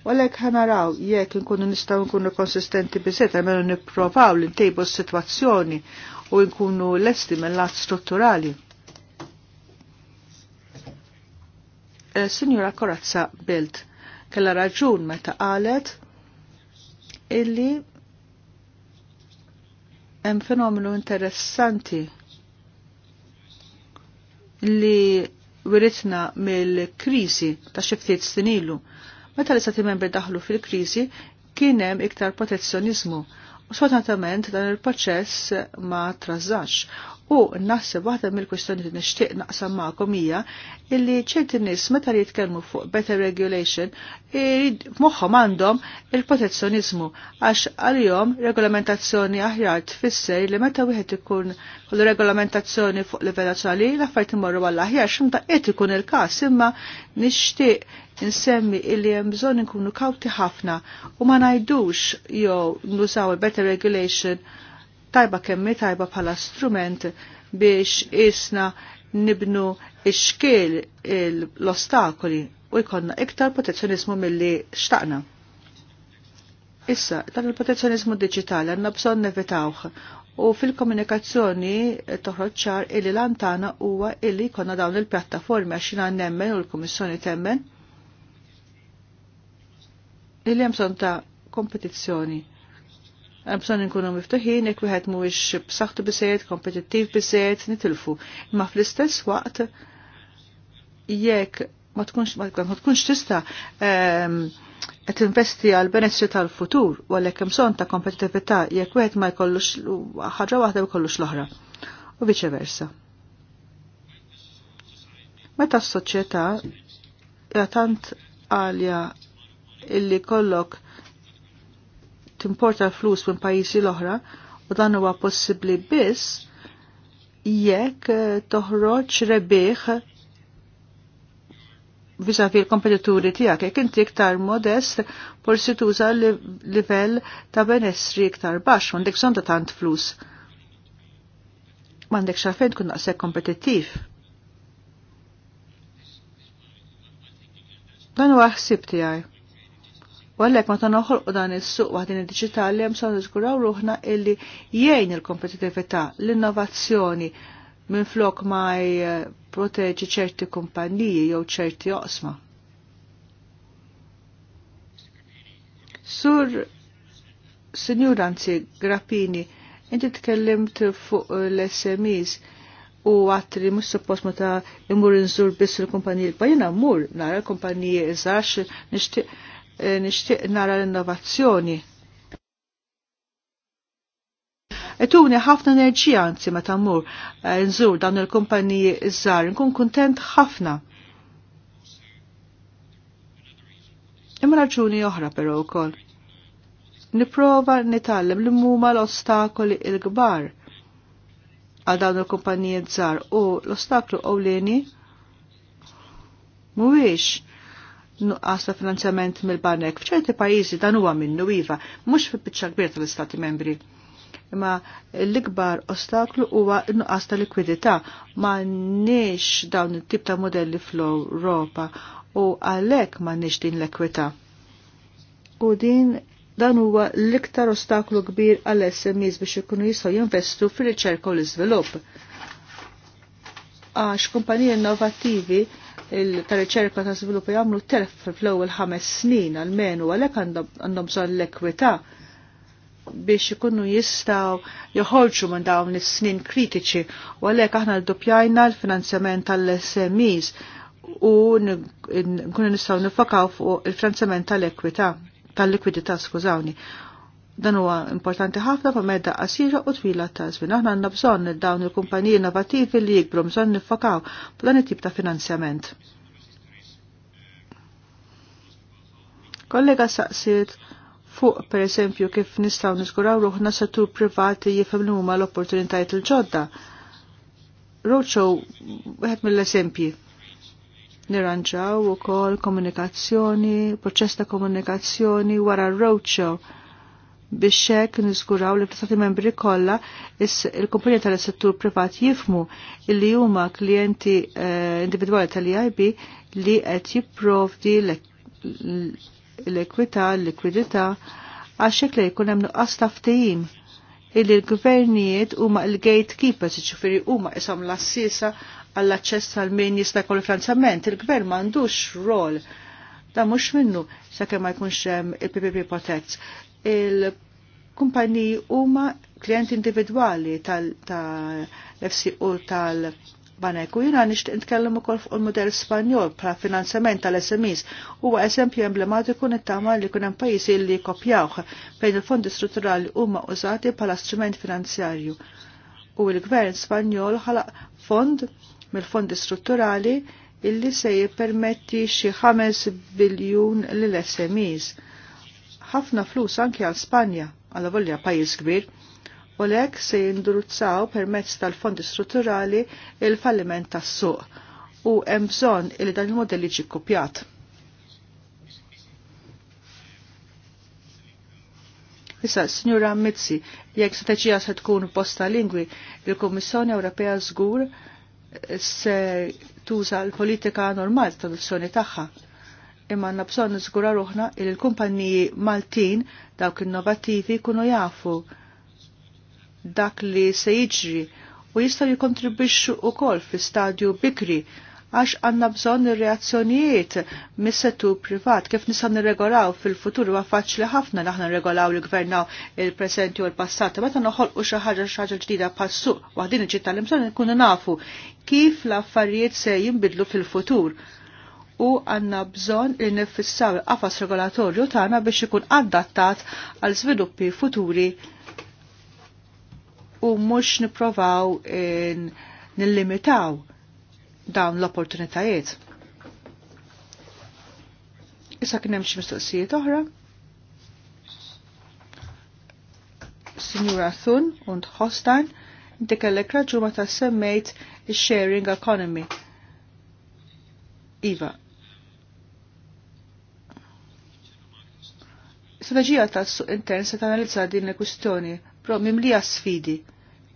U għalhekk naraw jekk inkunu nistgħu nkunu konsistenti biżiet għamilu nipprovaw li ntejbu s-sitwazzjoni u nkunu lesti mill-lat strutturali. Eh, Signora Korazza Bilt, kella raġun meta qalet illi hemm fenomenu interessanti li wiritna mill kriżi ta' xi ftit ilu. Meta li stati membri daħlu fil kriżi kien hemm iktar protezzjonizmu Sfortunatament dan il-proċess ma trażax u naħseb waħda mill-kwistjoni li nixtieq naqsam magħkom hija illi ċerti nies meta jitkellmu fuq better regulation f'moħħhom għandhom il-protezzjonizmu għax għalihom regolamentazzjoni aħjar tfisser li meta wieħed ikun kollu regolamentazzjoni fuq livell nazzjonali l-affarijiet imorru għall aħjar x'imta qed ikun il-każ imma nixtieq insemmi illi hemm bżonn inkunu kawti ħafna u ma ngħidux jew nużaw il-better regulation tajba kemmi tajba bħala strument biex isna nibnu ix-xkiel l-ostakoli u jkollna iktar protezzjonizmu milli xtaqna. Issa, dan il-protezzjonizmu digitali għanna bżon nevitawh. u fil-komunikazzjoni toħroġ ċar l-antana huwa illi jkollna dawn il-pjattaformi għax nemmen u l-Kummissjoni temmen illi hemm ta' kompetizzjoni. Hemm bżonn inkunu miftuħin jekk wieħed mhuwiex b'saħħtu biżejjed, kompetittiv biżejjed, nitilfu. Imma fl-istess waqt jekk ma tkunx ma tkunx tista' qed ehm, investi għal benessri tal-futur u għalhekk hemm bżonn ta' kompetitività jekk wieħed ma jkollux ħaġa waħda jkollux l-oħra u viċeversa. Meta s-soċjetà tant għalja illi kollok timporta flus minn pajjiżi l-oħra u dan huwa possibbli biss jekk eh, toħroġ rebieħ vizavi l-kompetituri tijak, jek inti iktar modest, forsi tuża livell ta' benessri iktar bax, mandek son ta' tant flus. Mandek xafen tkun naqshekk kompetittiv. Dan huwa ħsib tiegħi. U għallek ma ta' noħolqu dan is-suq waħdin id-diġitali hemm sa niżguraw ruħna illi jgħin il-kompetitività, l-innovazzjoni minn flok ma jproteġi ċerti kumpaniji jew ċerti oqsma. Sur Sinjur anzi Grappini, inti tkellimt fuq l-SMEs u għattri mux suppost ma ta' imur nżur biss l-kumpaniji l-bajna mur nara l-kumpaniji iżax nishtiq Eh, nixtieq nara l-innovazzjoni. Etuni ħafna enerġija anzi meta mmur eh, nżur dawn il-kumpaniji iż-żgħar, nkun kuntent ħafna. Imma raġuni oħra però wkoll. Nipprova nitgħallem li huma l-ostakoli l-kbar għal dawn il-kumpaniji żgħar u l-ostaklu ewlieni mhuwiex nuqqas ta' finanzjament mill-banek. F'ċerti pajjiżi dan huwa minnu iva, mhux fil-biċċa kbir tal-Istati membri. Imma l-ikbar ostaklu huwa nuqqas ta' likwidità m'għandniex dawn it-tip ta' modelli fl-Ewropa u għalhekk m'għandniex din l-ekwità. U din dan huwa l-iktar ostaklu kbir għall smes biex ikunu jistgħu jinvestu fir-riċerka u l-iżvilupp. Għax kumpaniji innovattivi tal-riċerka ta' sviluppu jagħmlu telf fl-ewwel ħames snin għal menu għalhekk għandhom bżonn l ekwita biex ikunu jistaw joħolġu minn dawn is-snin kritiċi u għalhekk aħna ddoppjajna l-finanzjament tal-SMEs u nkunu nistgħu nifakaw fuq il-finanzjament tal ekwita tal-likwidità skużawni Dan huwa importanti ħafna fuq medda qasira u twila ta' żmien. Aħna għandna bżonn dawn il-kumpaniji innovattivi li jikbru bżonn niffakaw b'dan it-tip ta' finanzjament. Kollega saqsiet fuq per eżempju kif nistgħu niżguraw ruħna settur privati jifhem li huma l-opportunitajiet il-ġodda. Roadshow wieħed mill-eżempji Niranġaw ukoll komunikazzjoni, proċess ta' komunikazzjoni wara r roadshow biex hekk niskuraw li t-tati membri kollha il-kumpanija tal-settur privat jifmu li huma klijenti eh, individwali tal-IIB li qed jipprovdi l ekwita l-likwidità għax hekk li jkun hemm nuqqas taftejjim illi l-gvernijiet huma l-gatekeepers, ċifiri huma isom l-assisa għall-aċċess tal min jista' jkollu franzament Il-gvern m'għandux rol da mhux minnu sakemm ma jkunx hemm il-PPP protects il kumpani huma klient individwali tal-FC u tal-Banek. U jina nishtiq nitkellem ukoll fuq il-modell Spanjol bħala finanzjament tal-SMEs. Huwa eżempju emblematiku nittama li kun hemm pajjiżi li kopjawh bejn il-fondi strutturali huma użati bħala strument finanzjarju. U l-Gvern Spanjol ħalaq fond mill-fondi strutturali illi se jippermetti xi 5 biljun lill-SMEs ħafna flus anki għal Spanja, għal volja pajjiż kbir, u lek se jinduruzzaw permezz tal-fondi strutturali il-falliment tas-suq u hemm bżonn li dan il-modelli ġi kopjat. Issa, Signora Mizzi, jekk strateġija se tkun posta lingwi, il-Kummissjoni Ewropea żgur se tuża l-politika normali tal-adozzjoni tagħha imma għanna bżon nizgura ruħna il l-kumpanniji Maltin dawk innovativi kunu jafu dak li se jiġri u jistaw jikontribwixxu ukoll fi stadju bikri għax għanna bżon ir-reazzjonijiet mis-settur privat kif nisa nirregolaw fil-futur huwa faċli ħafna naħna nirregolaw li gvernaw il-preżenti u l-passat. Meta noħolqu xi ħaġa xi ħaġa ġdida passuq waħdin iġid tal-imżon nkunu nafu kif l-affarijiet se jinbidlu fil-futur u għanna bżon li nifissaw il-qafas regolatorju tagħna biex ikun adattat għal sviluppi futuri u mhux nipprovaw nillimitaw dawn l-opportunitajiet. Issa kien hemm xi mistoqsijiet oħra. Signora Thun und Hostan, inti kellek raġuma ta' semmejt il-sharing economy. Iva, Strategija tas-suq intern se tanalizza din il-kwistjoni promim li sfidi.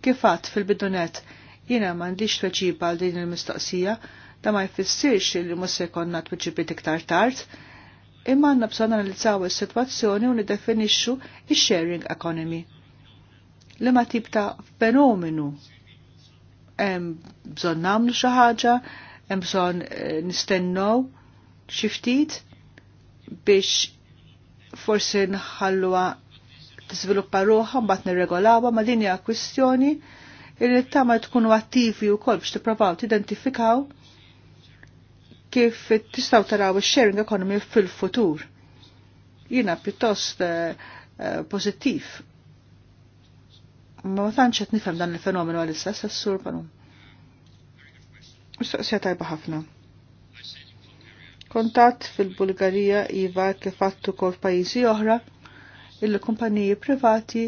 Kif Kifat fil-bidunet jiena m'għandix tweġiba għal din il-mistoqsija, ta ma jfissirx li mhux se jkollna tweġibiet iktar tard, imma għandna bżonn analizzaw is-sitwazzjoni u niddefinixxu ix-sharing economy. Liema tip ta' fenomenu hemm bżonn nagħmlu xi ħaġa, hemm bżonn eh, nistennew xi ftit biex forsi t tiżviluppa ruħha mbagħad nirregolawha ma' din hija kwistjoni li tama tkunu attivi wkoll biex tippruvaw tidentifikaw kif tistgħu taraw ix-sharing economy fil-futur. Jiena pjuttost eh, eh, pożittiv. Ma tantx qed nifhem dan il-fenomenu għal issa, s-sur panum. Mistoqsija tajba ħafna kontat fil-Bulgarija iva kif għattu kol pajizi oħra il-kumpaniji privati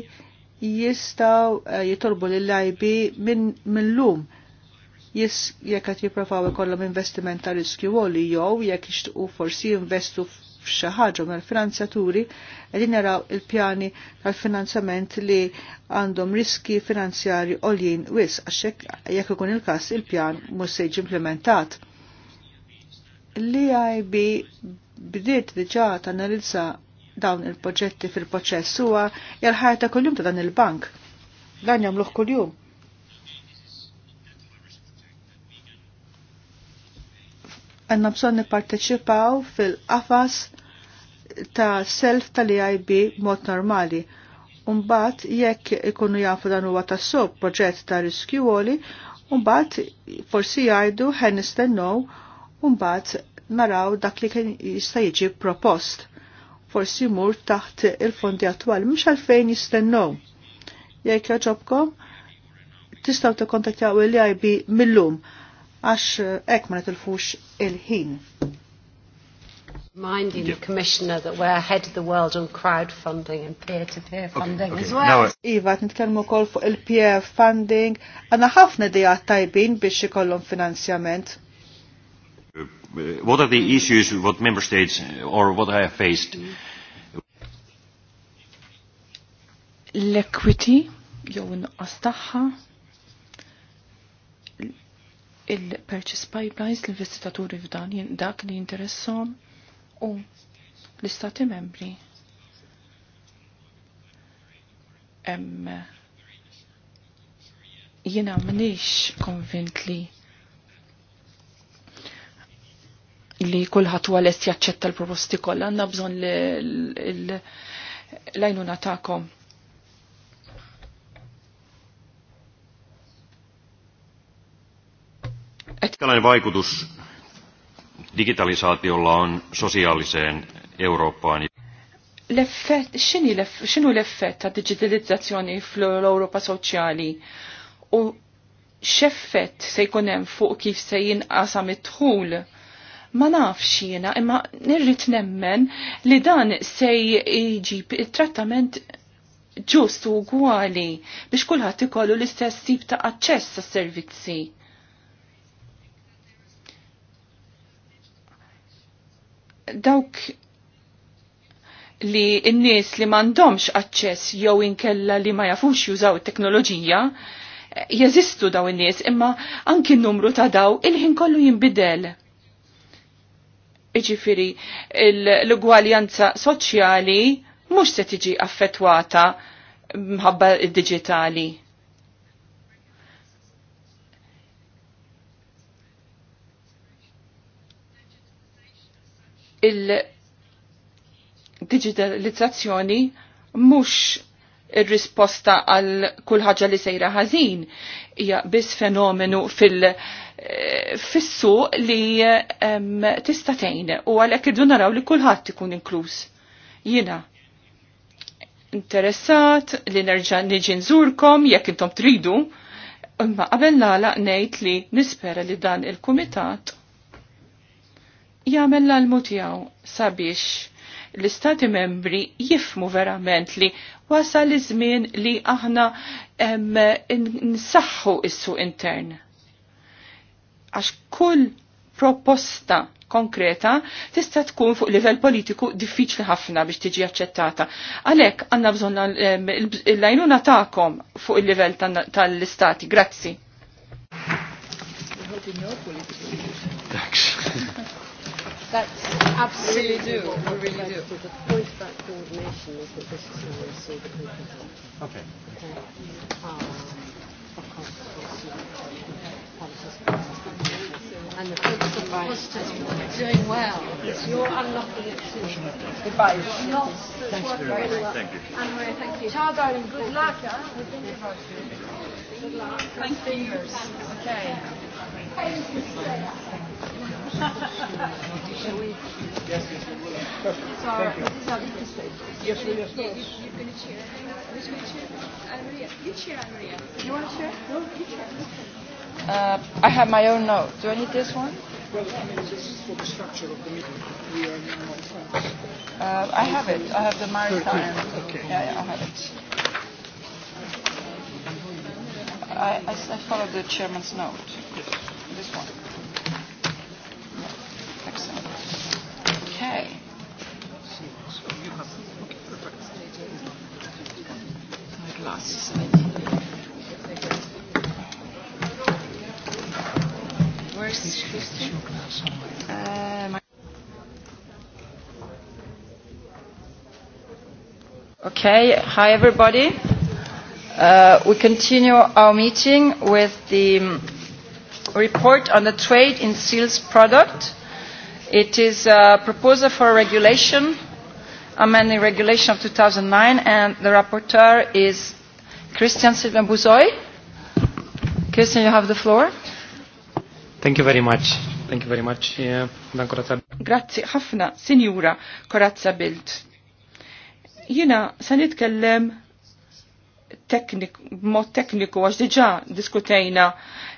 jistaw eh, jitolbu l-lajbi minn min lum jis jekk qed jipprovaw ikollhom investiment ta' riskju għoli jew jekk jixtiequ forsi jinvestu f'xi ħaġa mill-finanzjaturi qegħdin naraw il-pjani tal-finanzjament li għandhom riski finanzjari għoljin wis, għax jekk ikun il-każ il-pjan mhux se implementat l e iib bdiet diġa tanalizza dawn il-proġetti fil-proċess huwa jarħajta kuljum ta' dan il-bank. Dan jagħmluh kuljum. Għanna bżon nipparteċipaw fil-qafas ta' self tal-IB e mod normali. Umbat jekk ikunu jafu dan huwa ta' sub proġett ta' riskju għoli, umbat forsi jgħidu ħen nistennow umbat naraw dak li kien jista' jiġi propost. Forsi mur taħt il-fondi attwali, mhux għalfejn jistennew. Jekk jaġobkom, tistgħu tikkontattjaw il-IB millum għax hekk ma nitilfux il-ħin. Reminding yep. the Commissioner that we're ahead of the world on crowdfunding and peer-to-peer -peer funding okay, okay. as well. Iva, nitkellmu kol fuq il-peer funding. Għanna ħafna dija tajbin biex ikollhom finanzjament Uh, what are the issues what member states uh, or what I have faced? L-equity, jow n-nuqqas tagħha, il-purchase pipelines l-investitaturi f'dan dak li jinteressom u l-istati membri hemm jiena mniex konvint li li kullħat u lest jaċċetta l-proposti kollha għandna bżonn l-għajnuna tagħkom. Tällainen vaikutus digitalisaatiolla on sosiaaliseen Eurooppaan. L-effett, xinu l-effett ta' digitalizzazzjoni fl-Europa soċjali u x'effett se jkun hemm fuq kif se jinqasam it-tħul ma nafx jiena imma nirrid nemmen li dan se jġib it-trattament ġust u gwali biex kulħadd ikollu l-istess tip ta' aċċess għas-servizzi. Dawk li n-nies li m'għandhomx aċċess jew inkella li ma jafux jużaw it-teknoloġija, jeżistu daw in-nies imma anki n-numru ta' daw il-ħin kollu jinbidel iġifiri l-ugwaljanza soċjali mhux se tiġi affettwata mħabba digitali. Il-digitalizzazzjoni mux ir-risposta għal kull ħaġa li sejra ħażin hija biss fenomenu fil fissu li tista' tgħin u għalhekk irdu naraw li kulħadd ikun inkluż. Jiena interessat li nerġa' niġi nżurkom jekk intom tridu, imma qabel nagħlaq ngħid li nispera li dan il-kumitat jagħmel l-almu tiegħu sabiex l-istati membri jifmu verament li wasal iż-żmien li aħna nsaħħu is-suq intern. Għax kull proposta konkreta tista' tkun fuq livell politiku diffiċli ħafna biex tiġi aċċettata. Għalhekk għandna bżonn l lajnuna tagħkom fuq il-livell tal-istati. Grazzi. Thanks. That's absolutely do. We really do. The point about coordination is that this is how we see the people. Okay. Okay. Um, of course, and the focus on bias doing well. Yes. You're unlocking it too. The Not the Thanks Thank you. Anne-Marie, thank you. Ciao, darling. Good luck. Good luck. Thank you. Okay. Thank you. Uh, I have my own note. Do I need this one? Well, I mean, this is for the structure of the meeting. We are in Uh, I have it. I have the maritime. Okay. Yeah, yeah, I have it. I, I, I follow the chairman's note. Yes. This one. Okay. My glasses. Where's Christian? Uh, Okay, hi everybody. Uh, we continue our meeting with the report on the trade in seals product. It is a proposal for a regulation, amending regulation of 2009, and the rapporteur is Christian Sylvain Bouzoy. Christian, you have the floor. Thank you very much. Thank you very much. Yeah. Grazie ħafna, signora Corazza Bilt. Jina, se nitkellem teknik, mod tekniku għax diġa diskutejna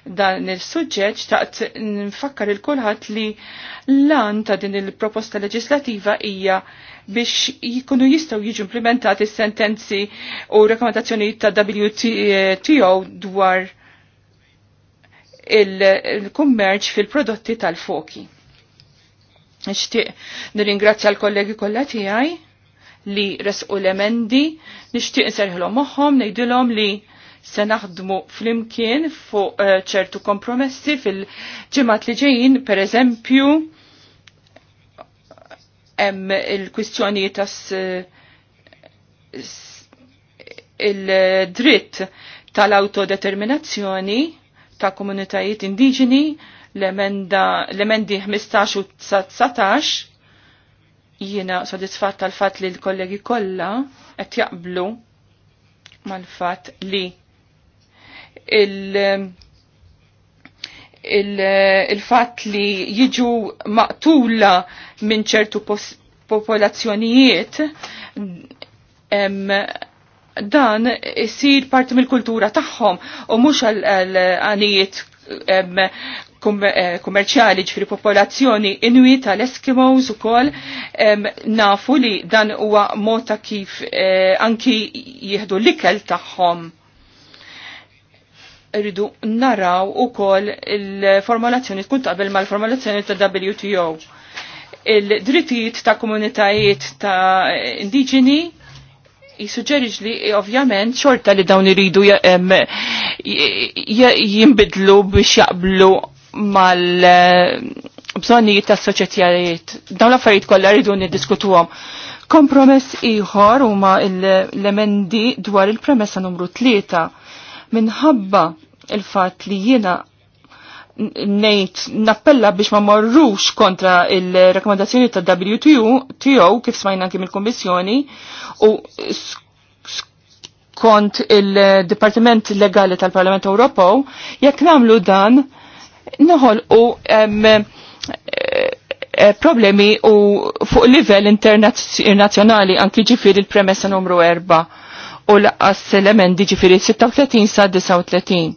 dan il-suġġett taqt nfakkar il-kulħadd li lan ta' din il-proposta leġislativa hija biex jikunu jistaw jiġu implementati sentenzi u rekomendazzjoni ta' WTO dwar il-kummerċ fil-prodotti tal-foki. Nishtiq nirringrazzja l-kollegi kollha tiegħi li resqu l-emendi, nishtiq nserħilhom moħħom, ngħidilhom li se naħdmu flimkien fuq eh, ċertu kompromessi fil-ġemat li ġejjin, per eżempju, hemm il-kwistjoni tas il-dritt tal-autodeterminazzjoni ta' komunitajiet indiġeni l-emendi 15 u 19 jiena sodisfatta tal-fat li l-kollegi kollha qed jaqblu mal-fat li il- fat il li jiġu maqtula minn ċertu popolazzjonijiet dan jisir parti mill-kultura tagħhom u mhux għal-għanijiet eh, kummerċjali ġifri popolazzjoni inwi tal-Eskimos u kol nafu li dan huwa mota kif eh, anki jihdu l-ikel tagħhom rridu naraw ukoll il-formulazzjoni tkun taqbel mal-formulazzjoni ta' WTO. Il-drittijiet ta' komunitajiet ta' indiġeni jisuġġeriġ li eh, ovvjament xorta li dawn iridu eh, eh, jimbidlu biex jaqblu mal bżonnijiet tas soċetjarijiet. Dawn l-affarijiet kollha rridu niddiskutuhom. Kompromess ieħor huma l-emendi dwar il-premessa numru tlieta minħabba il-fat li jiena nejt nappella biex ma morrux kontra il-rekomendazzjoni ta' WTO kif smajna kim il-Kommissjoni u skont il-Dipartiment Legali tal-Parlament Ewropew jekk namlu dan noħol u e, e, problemi u fuq livell internazzjonali anki ġifir il-premessa numru erba' u laqqas l-emendi ġifiri 36 sa 39.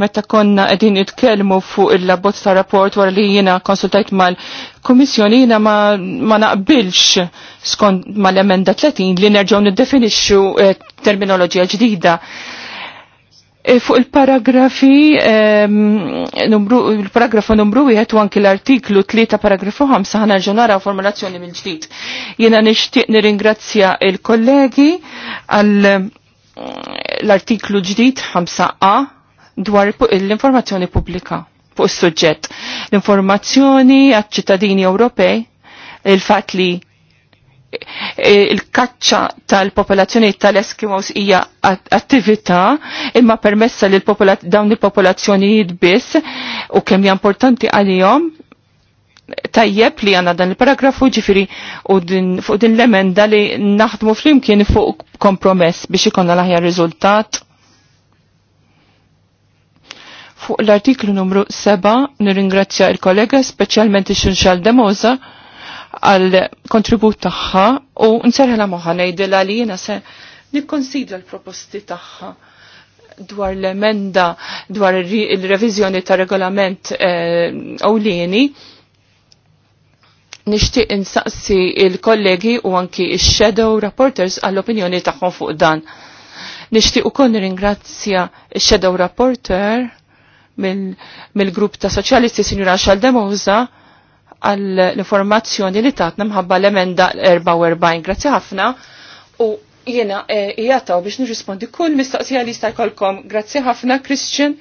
Meta konna edin nitkellmu fuq il labot ta' rapport wara li jiena konsultajt mal-Kummissjoni jiena ma, ma naqbilx skont mal-emenda 30 li nerġgħu niddefinixxu eh, terminoloġija ġdida Eh, fuq il-paragrafi, ehm, il-paragrafu numru wieħed u anki l-artiklu 3 paragrafu 5 ħana ġonara formulazzjoni mill-ġdid. Jena nixtieq nirringrazzja il-kollegi għal eh, l-artiklu ġdid 5a dwar l-informazzjoni pubblika fuq is-suġġett. L-informazzjoni għat-ċittadini Ewropej il-fat li E, il-kaċċa tal-popolazzjoni tal-Eskimos hija attività imma permessa li dawn il-popolazzjonijiet biss u kemm hija importanti għalihom tajjeb li għanna dan il-paragrafu ġifiri u din, fuq din l-emenda li naħdmu flimkien fuq kompromess biex ikonna laħja riżultat. Fuq l-artiklu numru 7 nirringrazzja il-kollega, specialment ix-xunxal Demoza, għal kontribut tagħha u nserħela moħħa ngħidilha li jiena se nikkonsidra l-proposti tagħha dwar l-emenda dwar il-reviżjoni ta' regolament eh, ewlieni nixtieq insaqsi il-kollegi u anki il shadow rapporters għall-opinjoni tagħhom fuq dan. Nixtieq ukoll nirringrazzja il shadow rapporter mill-grupp ta' soċjalisti Sinjura Xaldemouza għall-informazzjoni li tatna mħabba l-emenda 44. Grazzi ħafna u jena eh, jgħataw biex nirrispondi kull mistaqsija li kolkom. Grazzi ħafna Christian,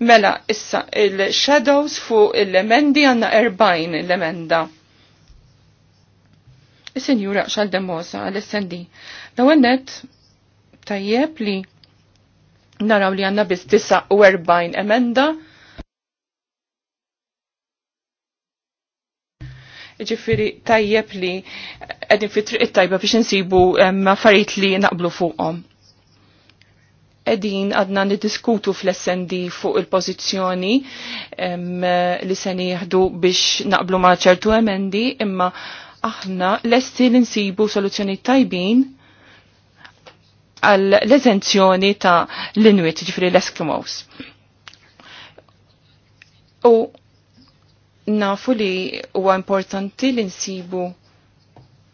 mela issa il-shadows fuq l-emendi għanna 40 l-emenda. il senjura xal-demosa għal-essendi. Dawennet tajjeb li naraw li għanna biz 49 emenda Ġifiri tajjeb li għedin fi triq tajba biex nsibu farit li naqblu fuqhom. Edin għadna nidiskutu fl-SND fuq il-pozizjoni li se nieħdu biex naqblu ma' ċertu emendi, imma aħna lesti li nsibu soluzzjoni tajbin għal lezenzjoni eżenzjoni ta' l-Inuit, ġifiri l-Eskimos. U nafu li huwa importanti li nsibu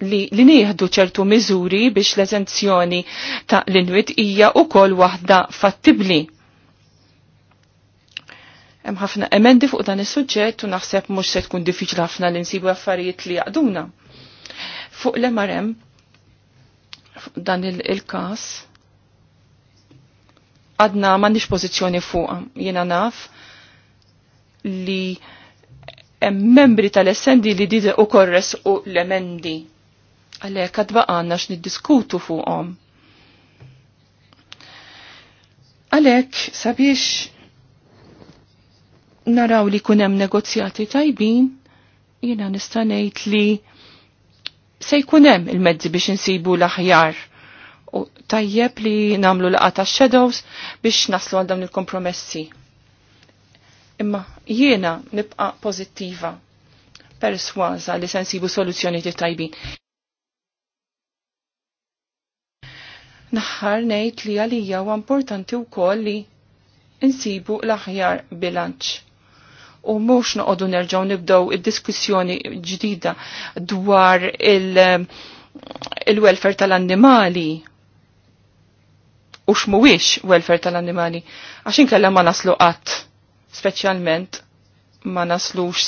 li, li nieħdu ċertu miżuri biex l-eżenzjoni ta' l-inwit hija wkoll waħda fattibli. Hemm ħafna emendi fuq dan is-suġġett u naħseb mhux se tkun diffiċli ħafna li nsibu affarijiet li jaqduna. Fuq l-MRM dan il-każ għadna m'għandix pożizzjoni fuq jiena naf li membri tal-essendi li dide u korres u l-emendi. Għalek għadba għanna niddiskutu fuqhom. Għalek sabiex naraw li kunem negozjati tajbin, jina nistanejt li se jkunem il-mezzi biex insibu l-aħjar. U tajjeb li namlu laqa ta' shadows biex naslu għal dawn il-kompromessi. Imma jiena nibqa pozittiva perswaza li se nsibu soluzzjoni tajbin. Naħħar ngħid li għalija huwa importanti wkoll li insibu l-aħjar bilanċ. U mhux noqogħdu nerġgħu nibdew id-diskussjoni ġdida dwar il-welfare il welfer il tal annimali u x'mhuwiex welfer tal-annimali għax inkellem ma naslu qatt speċjalment ma naslux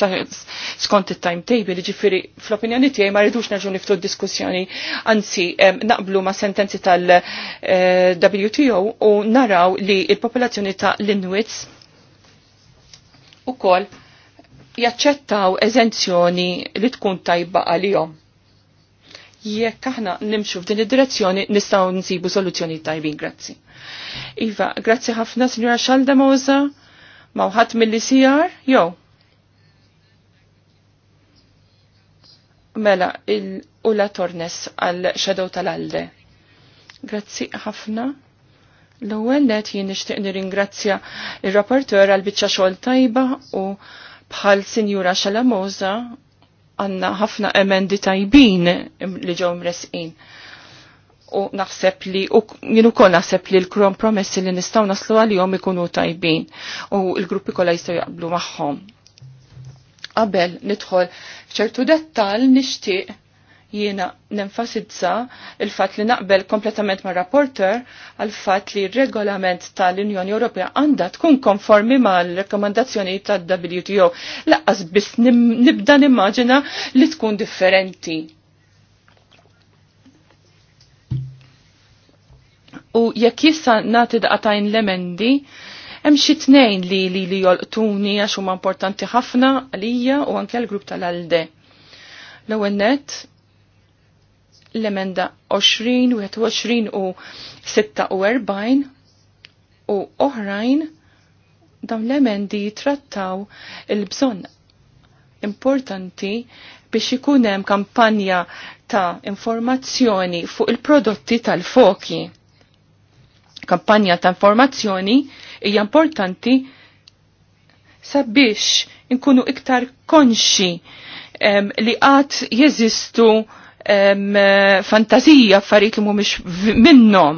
skont it-timetable, ġifiri fl-opinjoni tiegħi ma rridux nerġgħu niftu d-diskussjoni, anzi naqblu ma' sentenzi tal-WTO eh, u naraw li il-popolazzjoni ta' l-Inuits ukoll jaċċettaw eżenzjoni li tkun tajba għalihom. Jekk aħna nimxu f'din id-direzzjoni nistgħu nsibu soluzzjoni tajbin, grazzi. Iva, grazzi ħafna, Signora Xalda Moza Mawħat mill sijar Jow. Mela, il-Ula Tornes għal-Shadow tal-Alde. Grazzi ħafna. L-ewwel qed jien nixtieq nirringrazzja ir-rapporteur għal biċċa xogħol tajba u bħal Sinjura Xalamoza għandna ħafna emendi tajbin li ġew mresqin u naħseb li u jien ukoll naħseb li l promessi li nistgħu naslu għalihom ikunu tajbin u l-gruppi kollha jistgħu jaqblu magħhom. Qabel nidħol f'ċertu dettal nixtieq jiena nenfasizza il-fatt li naqbel kompletament ma' rapporter għal fatt li r-regolament tal-Unjoni Ewropea għandha tkun konformi mal-rekomandazzjoni tad-WTO. Laqqas biss nibda nimmaġina li tkun differenti u jekk jissa nati daqatajn l-emendi, hemm xi tnejn li li li jolqtuni għax huma importanti ħafna għalija u anke l-grupp tal-Alde. L-ewwel net l-emenda 20, 21 u 46 u oħrajn dawn l-emendi jitrattaw il-bżonn importanti biex ikun hemm kampanja ta' informazzjoni fuq il-prodotti tal-foki kampanja ta' informazzjoni hija importanti sabiex inkunu iktar konxi um, li għad jeżistu fantazija affarijiet li mhumiex minnhom.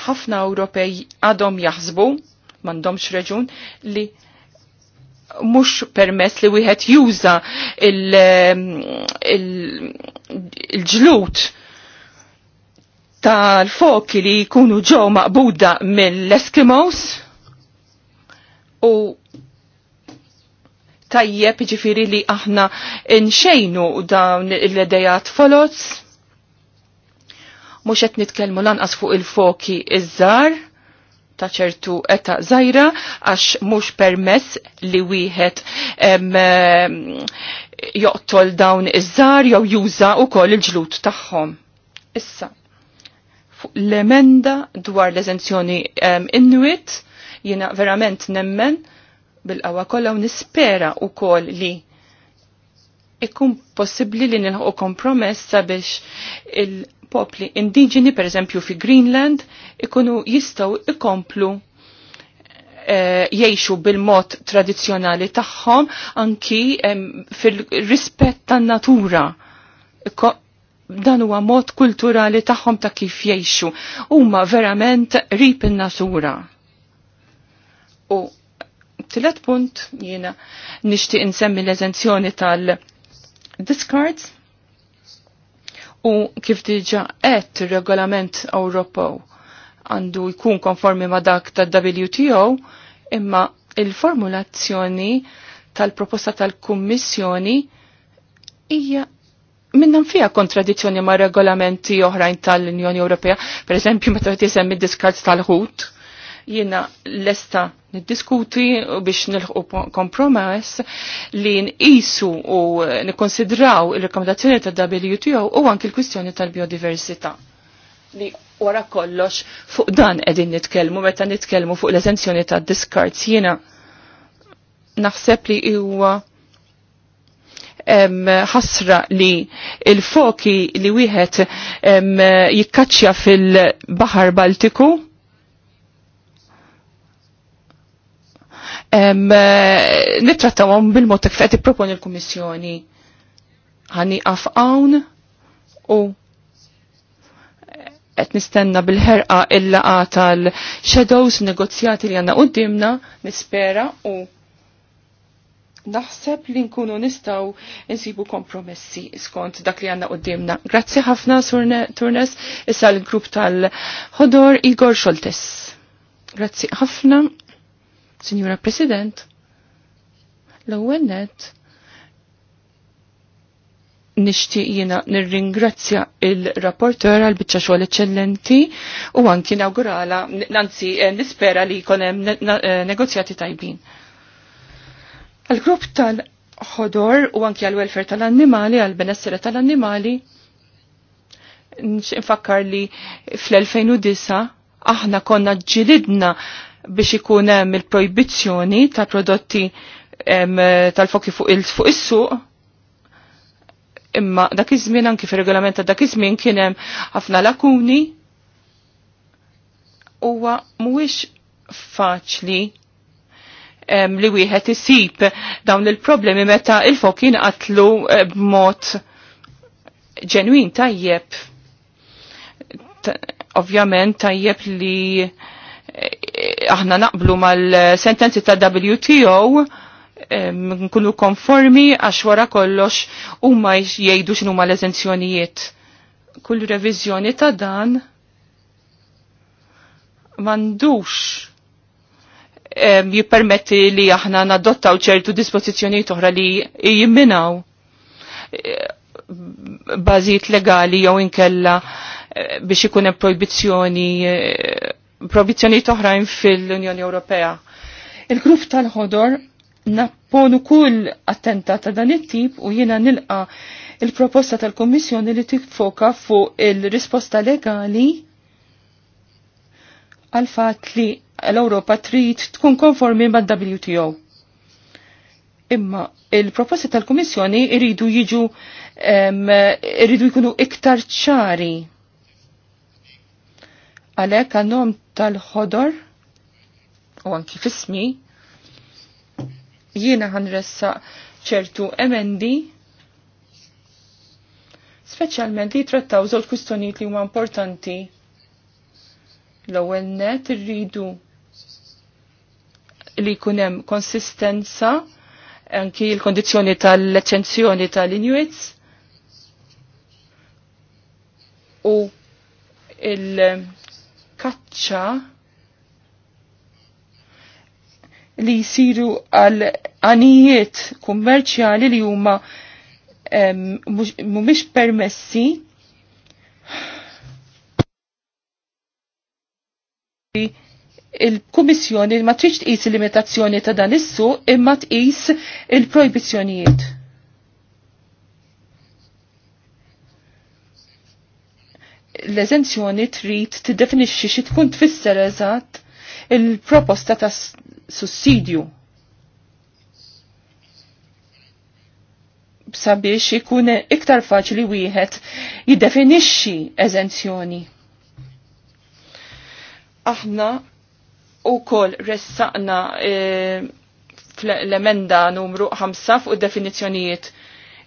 Ħafna Ewropej għadhom jaħsbu m'għandhomx reġun li mhux permess li wieħed juża il-ġlut tal-foki li jkunu ġew maqbuda mill-Eskimos u tajjeb ġifiri li aħna nxejnu dawn il-ledejat folots. Mux qed nitkellmu lanqas fuq il-foki iż-żar ta' ċertu eta zaħira għax mux permess li wieħed joqtol dawn iż-żar jew juża u koll il-ġlut tagħhom. Issa, l-emenda dwar l ezenzjoni innuit, jina verament nemmen bil-qawa kollha u nispera wkoll li ikun possibbli li nilħu kompromess sabiex il-popli indiġeni, per eżempju fi Greenland, ikunu jistaw ikomplu eh, jiexu bil-mod tradizjonali tagħhom anki fil-rispett tan-natura dan huwa mod kulturali tagħhom ta' kif jgħixu. Huma verament rip in-natura. U tilet punt jiena nixtieq insemmi l-eżenzjoni tal-discards u kif diġa qed regolament Ewropew għandu jkun konformi ma' dak tad-WTO imma il-formulazzjoni tal-proposta tal-Kummissjoni hija minnan fija kontradizzjoni ma' regolamenti oħrajn tal-Unjoni Ewropea, per eżempju meta tisem id-diskards tal-ħut, jiena lesta niddiskuti biex nilħu kompromess li nqisu u nikkonsidraw il-rekomendazzjoni tal-WTO u anki l-kwistjoni tal-biodiversità li wara kollox fuq dan edin nitkelmu meta nitkelmu fuq l-esenzjoni tad-diskards jiena naħseb li huwa ħasra li il-foki li wieħed jikkaċċja fil baħar Baltiku nittrattawhom bil-mod kif qed tipproponi l-Kummissjoni ħani għafqawn u qed nistenna bil-ħerqa il-laqa tal-shadows negozjati li għandna qudiemna nispera u naħseb li nkunu nistaw nsibu kompromessi skont dak li għanna għoddimna. Grazzi ħafna, Turnes, issa l-grupp tal-ħodor Igor Xoltes. Grazzi ħafna, Signora President. L-ewwel net nixtieq jiena nirringrazzja il-rapporter għal biċċa xogħol eċċellenti u anki nawgurala, nanzi eh, nispera li jkun hemm eh, negozjati tajbin Għal-grupp tal-ħodor u anki għal-welfer tal-annimali, għal-benessere tal-annimali, nfakkar li fl-2009 aħna konna ġilidna biex ikun hemm il-projbizzjoni ta' prodotti tal-foki fuq il-suq, fuq imma dak iż-żmien anki fir-regolament ta' dak iż-żmien kien hemm ħafna lakuni huwa mhuwiex faċli li wieħed isib dawn il-problemi meta il-fok jinqatlu eh, b'mod ġenwin tajjeb. Ovvjament tajjeb li eh, aħna naqblu mal-sentenzi ta' WTO nkunu konformi għax wara kollox huma jgħidu x'inhu ma l-eżenzjonijiet. Kull reviżjoni ta' dan m'għandux jippermetti li aħna nadottaw ċertu dispożizzjonijiet oħra li jimminaw eh, bażijiet legali jew inkella eh, biex ikun hemm proibizzjoni eh, proibizzjonijiet oħrajn fil-Unjoni Ewropea. Il-grupp tal-ħodor napponu kull attentat ta' dan it-tip u jiena nilqa il-proposta tal kummissjoni li tiffoka fuq il-risposta legali għal fatt li l-Ewropa trid tkun konformi mad-WTO. Imma il-proposti tal-Kummissjoni iridu jiġu iridu jkunu iktar ċari. Għalhekk għannom tal-ħodor u anki fismi jiena ħanressa ċertu emendi speċjalment li trattaw żol li huma importanti. L-ewwel net irridu li kunem konsistenza anki l-kondizjoni tal leċenzjoni tal-Inuits u il-kaċċa li jisiru għal anijiet kummerċjali li huma mhumiex permessi li il-Kummissjoni ma triċ tqis il-limitazzjoni ta' dan issu imma tqis il-projbizzjonijiet. L-eżenzjoni trid tiddefinixxi xi tkun tfisser eżatt il-proposta ta' sussidju. sabiex ikun iktar faċli wieħed jiddefinixxi eżenzjoni aħna u kol ressaqna e, l-emenda numru 5 fuq definizjonijiet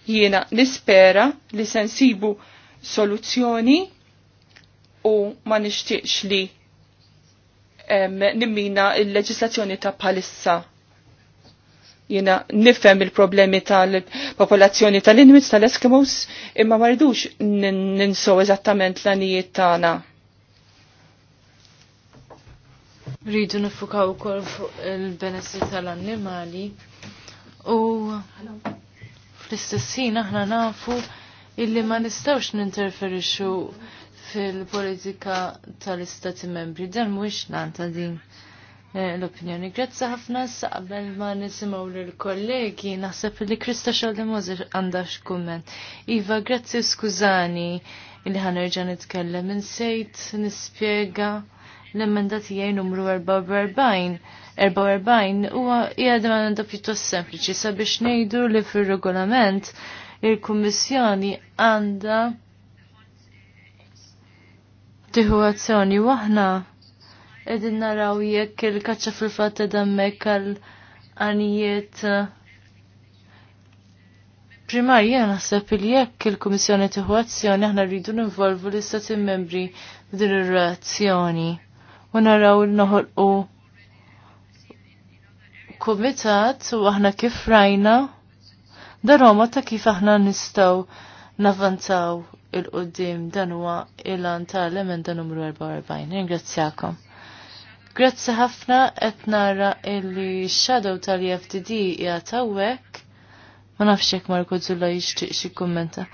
jiena nispera li sensibu soluzzjoni u ma nixtieqx li nimmina il-leġislazzjoni ta' palissa Jiena nifem il-problemi tal-popolazzjoni tal inwits tal-Eskimos, imma ma rridux ninsow eżattament l-anijiet tagħna. rridu nifukaw ukoll fuq il benessi tal-annimali u fl-istess aħna nafu illi ma nistgħux ninterferixxu fil-politika tal-istati membri dan mhuwiex nanta din eh, l-opinjoni. Grazzi ħafna issa qabel ma nisimgħu lill kollegi naħseb li Krista Xaldemozer għandha x'kumment. Iva, grazzi skużani illi ħanerġa' nitkellem nsejt, nispjega l-emenda tiegħi numru 44 44 huwa hija domanda pjuttost sempliċi sabiex ngħidu li fir-regolament il-Kummissjoni għandha tiħu azzjoni waħna qegħdin naraw jekk il-kaċċa fil fat edammek għal għanijiet eh, primarji naħseb li jekk il-Kummissjoni tiħu azzjoni aħna rridu n-involvu l-istati membri b'din ir-reazzjoni u naraw noħolqu kumitat u aħna kif rajna daroma ta' kif aħna nistaw navanzaw il-qoddim dan huwa il-an tal dan numru 44. Ringrazzjakom. Grazzi ħafna qed nara illi shadow tal-FDD hija tawwek. Ma nafx jekk Marko Zulla jixtieq xi kummenta.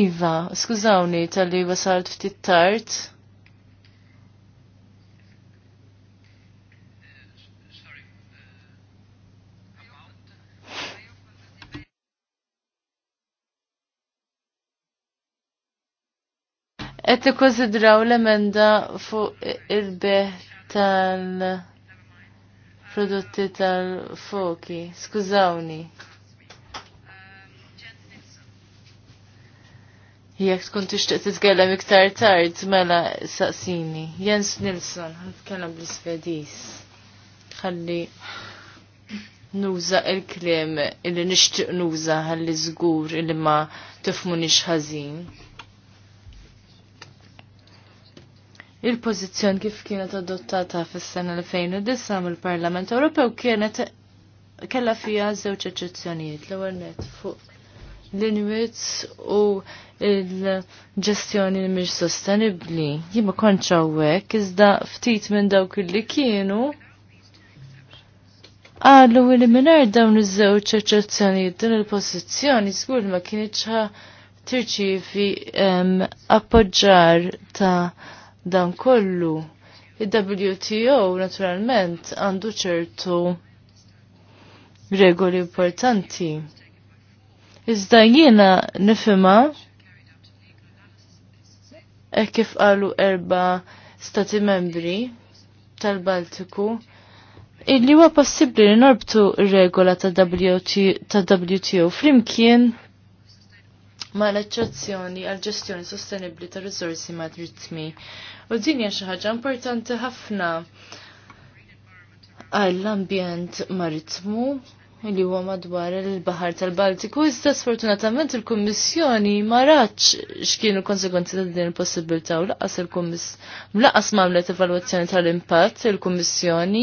Iva, skużawni tal-li wasalt ftit tard. qed ikkonsidraw l-emenda fuq il-beħ tal-prodotti tal-foki. Skużawni. Jek tkun tixtieq titkellem iktar tard mela saqsini. Jens Nilsson tkellem bl-Svediż. Ħalli nuża il-kliem illi nixtieq nuża ħalli żgur illi ma nix ħażin. Il-pozizjon kif kienet adottata fis-sena 2009 mill-Parlament Ewropew kienet kella fija żewġ eċezzjonijiet l-ewwel net fuq l-inwits u l-ġestjoni mhix sostenibbli. Jien ma kontx hawnhekk iżda ftit minn dawk li kienu qalu li mingħajr dawn iż-żewġ eċezzjonijiet din il-pożizzjoni żgur ma kienitx tirċievi appoġġar ta' dan kollu. Il-WTO naturalment għandu ċertu regoli importanti. Iżda jiena nifima e kif qalu erba stati membri tal-Baltiku illi huwa possibbli li norbtu regola ta' WTO flimkien ma' l-eċċezzjoni għal ġestjoni sostenibbli ta' riżorsi madritmi. U din hija xi ħaġa importanti ħafna għall-ambjent maritmu li huwa madwar il-Bahar tal-Baltiku, iżda sfortunatament il-Kummissjoni ma ratx x'kienu konsekwenzi ta' din il-possibilità u laqas il-Kummiss mlaqas m'għamlet evalwazzjoni tal-impatt il-Kummissjoni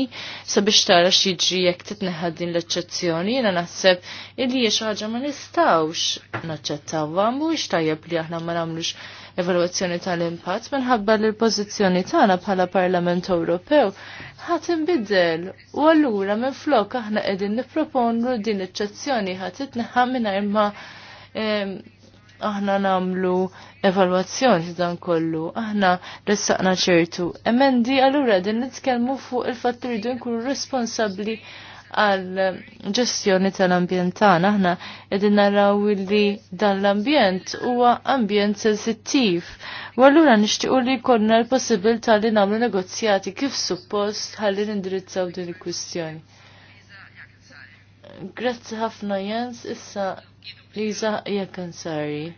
sabiex tara x'jiġri jekk titneħħa din l-eċċezzjoni, jiena naħseb illi hija xi ħaġa ma nistgħux naċċettawha mhuwiex tajjeb li aħna ma nagħmlux evalwazzjoni tal-impatt minħabba li l-pożizzjoni tagħna bħala Parlament Ewropew ħadd inbidel u allura minflok aħna qegħdin nipproponu din l-eċċezzjoni ħadd itneħħa mingħajr ma aħna namlu evalwazzjoni dan kollu. Aħna ressaqna ċertu emendi allura din nitkellmu fuq il-fatt rridu nkunu responsabbli għal ġestjoni tal-ambjent tagħna. Aħna qegħdin naraw li dan l-ambjent huwa ambjent sensittiv. U allura nixtiequ li jkollna l-possibilità li nagħmlu negozjati kif suppost ħalli nindirizzaw din il-kwistjoni. Grazzi ħafna Jens, issa Liza Jakansari.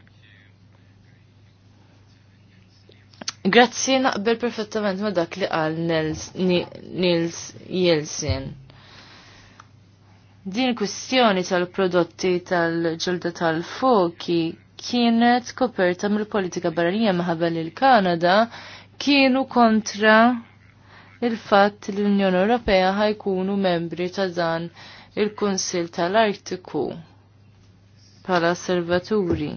Grazzi naqbel perfettament ma dak li qal Nils Jelsin. Din kwistjoni tal-prodotti tal-ġolda tal-foki kienet koperta mill-politika barranija maħabel il-Kanada kienu kontra il-fatt li l-Unjoni Ewropea ħajkunu membri ta' dan il-Kunsil tal-Artiku bħala servaturi.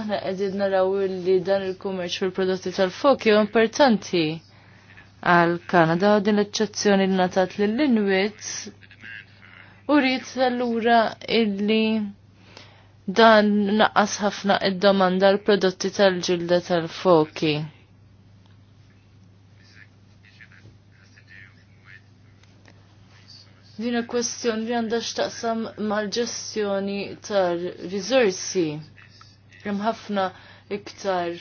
Aħna qegħdin naraw li dan il-kummerċ fil-prodotti tal foki jew importanti għal Kanada u din l-eċċezzjoni li natat lill-Inuit u rrit allura illi dan naqqas ħafna id-domanda l prodotti tal-ġilda tal-foki. Dina kwestjoni li għandha x'taqsam mal-ġestjoni tal rizorsi Hemm ħafna iktar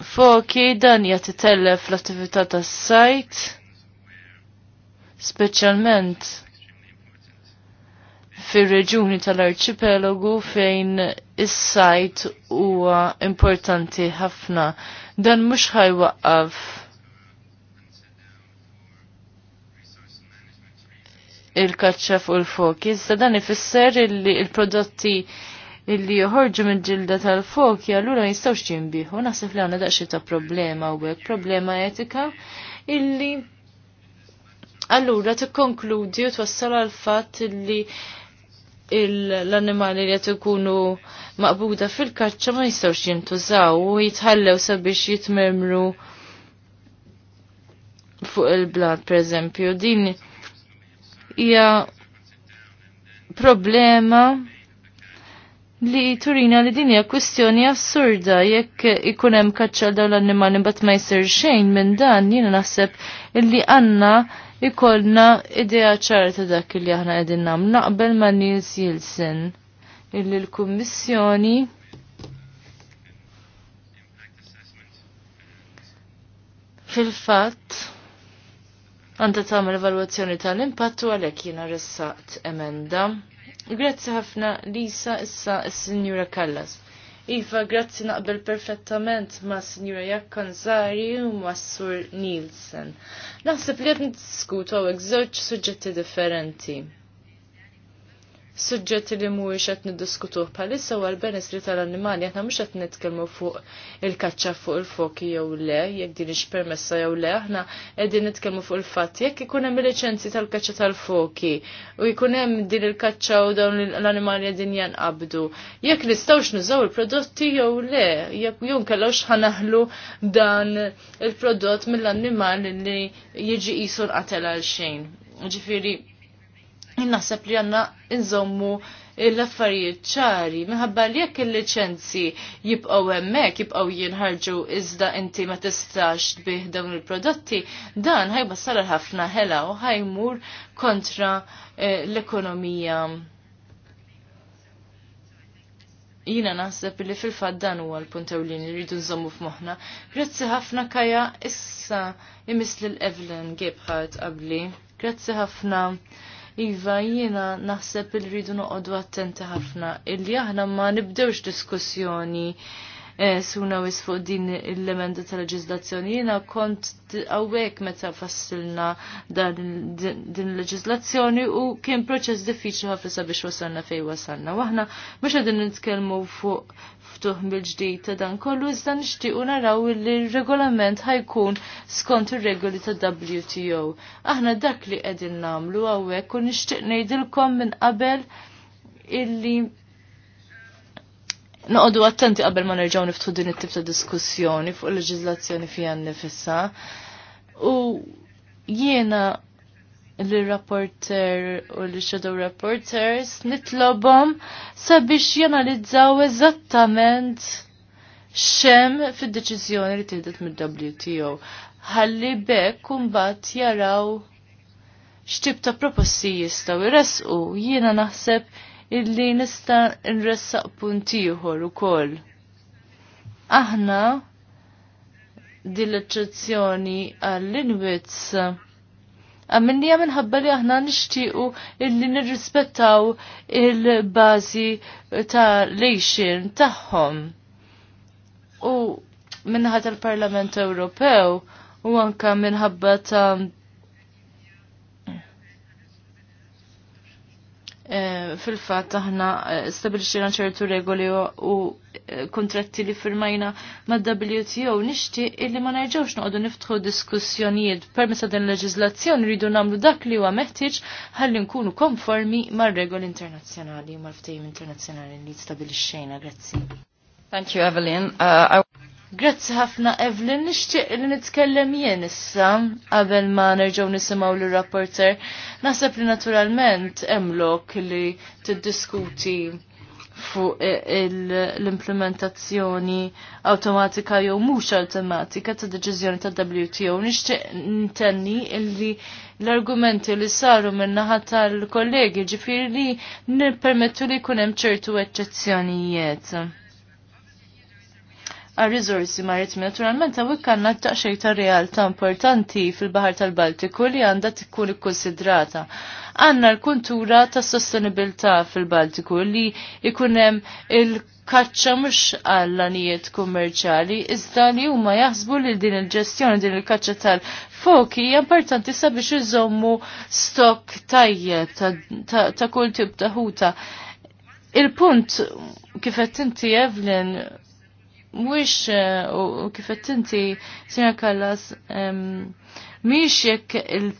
foki dan jati tellef l-attività tas-sajt speċjalment fir-reġuni tal-arċipelagu fejn is-sajt huwa importanti ħafna. Dan mhux ħajwaqqaf il-kaċċa fuq il-foki, iżda dan ifisser il prodotti il illi joħorġu minn ġilda tal-fok jallura ma jistawx u naħseb li għandna daqsxi ta' problema u hekk problema etika illi allura tikkonkludi u twassal għal fatt illi l-annimali li qed ikunu maqbuda fil-kaċċa ma jistgħux jintużaw u jitħallew sabiex jitmemru fuq il-blad pereżempju. Din hija problema li turina li dinja kwistjoni assurda jekk ikun hemm kaċċa dawn l-annimali mbagħad ma jsir xejn minn dan jiena naħseb li għandna ikollna idea ċarta dak li aħna qegħdin nagħmlu naqbel ma' Niels Jilsen illi l-Kummissjoni fil-fatt għandha tagħmel evalwazzjoni tal-impatt u għalhekk jiena ressaqt emenda. Grazzi ħafna Lisa issa s-Sinjura Kallas. Iva, grazzi naqbel perfettament ma' Sinjura Jakkan Zari u ma' Sur Nielsen. Naħseb li għed niskutu għek zewċ suġġetti differenti. Suġġetti li mhuwiex qed niddiskutuh bħalissa huwa l-benessri tal-annimali aħna mhux qed nitkellmu fuq il-kaċċa fuq il-foki jew le, jekk din hix permessa jew le, aħna qegħdin nitkellmu fuq il-fatt jekk ikun hemm il-liċenzji tal-kaċċa tal-foki u jkun hemm din il-kaċċa u dawn l-annimali qegħdin jenqabdu. Jekk nistgħux nużaw il-prodotti jew le, jekk jew kellgħux ħanaħlu dan il-prodott mill-annimali li jiġi qisu nqatel għal xejn. Ġifieri naħseb li għanna nżommu l-affarijiet ċari, minħabba li jekk il-licenzi jibqaw hemmhekk jibqaw jinħarġu iżda inti ma tistax bih dawn il-prodotti, dan ħajba ħajbassal ħafna ħela u ħajmur kontra eh, l-ekonomija. Jina naħseb li fil fad dan huwa l-punt li rridu nżommu f'moħħna. Grazzi ħafna kaja issa imisli l-Evelyn Gebhardt qabli. Grazzi ħafna. Iva jiena naħseb il-ridu noqogħdu attenti ħafna illi aħna ma nibdewx diskussjoni Eh, suna wis fuq din l-emenda tal-leġizlazzjoni. Jina kont għawek meta fassilna din l-leġizlazzjoni u kien proċess diffiċli ħafna sabiex wasalna fej wasalna. Waħna mhux qegħdin nitkellmu fuq ftuħ mill-ġdid ta' dan kollu iżda nixtiequ naraw li r-regolament ħajkun skont ir-regoli ta' WTO. Aħna dak li qegħdin nagħmlu hawnhekk u nixtieq ngħidilkom minn qabel illi Noqodu attenti qabel ma nerġaw niftu din it-tip ta' diskussjoni fuq il-leġizlazzjoni fija nifissa. U jiena l-rapporter u li shadow rapporters nitlobom sabiex janalizzaw eżattament xem fid-deċiżjoni li tieħdet mid-WTO. Ħalli bekk kumbat jaraw x'tib ta' proposti jistgħu jresqu jiena naħseb illi nista' nressaq puntiħor u ukoll. Aħna din l-eċċezzjoni għall-inwits għamilni għamil ħabba li aħna nishtiqu illi nirrispettaw il-bazi ta' lejxin taħħom. U minnaħat il parlament Ewropew u anka minħabba ta' Eh, fil-fat aħna eh, stabilixxina ċertu regoli u eh, kontratti li firmajna ma' WTO nixti illi ma nerġawx noqogħdu niftħu diskussjonijiet permezz din leġiżlazzjoni rridu nagħmlu dak li huwa meħtieġ ħalli nkunu konformi mar-regoli internazzjonali u mal-ftehim internazzjonali li stabilixxejna. Grazzi. Thank you, Evelyn. Uh, Grazzi ħafna Evelyn, nixtieq li nitkellem jien issa qabel ma nerġgħu nisimgħu lir rapporter Naħseb li naturalment lok li tiddiskuti fuq l-implementazzjoni awtomatika jew mhux awtomatika ta' deċiżjoni ta' WTO. Nixtieq ntenni illi l-argumenti li saru min-naħa tal-kollegi ġifieri li nippermettu li jkun hemm ċertu eċċezzjonijiet għal-rizorsi maritmi. Naturalment, għawek għanna t-taqxej ta' realtà importanti fil-Bahar tal-Baltiku li għanda tikkun ikkonsidrata. Għanna l-kuntura ta' sostenibilità fil-Baltiku li ikunem il- kaċċa mux anijiet kummerċali, iżda li huma jaħsbu li din il-ġestjoni din il-kaċċa tal-foki hija importanti sabiex iżommu stok tajjeb ta', ta, ta kull tip ta' huta. Il-punt kifet inti Evelyn mwix eh, u kif inti Sinja Kallas mwix jekk il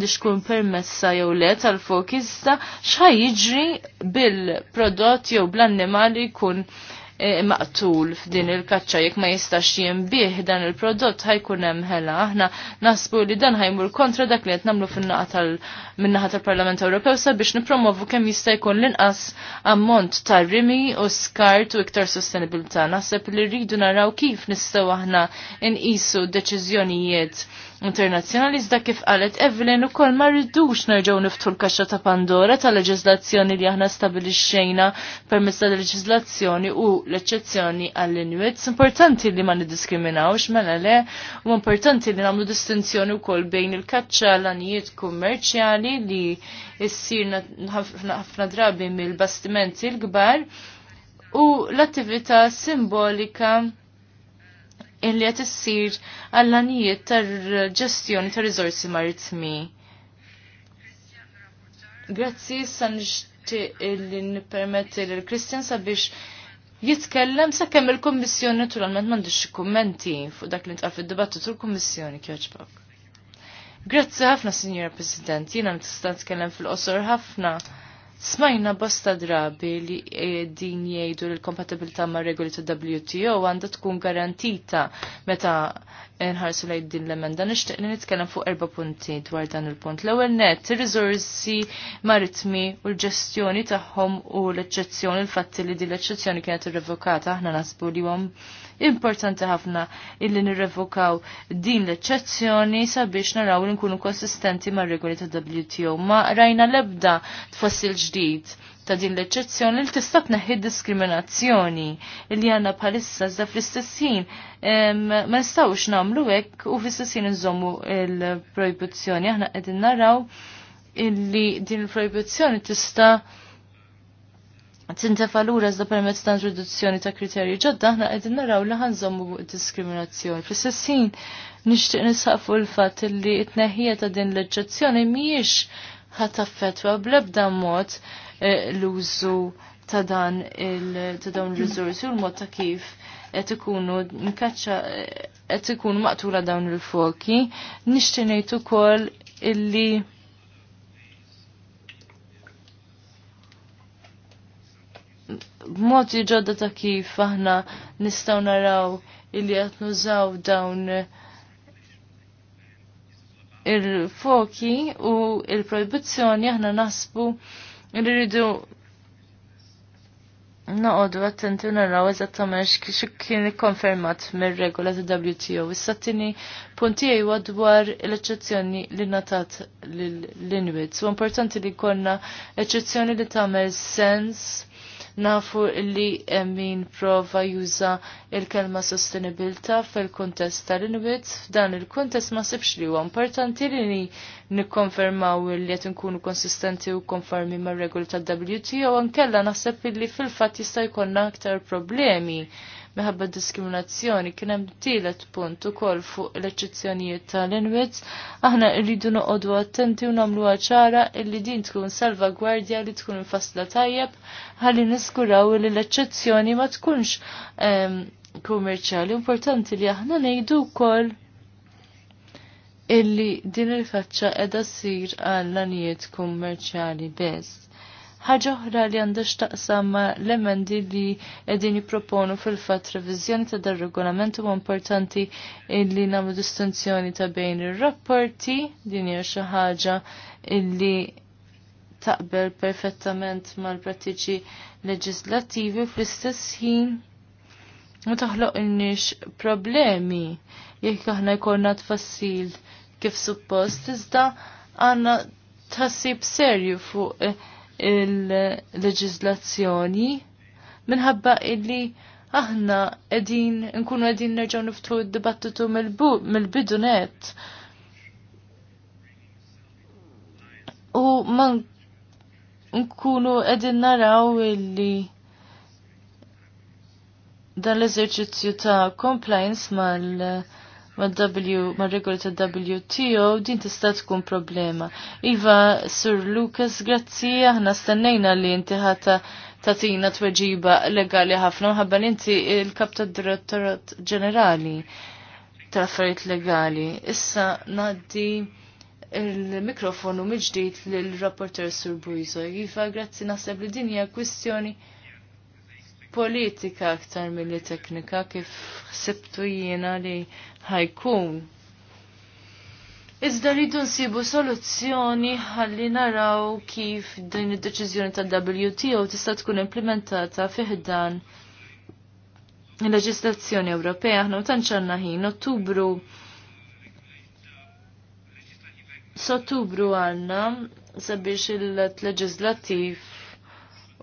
di tkun permessa jew le tal-fokista x'ħaj jiġri bil-prodott jew bl-annimali jkun E, maqtul f'din il-kaċċa jekk ma jistax jinbih dan il-prodott ħajkun hemm ħela. Aħna nasbu li dan ħajmur kontra dak li qed nagħmlu fin-naqa tal minnaħa tal-Parlament Ewropew sabiex nippromovu kemm jista' jkun l-inqas ammont ta' rimi u skart u iktar sostenibilità. Naħseb li rridu naraw kif nistgħu aħna nqisu deċiżjonijiet internazzjonali iżda kif qalet Evelyn ukoll ma rridux nerġgħu niftu l-kaxxa ta' Pandora ta' leġislazzjoni li aħna stabilixxejna permezz ta' leġiżlazzjoni u l-eċċezzjoni għall-Inuits. Importanti li ma niddiskriminawx mela le u importanti li nagħmlu distinzjoni wkoll bejn il-kaċċa l-anijiet kummerċjali li issir ħafna drabi mill-bastimenti l-kbar u l-attività simbolika illi qed issir għallanijiet tar-ġestjoni tar rizorsi maritmi. Grazzi sa nixtieq illi nippermetti lil Kristjan sabiex jitkellem sakemm il-Kummissjoni naturalment m'għandix kummenti fuq dak li ntqal fid-dibattitu tul kummissjoni kjoġbok. Grazzi ħafna, Signora President, jiena nista' nitkellem fil-qosor ħafna Smajna bosta drabi li eh, din jgħidu li l-kompatibilità ma' regoli ta' WTO għandha tkun garantita meta nħarsu lejn din l-emenda. Nixtieq li nitkellem fuq erba' punti dwar dan il-punt. L-ewwel net, ir-riżorsi maritmi u l-ġestjoni tagħhom u l-eċċezzjoni l-fatti li din l-eċċezzjoni kienet irrevokata aħna nasbu li importanti ħafna illi nirrevokaw din l-eċċezzjoni sabiex naraw li nkunu konsistenti ma' regoli ta' WTO. Ma rajna lebda tfassil ġdid ta' din l-eċċezzjoni li tista' tneħħi diskriminazzjoni li għandna bħalissa za fl-istessin ma nistgħux nagħmlu hekk u fl-istessin nżommu l-projbizzjoni aħna qegħdin naraw illi din il-projbizzjoni tista' tintefa lura iżda permezz ta' introduzzjoni ta' kriterji ġodda aħna għedin naraw li zommu fuq diskriminazzjoni. Fl-istessin nixtieq nisaq fuq il-fatt li t-neħija ta' din l miex mhijiex ħataffetwa blebda mod eh, l-użu ta' dan ta' dawn il rizorsi u l-mod ta' kif qed ikunu nkaċċa eh, qed ikunu maqtura dawn il-foki. Nixtieq ngħid ukoll illi modi ġodda ta' kif aħna nistaw naraw illi qed nużaw dawn il-foki u il-proibizzjoni aħna nasbu rridu Noqodu attenti naraw eżattament kien ikkonfermat mir-regola ta' WTO. Is-sattini punti huwa dwar l-eċċezzjoni li natat l-Inuit. U importanti li konna eċċezzjoni li tagħmel sens Nafu li min prova juża il-kelma sostenibilta fil-kontest tal inwit f'dan il-kontest ma sibx li huwa importanti li nikkonfermaw li qed inkunu konsistenti u konformi mar regoli tal-WTO, ankella naħseb li fil-fatt jista' jkollna aktar problemi meħabba diskriminazzjoni kien hemm tielet punt ukoll fuq l-eċċezzjonijiet tal-inwiz, aħna rridu noqogħdu attenti u nagħmluha ċara illi din tkun salvagwardja li tkun infassla tajjeb ħalli niskuraw li l-eċċezzjoni ma tkunx ehm, kummerċjali. Importanti li aħna ngħidu wkoll illi din il-faċċa edha ssir għal lanijiet kummerċjali bez. Ħaġa oħra li għandha x'taqsam l-emendi li qegħdin jipproponu fil-fatt reviżjoni ta' dar regolament huwa importanti li nagħmlu distinzjoni ta' bejn ir-rapporti din hija xi ħaġa illi taqbel perfettament mal-prattiċi leġislattivi fl-istess ħin u taħloq innix problemi jekk aħna jkollna tfassil kif suppost iżda għandna tħassib serju fuq il-leġizlazzjoni minħabba illi aħna edin nkunu edin nerġaw niftu id-dibattitu mill-bidunet. U man nkunu edin naraw illi dan l-eżerċizzju ta' compliance mal- uh, ma' regoli ta' WTO din tista' tkun problema. Iva, Sir Lucas, grazzi, aħna stennejna li inti ħata tatina tweġiba legali ħafna ħabban li inti il-kap ta' direttorat ġenerali tal-affarijiet legali. Issa naddi il-mikrofonu miġdijt l-rapporter Sur Buizo. Iva, grazzi, naħseb li dinja kwistjoni politika aktar mill teknika kif ħsibtu jiena li ħajkun. Iżda rridu nsibu soluzzjoni ħalli naraw kif din id-deċiżjoni tal-WTO tista' tkun implementata fiħdan il-leġislazzjoni Ewropea aħna tanċanna ħin Ottubru Sottubru għanna sabiex il leġislativ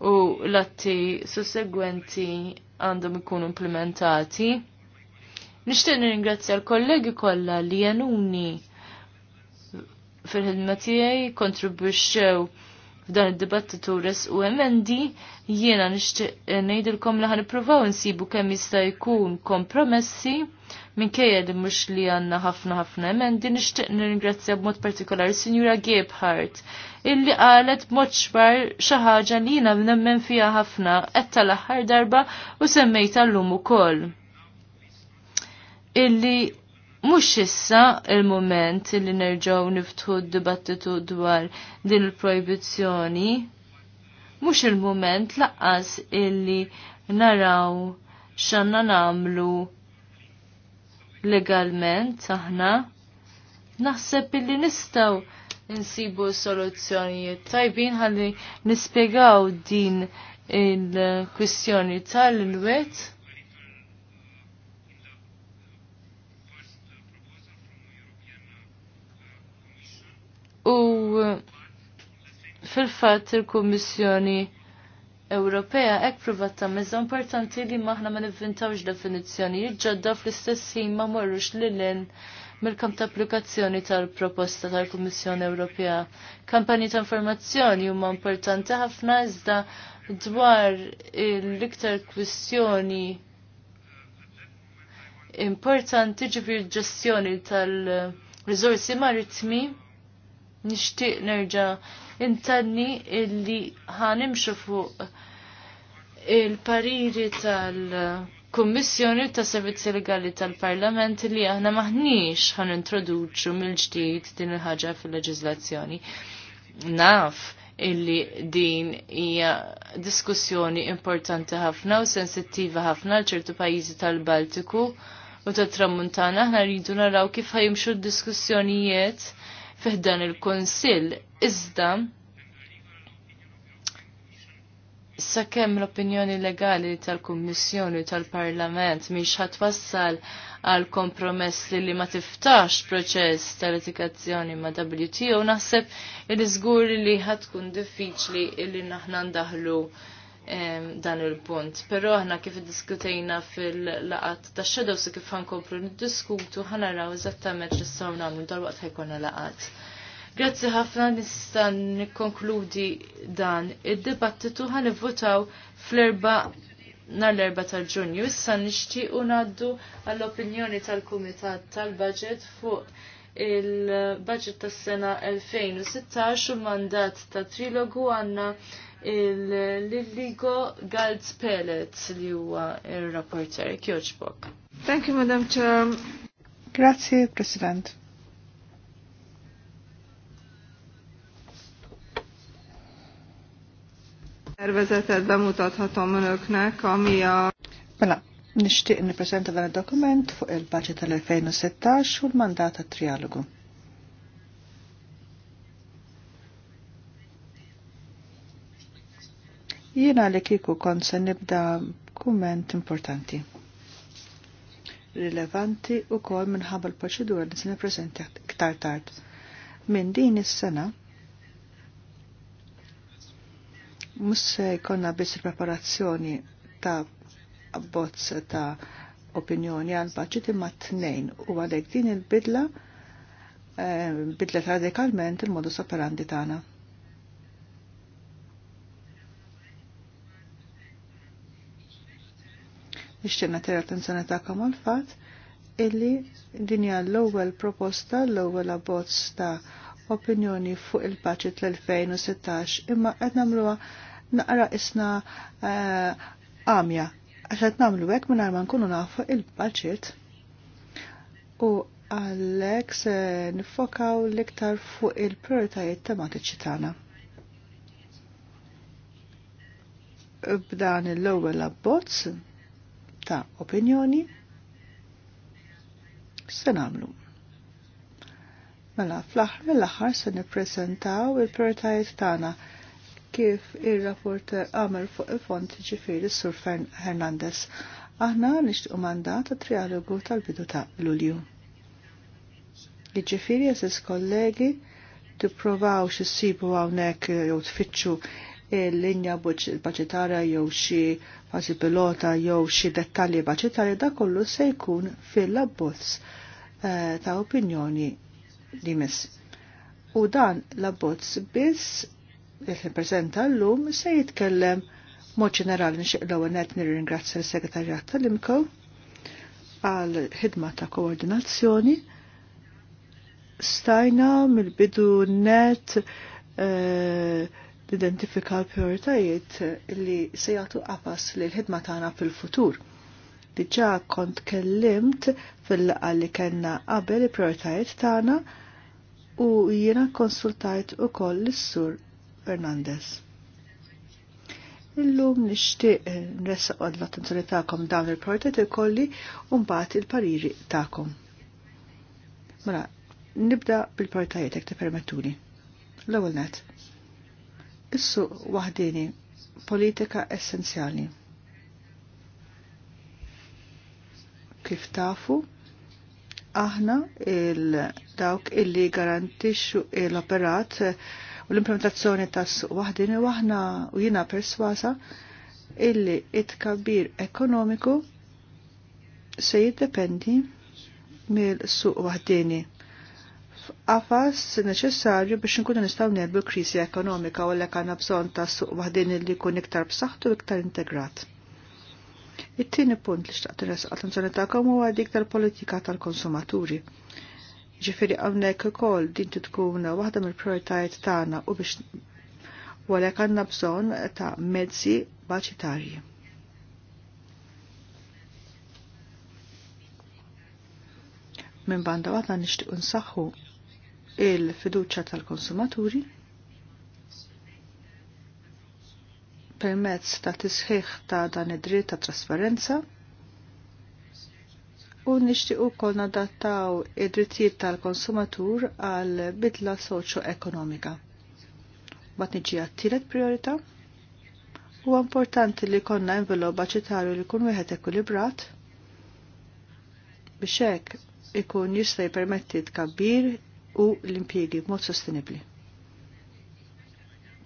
u l-atti sussegwenti għandhom ikunu implementati. Nishtiq nirringrazzja l-kollegi kollha li jenuni fil-ħidma tiegħi kontribwixxew f'dan id-dibattitu res u emendi jiena nixtieq ngħidilkom li ħanippruvaw insibu kemm jista' jkun kompromessi minkejja li mhux li għandna ħafna ħafna emendi nixtieq nirringrazzja b'mod partikolari Sinjura Gebhardt illi qalet b'mod xbar xi ħaġa li jiena nemmen fiha ħafna etta tal-aħħar darba u semmejta llum ukoll. Illi mux issa il-moment li nerġaw niftħu d-dibattitu dwar din il-projbizjoni, mux il-moment laqqas illi naraw xanna namlu legalment aħna naħseb illi nistaw nsibu soluzzjonijiet tajbin ħalli nispiegaw din il-kwistjoni tal-wet. U fil-fat il-Kummissjoni Ewropea hekk provat tagħmilha importanti li maħna ma nivvintawx definizzjoni ġodda fl-istess ħin ma morrux lilin mill-kamp ta' applikazzjoni tal-proposta tal-Kummissjoni Ewropea. Kampanji ta' informazzjoni huma importanti ħafna iżda dwar l-iktar kwistjoni importanti ġifir ġestjoni tal-rizorsi maritmi nixtieq nerġa' intenni illi ħanimxu fuq il-pariri tal-Kummissjoni ta' Servizzi Legali tal-Parlament li aħna maħniex ħan introduċu mill-ġdid din il-ħaġa fil-leġizlazzjoni. Naf illi din hija diskussjoni importanti ħafna u sensittiva ħafna għal ċertu pajjiżi tal-Baltiku u tat tramuntana aħna rridu naraw kif ħajimxu d-diskussjonijiet fiħdan il konsil Iżda sakemm l-opinjoni legali tal-Kummissjoni tal-Parlament miex wassal għal kompromess li, li ma tiftax proċess tal-etikazzjoni ma WTO naħseb il-żgur li ħatkun diffiċli illi naħna ndaħlu dan il-punt. Però aħna kif diskutejna fil-laqat ta' xedaw se kif n-diskutu niddiskutu raw eżattament x'istgħu nagħmlu dal-waqt ħajkonna laqat. Grazzi ħafna nista' nikkonkludi dan id-dibattitu ħan votaw fl-erba nar l-erba tal-ġunju. Issa nixtiequ ngħaddu għall-opinjoni tal-Kumitat tal baġit fuq il-budget tas-sena 2016 u mandat ta' trilogu għanna il-Ligo Galz Pellet li huwa il-rapporter Kjoċbok. Thank you, Madam Chair. Grazie, President. tervezetet bemutathatom önöknek, ami a... Bela, nishtiq nipresenta dan il-dokument fuq il-budget tal-2016 u l mandata trialogu Jiena li kiku kont se nibda kumment importanti. Rilevanti u kol minħabba l-proċedura li se prezenti ktar tard. Minn din is-sena mus se jkollna biss il-preparazzjoni ta' bozz ta' opinjoni għal budget imma tnejn u għalek din il-bidla eh, bidlet radikalment il-modus operandi tagħna Nixtieq nagħti attenzjoni tagħkom għal fatt illi din hija l-ewwel proposta, l-ewwel abbozz ta' opinjoni fuq il-paċi tal-2016 imma qed nagħmluha naqra isna eh, għamja għax qed nagħmlu hekk mingħajr ma nkunu nafu il-paċit u għalhekk se nifokaw l-iktar fuq il-prioritajiet tematiċi tagħna. B'dan l-ewwel abbozz ta' opinjoni se namlu. Mela, fl-aħħar mill-aħħar se nippreżentaw il-prioritajiet tagħna kif ir-rapport għamel fuq il-font ġifiri Sur Hernandez. Aħna nixtiequ mandat ta' trialogu tal-bidu ta' Lulju. Jiġifieri eżis kollegi tipprovaw xissibu hawnhekk jew tfittxu il-linja budgetarja jew xi fasi pilota jew xi dettalji budgetarji da kollu se jkun fil labbozz eh, ta' opinjoni li mis. U dan l biss il-prezenta l-lum se jitkellem mod ġenerali għanet net nirringrazzja l-segretarjat tal imko għal ħidma ta' koordinazzjoni stajna mill-bidu net eh, l-identifika l-prioritajiet li se jagħtu qafas li l-ħidma tagħna fil-futur. Diġà kont kellimt fil-laqgħa li kellna qabel il-prioritajiet tagħna u jiena konsultajt ukoll lis-Sur Fernandez. Illum nixtieq nressaqod l-attenzjoni tagħkom dawn il-prioritajiet ikolli u mbagħad il-pariri tagħkom. Mela, nibda bil prioritajiet jek permettuli. L-ewwel net, Issu waħdini, politika essenzjali. Kif tafu, aħna il-dawk illi garantixxu l-operat u l-implementazzjoni tas waħdini aħna u jina perswasa illi it-kabir ekonomiku se jiddependi mill-suq waħdini f'qafas neċessarju biex nkunu nistgħu nerbu kriżi krisi ekonomika u għalhekk għandna bżonn ta' suq waħdin li jkun iktar b'saħħtu u iktar integrat. It-tieni punt li xtaqt irresaq attenzjoni tagħkom huwa dik tal-politika tal-konsumaturi. Ġifieri hawnhekk ukoll din titkun waħda mill-prijoritajiet tagħna u biex u għalhekk għandna bżonn ta' mezzi baċitarji. Min banda waħda nixtieq nsaħħu il-fiduċa tal-konsumaturi permezz ta' tisħiħ ta' dan id-dritt ta' trasparenza u nixtieq ukoll nadattaw id-drittijiet tal-konsumatur għal bidla soċjo-ekonomika. Bat niġi għat-tielet priorità huwa importanti li konna envelop baċitarju li jkun wieħed ekwilibrat biex hekk ikun jista' jpermetti tkabbir u l impiegi b'mod sostenibli.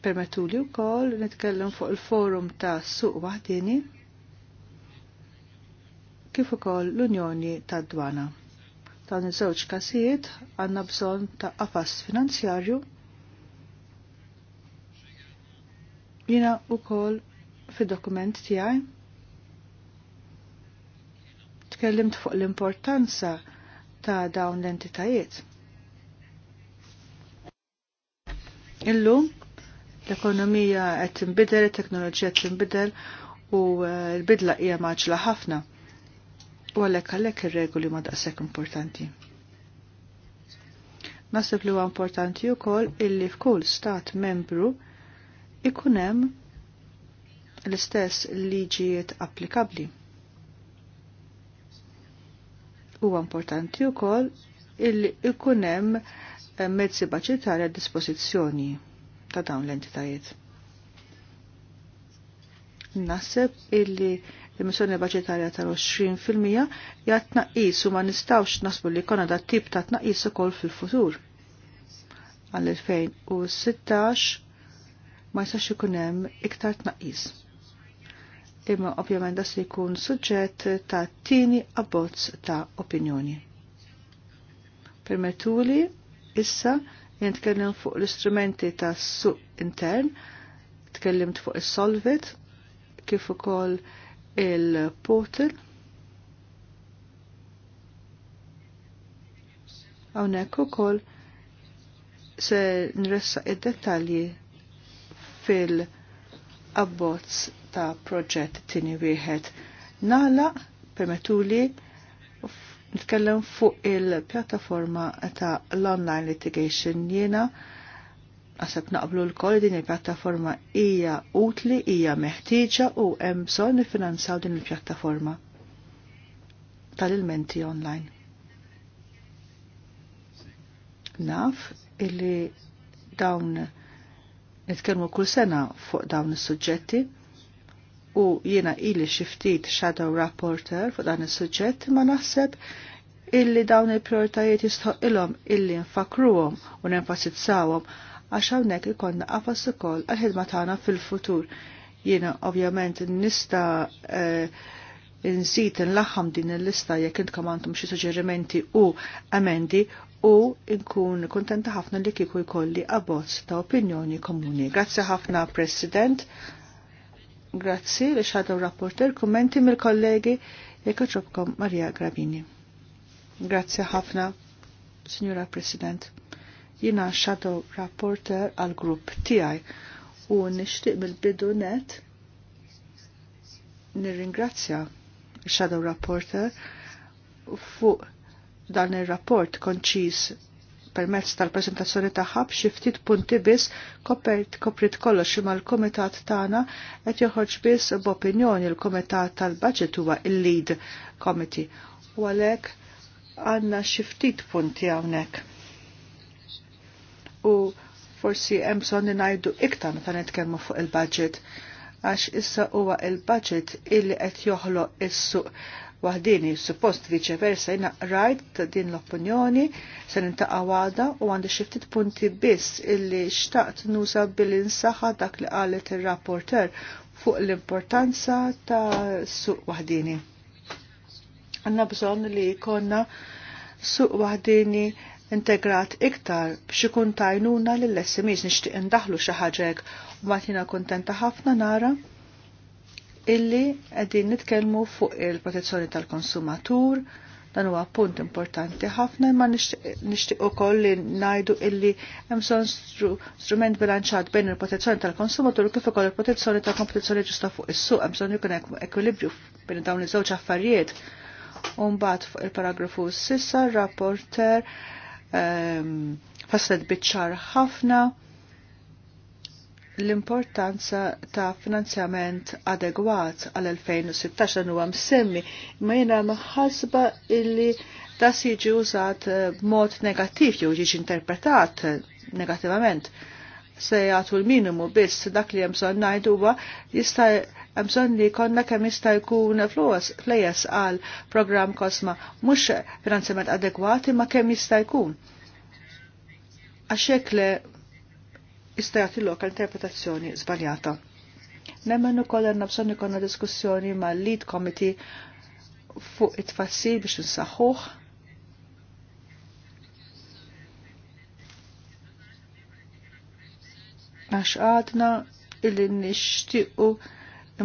Permetuli wkoll nitkellem fuq il-forum ta' suq waħdini kif ukoll l-Unjoni tad-Dwana. Dan iż-żewġ każijiet għandna bżonn ta' qafas finanzjarju Jiena wkoll fid dokument tiegħi. tkellimt fuq l-importanza ta' dawn l-entitajiet. Illum l-ekonomija qed tinbidel, it-teknoloġija qed tinbidel u eh, l-bidla hija maġla ħafna. U għalhekk għalhekk ir-regoli ma daqshekk importanti. Nasib li huwa importanti wkoll illi f'kull stat membru ikun hemm l-istess liġijiet applikabli. Huwa importanti wkoll illi ikun hemm mezzi baċitari għad dispożizzjoni ta' dawn l-entitajiet. Naħseb illi l-emissjoni baċetarja tal-20% jgħat tnaqqis u ma nistawx nasbu li konna da tip ta' tnaqqis ukoll fil-futur. Għal-2016 ma jistax ikun hemm iktar tnaqqis. Imma ovvjament das jkun suġġett ta' tini abbozz ta' opinjoni. Permettuli Issa nitkellem fuq l-istrumenti tas suq intern, tkellimt fuq il solvit kif ukoll il-portal. Hawnhekk ukoll se nressaq id-dettalji fil-abbozz ta' proġett tini wieħed. Nala permetuli Nitkellem fuq il-pjattaforma ta' l-online litigation jiena għasab naqblu l-koll din il-pjattaforma hija utli, hija meħtieġa u hemm bżonn nifinanzaw din il-pjattaforma tal-ilmenti online. Naf illi dawn nitkellmu kull sena fuq dawn is-suġġetti u jiena illi xiftit shadow rapporter fuq dan is-suġġett ma naħseb illi dawn il-prioritajiet jistħoq ilhom illi nfakruhom u nenfasizzawhom għax hawnhekk ikollna qafas ukoll għall ħidma tagħna fil-futur. Jiena ovvjament nista' eh, nlaħħam din il-lista jekk intkom għandhom xi suġġerimenti u amendi u nkun kuntenta ħafna li kieku jkolli abbozz ta' opinjoni komuni. Grazzi ħafna President. Grazzi li xadu rapporter kummenti mill-kollegi li ġobkom Maria Grabini. Grazzi ħafna, Signora President. Jina Shadow rapporter għal grupp TI. u nixtieq mill-bidu net nirringrazzja Shadow Rapporter fuq dan ir rapport konċis permezz tal-prezentazzjoni tagħha b'xi ftit punti biss koprit kollox imma l-kumitat tagħna qed joħorġ biss b'opinjoni l-kumitat tal-baġit huwa il-lead committee. U għalhekk għandna xi ftit punti hawnhekk. U forsi hemm bżonn ngħidu iktar meta nitkellmu fuq il-budget għax issa huwa il-budget illi qed joħloq is-suq waħdini, suppost vice versa jina rajt din l-opinjoni se nintaqa għada u għandi xiftit punti biss illi xtaqt nusa bil-insaħa dak li qalet il-rapporter fuq l-importanza ta' suq wahdini. Għanna bżon li konna suq wahdini integrat iktar biex ikun tajnuna l smes nixtieq indaħlu xi u matina kuntenta ħafna nara illi qegħdin nitkellmu fuq il-protezzjoni tal-konsumatur, dan huwa punt importanti ħafna imma nixtieq ukoll li ngħidu illi hemm bżonn strument bilanċat bejn il-protezzjoni tal-konsumatur kif ukoll il-protezzjoni tal-kompetizzjoni ġusta fuq is-suq hemm bżonn jkun hemm bejn dawn iż-żewġ affarijiet. U mbagħad fuq il-paragrafu sissa, rapporter um, faslet biċċar ħafna l-importanza ta' finanzjament adegwat għal-2016 dan huwa msemmi, ma jiena maħasba illi da siġi jiġi użat eh, mod negattiv jew jiġi interpretat negattivament. Se jagħtu l-minimu biss dak li hemm bżonn ngħidu huwa jista' hemm li jkollna kemm jista' jkun flus flejes għal programm Kosma mhux finanzjament adegwat imma kemm jista' jkun għaxek jista' jagħti lokal interpretazzjoni żbaljata. Nemmen ukoll għandna bżonn ikollna diskussjoni mal-lead committee fuq it-tfassil biex nsaħħuh għax għadna illi nishtiqu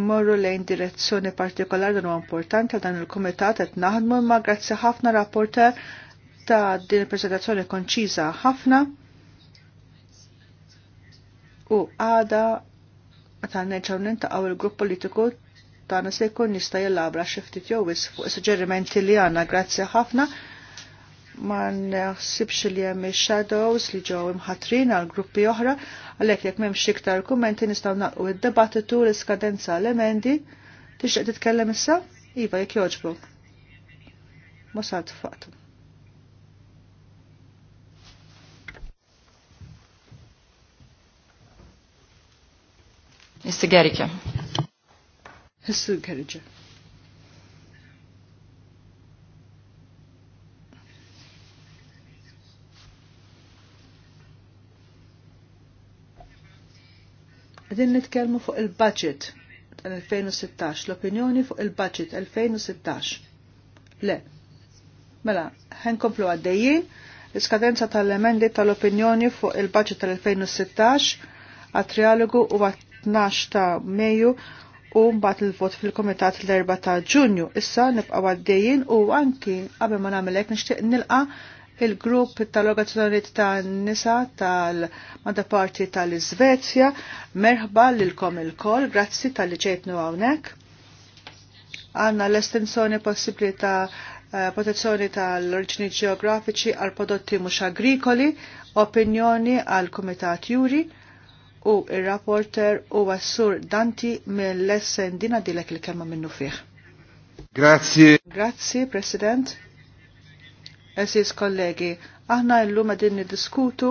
immorru lejn direzzjoni partikolari dan huwa importanti għal dan il-kumitat qed naħdmu imma grazzi ħafna rapporter ta' din il-preżentazzjoni konċiża ħafna u għada ta' neċaw nintaqaw il-grupp politiku tagħna se jkun nista' jilabra xi ftit jew wis fuq suġġerimenti li għandna grazzi ħafna ma naħsibx li hemm shadows li ġew imħatrin għal gruppi oħra għalhekk jekk m'hemmx iktar kummenti nistgħu naqgħu id-dibattitu l-iskadenza l-emendi. Tixtieq titkellem issa? Iva jekk jogħġbok. Mosad salt faqtu. Mr. Gerike. Mr. Gerike. Għedin nitkelmu fuq il-budget 2016 l-opinjoni fuq il-budget 2016. Le, mela, ħen komplu għaddejjien, l-skadenza tal-emendi tal-opinjoni fuq il-budget tal-2016 għat-trialogu u għat 12 ta' Mejju u mbagħad il-vot fil-Komitat l-4 ta' Ġunju. Issa nibqa' għaddejjin u anki qabel ma nagħmel hekk nixtieq nilqa' il-grupp tal-organizzazzjoniet ta' nisa tal-Mada Parti tal-Iżvezja. Merħba lilkom il kol grazzi tal-li ġejtnu hawnhekk. Għanna l-estensjoni possibbli ta' eh, protezzjoni tal oriġini ġeografiċi għal prodotti mhux agrikoli, opinjoni għal Kumitat Juri u il-rapporter u għassur Danti mill-lessen dina dilek il kemma minnu fiħ. Grazie. Grazie, President. Esis kollegi, aħna l-lum għadin diskutu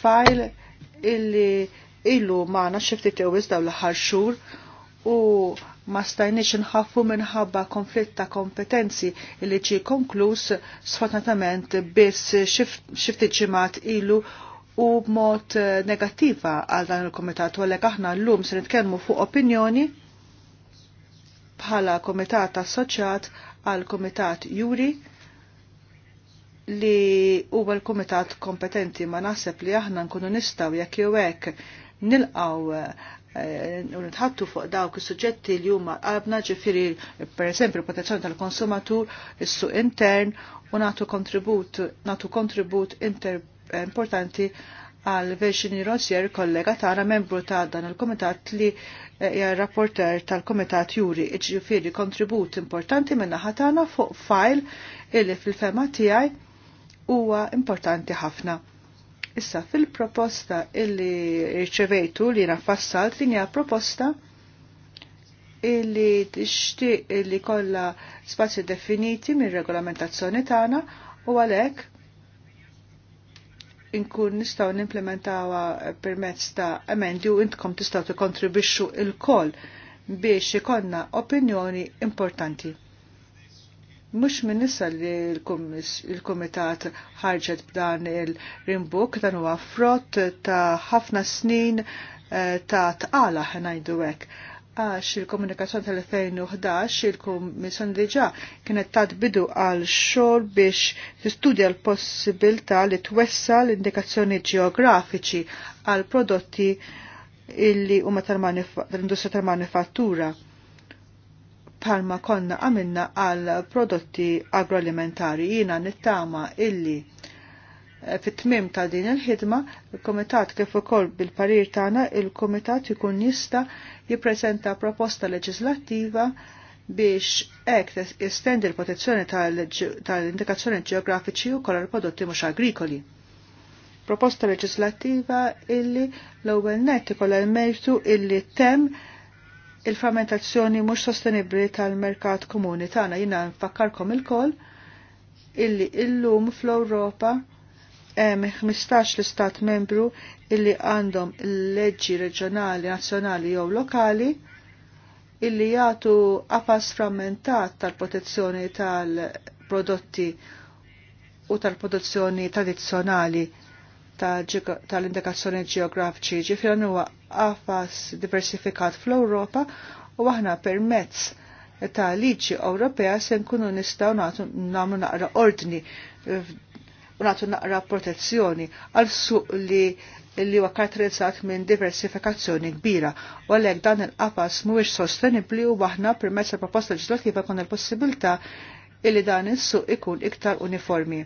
fajl illi illu maħna xifti tewiz daw l-ħar xur u ma stajniex nħaffu minħabba konflitt ta' kompetenzi li ġi konkluż sfortunatament biss xifti ġimat ilu u b'mod eh, negattiva għal dan il-komitat u għalek aħna l-lum se nitkellmu fuq opinjoni bħala komitat assoċjat għal komitat juri li huwa l-komitat kompetenti ma naħseb li aħna nkunu nistaw jekk jew hekk nilqaw eh, u nitħattu fuq dawk is-suġġetti li huma qalbna ġifieri pereżempju protezzjoni tal-konsumatur, is-suq intern u nagħtu kontribut nagħtu kontribut inter importanti għal Virginie Rossier, kollega tagħna membru ta' dan il-komitat li eh, hija rapporter tal-komitat Juri, ġifieri kontribut importanti minn naħa tagħna fuq file illi fil-fema tiegħi huwa importanti ħafna. Issa fil-proposta illi riċevejtu li naffassalt li hija proposta illi tixtieq illi kollha spazji definiti mir-regolamentazzjoni tagħna u għalhekk inkun nistaw nimplementawa permezz ta' emendi u intkom tistaw tikkontribixxu il kol biex ikonna opinjoni importanti. Mux minn issa li l-Komitat ħarġet b'dan il-rimbuk dan huwa frott ta' ħafna snin eh, ta' tqala ħanajdu hekk għax il-komunikazzjoni tal-2011 il-Kommissjoni diġa kienet tat bidu għal xogħol biex tistudja l-possibilità li t-wessa l-indikazzjoni ġeografiċi għal prodotti illi huma tal-industrija tal-manifattura palma konna għamilna għal prodotti agroalimentari jina nittama illi fit-tmim ta' din il-ħidma, il-Komitat kif ukoll bil-parir tagħna, il-Komitat ikun jista' jippreżenta proposta leġislattiva biex hekk jestendi l-protezzjoni tal-indikazzjoni ġeografiċi u għall prodotti mhux agrikoli. Proposta leġislattiva illi l-ewwel net ikolla l-mertu illi tem il-frammentazzjoni mhux sostenibbli tal-merkat komuni tagħna jiena nfakkarkom il-koll illi illum fl-Ewropa hemm 15 l-istat membru illi għandhom leġġi reġjonali, nazzjonali jew lokali illi jagħtu qafas frammentat tal-protezzjoni tal-prodotti u tal-produzzjoni tradizzjonali tal-indikazzjoni ġeografiċi ġifiran huwa qafas diversifikat fl-Ewropa u aħna permezz ta' liġi Ewropea se nkunu nistgħu nagħmlu naqra ordni u nagħtu naqra protezzjoni għal suq li li huwa karatterizzat minn diversifikazzjoni kbira u għalhekk dan il-qafas mhuwiex sostenibbli u aħna permezz tal proposta leġislattiva kon il-possibilità illi dan is-suq ikun iktar uniformi.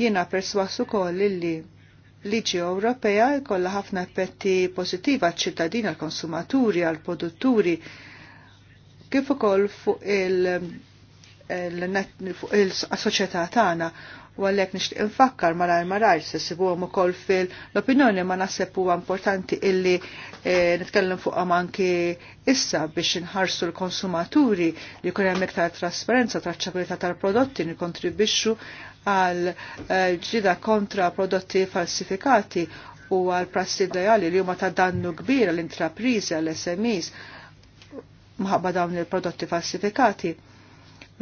Jiena perswas ukoll illi liġi Ewropea jkollha ħafna effetti pożittivi għaċ-ċittadini, għall-konsumaturi, għall-produtturi, kif ukoll fuq il- il, soċjetà tagħna u għallek nishtiq infakkar malajr marajr se sibu għom ukoll fil-opinjoni ma naħseb huwa importanti illi e, nitkellem fuq anki issa biex nħarsu l-konsumaturi li kun hemm iktar trasparenza traċċabilità tal-prodotti nikontribixxu għal eh, ġida kontra prodotti falsifikati u għal prassi dajali li huma ta' dannu kbir għall-intrapriżi l smes maħabba dawn il-prodotti falsifikati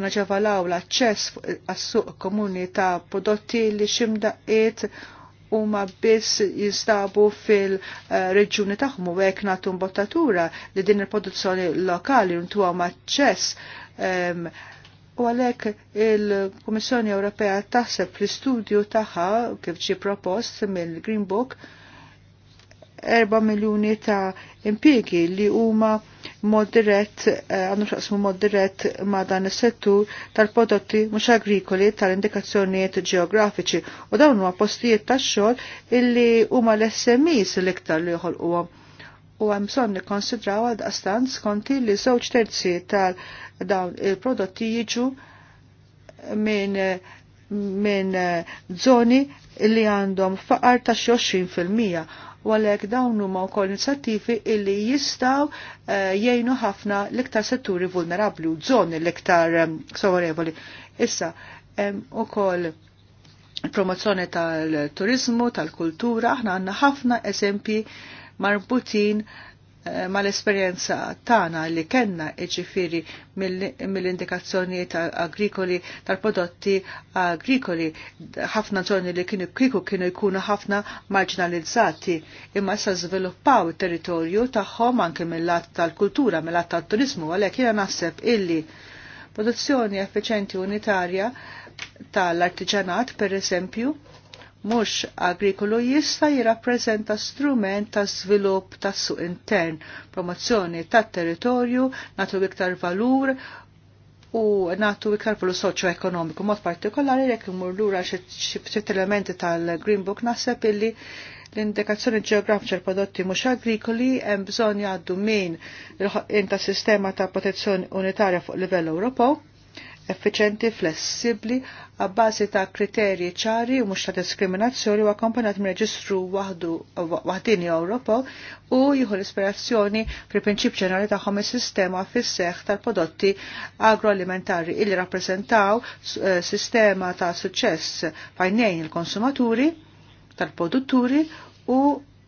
naġevalaw l-aċċess għas-suq komuni ta' prodotti li ximdaqiet u ma biss jinstabu fil-reġjuni tagħhom u hekk nagħtu mbottatura li din il-produzzjoni lokali ntuha maċċess u għalhekk il-Kummissjoni Ewropea taħseb fil istudju tagħha kif ġie propost mill-Green Book 4 miljuni ta' impiegi li huma mod dirett, eh, għandu xaqsmu mod dirett ma' dan is-settur tal-prodotti mhux agrikoli tal-indikazzjonijiet ġeografiċi u dawn huma postijiet tax-xogħol illi huma l-SMEs l-iktar li joħolquhom. U hemm bżonn nikkonsidraw għal daqstant skonti li żewġ terzi tal dawn il-prodotti jiġu minn min eh, zoni li għandhom faqar ta' 20 fil-mija u għalhekk dawn huma wkoll inizjattivi illi jistgħu eh, jgħinu ħafna l-iktar setturi vulnerabbli u żoni l-iktar eh, favorevoli. Issa hemm ukoll promozzjoni tal-turizmu, tal-kultura, aħna għandna ħafna eżempji marbutin Eh, mal-esperienza tagħna li kellna iġifiri mill-indikazzjonijiet agrikoli tal-prodotti agrikoli ħafna zoni li kienu kiku kienu jkunu ħafna marginalizzati imma issa żviluppaw it-territorju tagħhom anke mill-lat tal-kultura mill-lat tal-turizmu għalhekk jiena naħseb illi produzzjoni effiċenti unitarja tal-artiġanat per esempio, mhux agrikolu jista' jirrappreżenta strument ta' svilupp tas-suq intern, promozzjoni tat-territorju, nagħtu iktar valur u natu iktar valur soċo-ekonomiku, mod partikolari jekk imur lura xi elementi tal-Green Book naħseb illi l-indikazzjoni ġeografiċa l-prodotti mhux agrikoli hemm bżonn jgħaddu min il ta' sistema ta' protezzjoni unitarja fuq livell Ewropew effiċenti, flessibli, għabbasi ta' kriterji ċari u mhux ta' diskriminazzjoni u akkompanjat minn reġistru waħdini Ewropew u jieħu l-ispirazzjoni fil prinċip ġenerali tagħhom is-sistema fis-seħħ tal-prodotti agroalimentari illi rappresentaw eh, sistema ta' suċċess fajnejn il-konsumaturi tal-produtturi u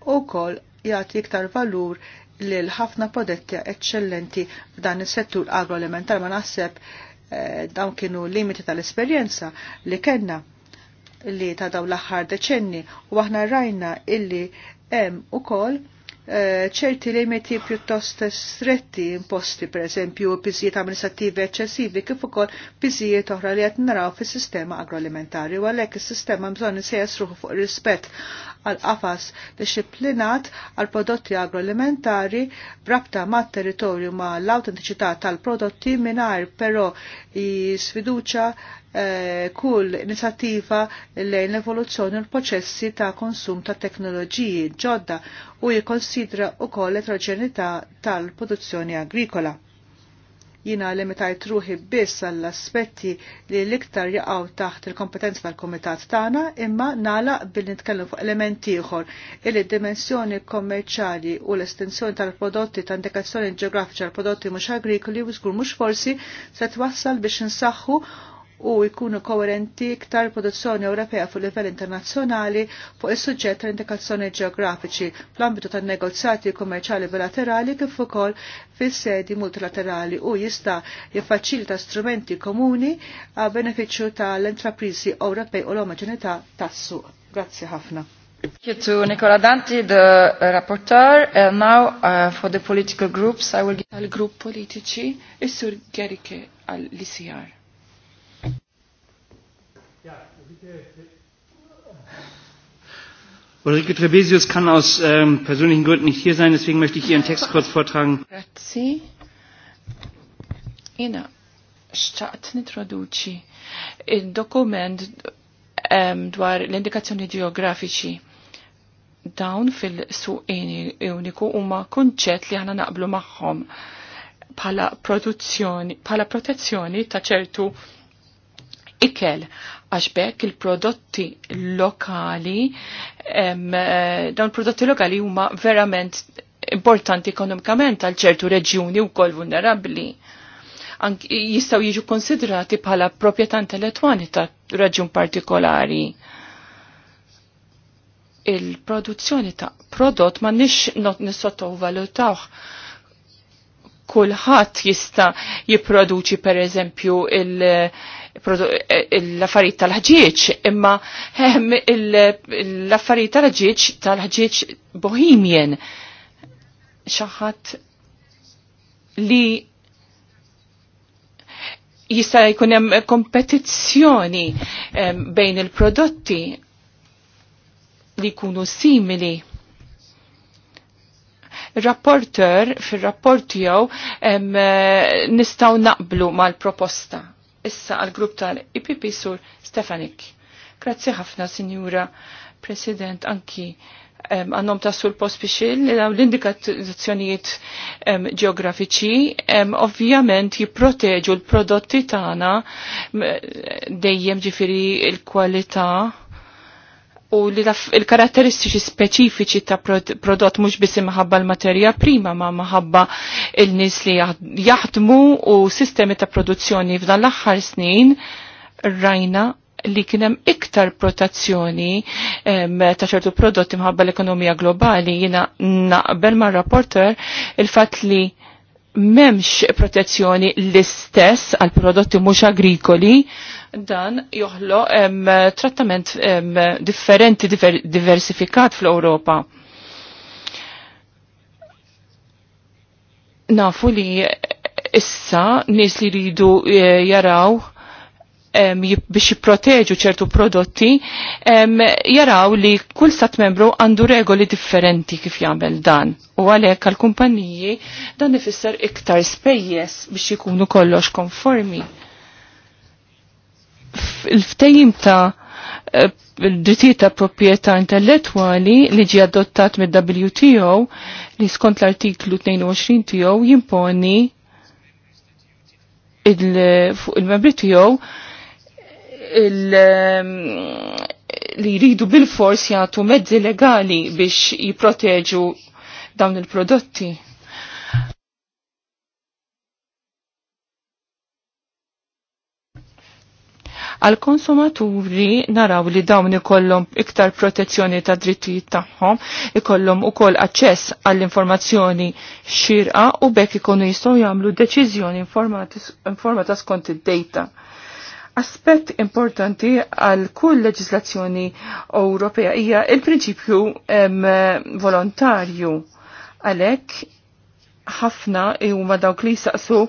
wkoll jagħti iktar valur lil ħafna prodotti eccellenti f'dan is-settur agroalimentar ma naħseb Eh, dawn kienu limiti tal-esperjenza li kellna li ta' daw l-aħħar deċenni u aħna rajna illi hemm ukoll eh, ċerti limiti pjuttost stretti imposti per eżempju piżijiet amministrativi eċċessivi kif ukoll piżijiet oħra li qed naraw fis-sistema agroalimentari u għalhekk is-sistema bżonn isejjes ruħu fuq rispett għal qafas disciplinat għal prodotti agroalimentari brabta mat territorju ma l autenticità tal-prodotti minar però jisfiduċa eh, kull inizjattiva lejn l-evoluzzjoni u l-proċessi ta' konsum ta' teknoloġiji ġodda u jikonsidra u koll tal-produzzjoni agrikola jina limitajt ruħi biss għall-aspetti li l-iktar jaqaw taħt il-kompetenza tal-komitat tagħna imma nala bil nitkellem fuq elementi ieħor illi dimensjoni kommerċali u l-estensjoni tal-prodotti ta' indikazzjoni ġeografiċi għal prodotti mhux agrikoli u żgur mhux forsi se twassal biex insaħħu u jkunu koerenti ktar produzzjoni Ewropea fuq livell internazzjonali fuq is-suġġett ta' indikazzjoni ġeografiċi fl-ambitu tan-negozjati kummerċali bilaterali kif ukoll fis-sedi multilaterali u jista' jiffaċilita strumenti komuni a benefiċċju tal-intrapriżi Ewropej u l-omoġenità tas-suq. Grazzi ħafna. Thank you to Nicola Danti, the uh, rapporteur. And now uh, for the political groups, I will give... al group politici, Is-sur Gerike al icr Ulrike Trebesius kann aus ähm, persönlichen Gründen nicht hier sein, deswegen möchte ich Ihren Text kurz vortragen. Grazie. Ina xtaqt nitroduċi il-dokument um, dwar l-indikazzjoni ġeografiċi dawn fil-suqini uniku huma kunċett li ħana naqblu magħhom pala protezzjoni ta' ċertu ikel għax bekk il-prodotti lokali, eh, dawn prodotti lokali huma verament importanti ekonomikament għal ċertu reġjuni wkoll vulnerabbli. Jistgħu jiġu konsidrati bħala proprjetà intellettwali ta' raġun partikolari. Il-produzzjoni ta' prodott ma nix not valutawħ. kulħadd jista' jipproduċi pereżempju il- Eh, l-affarijiet tal-ħġieġ, imma ehm, l-affarijiet tal-ħġieġ tal-ħġieġ bohemian. Xaħat li jista' jkun hemm kompetizzjoni ehm, bejn il-prodotti li jkunu simili. Rapporter fil-rapport jew ehm, eh, nistgħu naqblu mal-proposta issa għal grupp tal-IPP Sur Stefanik. Grazzi ħafna, Signora President, anki għannom ta' sur post biexil l-indikazzjonijiet ġeografiċi ovvjament jiproteġu l-prodotti tagħna dejjem ġifiri l-kwalità u li il-karatteristiċi speċifiċi ta' prodott mhux biss maħabba l-materja prima ma' maħabba il-nies li jaħdmu u sistemi ta' produzzjoni f'dan l-aħħar snin rajna li kienem iktar protazzjoni ta' ċertu prodotti mħabba l-ekonomija globali jina naqbel ma' rapporter il-fat li memx protezzjoni l-istess għal prodotti mhux agrikoli, dan joħlo trattament em, differenti diver, diversifikat fl-Ewropa. Nafu li issa nis li ridu eh, jaraw biex jipproteġu ċertu prodotti jaraw li kull stat membru għandu regoli differenti kif jagħmel dan. U għalhekk għall kumpaniji dan ifisser iktar spejjeż biex jikunu kollox konformi. Il-ftejim ta' eh, drittijiet ta' proprjetà intellettwali li ġi adottat mid-WTO li skont l-artiklu 22 tiegħu jimponi il-membri tiegħu Ehm, li jridu bil-fors jagħtu mezzi legali biex jipproteġu dawn il-prodotti. għal konsumaturi naraw li dawn ikollhom iktar protezzjoni ta' drittijiet tagħhom, ikollhom ukoll aċċess għall-informazzjoni xirqa u bekk ikunu jistgħu jagħmlu deċiżjoni informata skont id-data. Aspett importanti għal kull leġislazzjoni Ewropea hija il-prinċipju volontarju. Għalhekk ħafna huma dawk li jsaqsu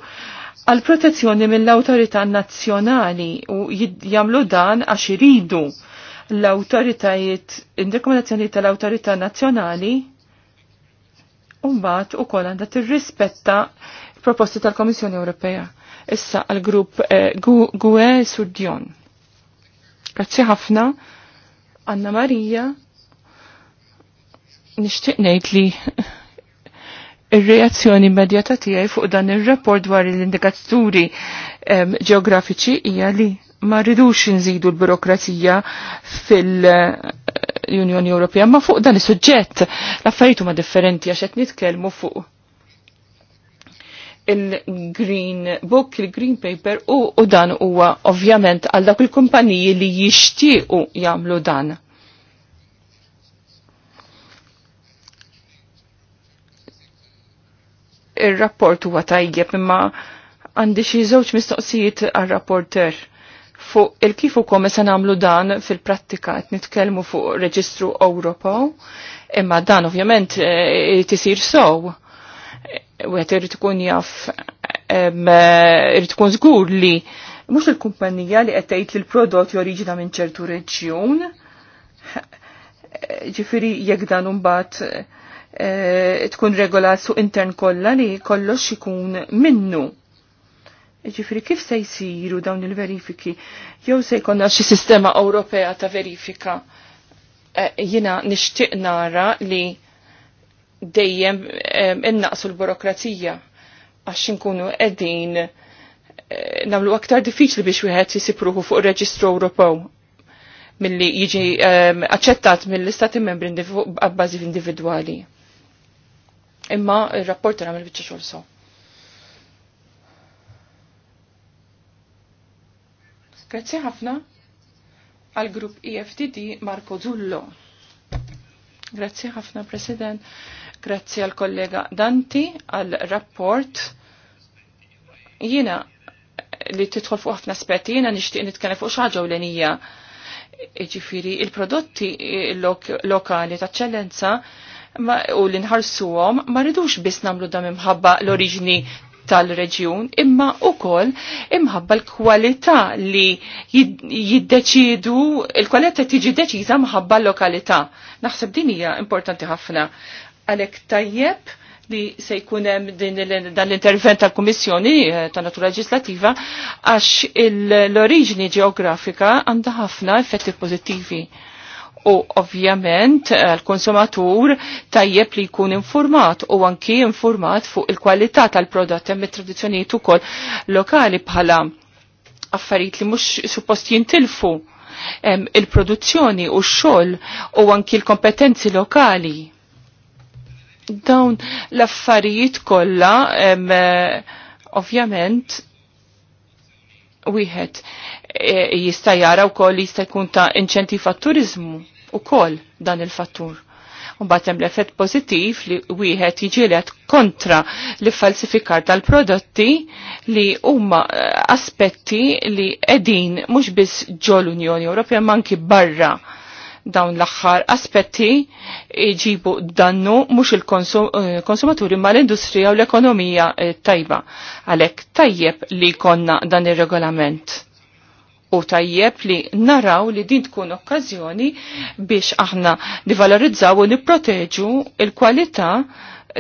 għal protezzjoni mill-awtorità nazzjonali u jagħmlu dan għax iridu l-awtoritajiet, indekomendazzjoni tal-awtorità nazzjonali u u ukoll għandha tirrispetta proposti tal-Komissjoni Ewropea issa għal-grupp eh, Gwe Sudjon. Grazzi ħafna, Anna Marija, nishtiq ngħid li il reazzjoni immedjata tiegħi fuq dan ir-rapport dwar l-indikaturi ehm, ġeografiċi hija li ma rridux nżidu l-burokrazija fil-Unjoni Ewropea, ma fuq dan is-suġġett l-affarijiet huma differenti għax qed nitkellmu fuq il-Green Book, il-Green Paper u, u dan huwa ovvjament għal dak il-kumpaniji li jixtiequ jagħmlu dan. Ir-rapport huwa tajjeb imma għandi xi żewġ mistoqsijiet għar-rapporter fuq il-kif ukoll kome se nagħmlu dan fil-prattika qed nitkellmu fuq reġistru Ewropew, imma dan ovvjament tisir eh, sow u għet irrit ikun jaff, irrit ikun zgur li mux il-kumpanija li qed tgħid li l prodotti joriġina minn ċertu reġjun, ġifiri jekk dan mbagħad e, tkun regola su intern kollha li kollox ikun minnu. Ġifiri kif se jsiru dawn il-verifiki? Jew se jkollna xi sistema Ewropea ta' verifika? E, Jina nixtieq nara li dejjem innaqsu l-burokrazija għax nkunu qegħdin eh, nagħmlu aktar diffiċli biex wieħed jisipruħu fuq reġistru Ewropew milli jiġi aċċettat mill-istati membri għabbażi individwali. Imma il rapport nagħmel biċċa xogħol so. Grazzi ħafna għal grupp EFTD Marco Zullo. Grazzi ħafna, President. Grazzi għal kollega Danti għal rapport. Jiena li titħol fuq ħafna aspetti, jiena nixtieq nitkellem fuq xaġa ewlenija. Ġifieri il-prodotti lokali ta' ċellenza u li nħarsuhom ma rridux biss nagħmlu dam imħabba l-oriġini tal-reġjun imma ukoll imħabba l-kwalità li jiddeċidu il-kwalità tiġi deċiża mħabba l-lokalità. Naħseb din hija importanti ħafna Għalek tajjeb li se jkun hemm din dan l-intervent tal-Kummissjoni eh, ta' natura Legislativa għax l-oriġini ġeografika għandha ħafna effetti pożittivi. U ovvjament eh, l-konsumatur tajjeb li jkun informat u anki informat fuq il-kwalità tal-prodott hemm it-tradizzjonijiet ukoll lokali bħala affarijiet li mhux suppost jintilfu il-produzzjoni u x-xogħol u anki l-kompetenzi lokali Dawn l-affarijiet kollha eh, ovvjament wieħed eh, jista' jara wkoll jista' jkun ta' inċenti għat-turiżmu ukoll dan il-fattur. Mbagħad hemm l-effett pożittiv li wieħed jiġilet kontra li falsifikar tal-prodotti li huma eh, aspetti li qegħdin mhux biss ġol Unjoni Ewropea ma anki barra dawn l-axħar aspetti iġibu dannu mux il-konsumaturi eh, ma l-industrija u l-ekonomija eh, tajba. Għalek tajjeb li konna dan il-regolament. U tajjeb li naraw li din tkun okkazjoni biex aħna nivalorizzaw u niproteġu il-kwalità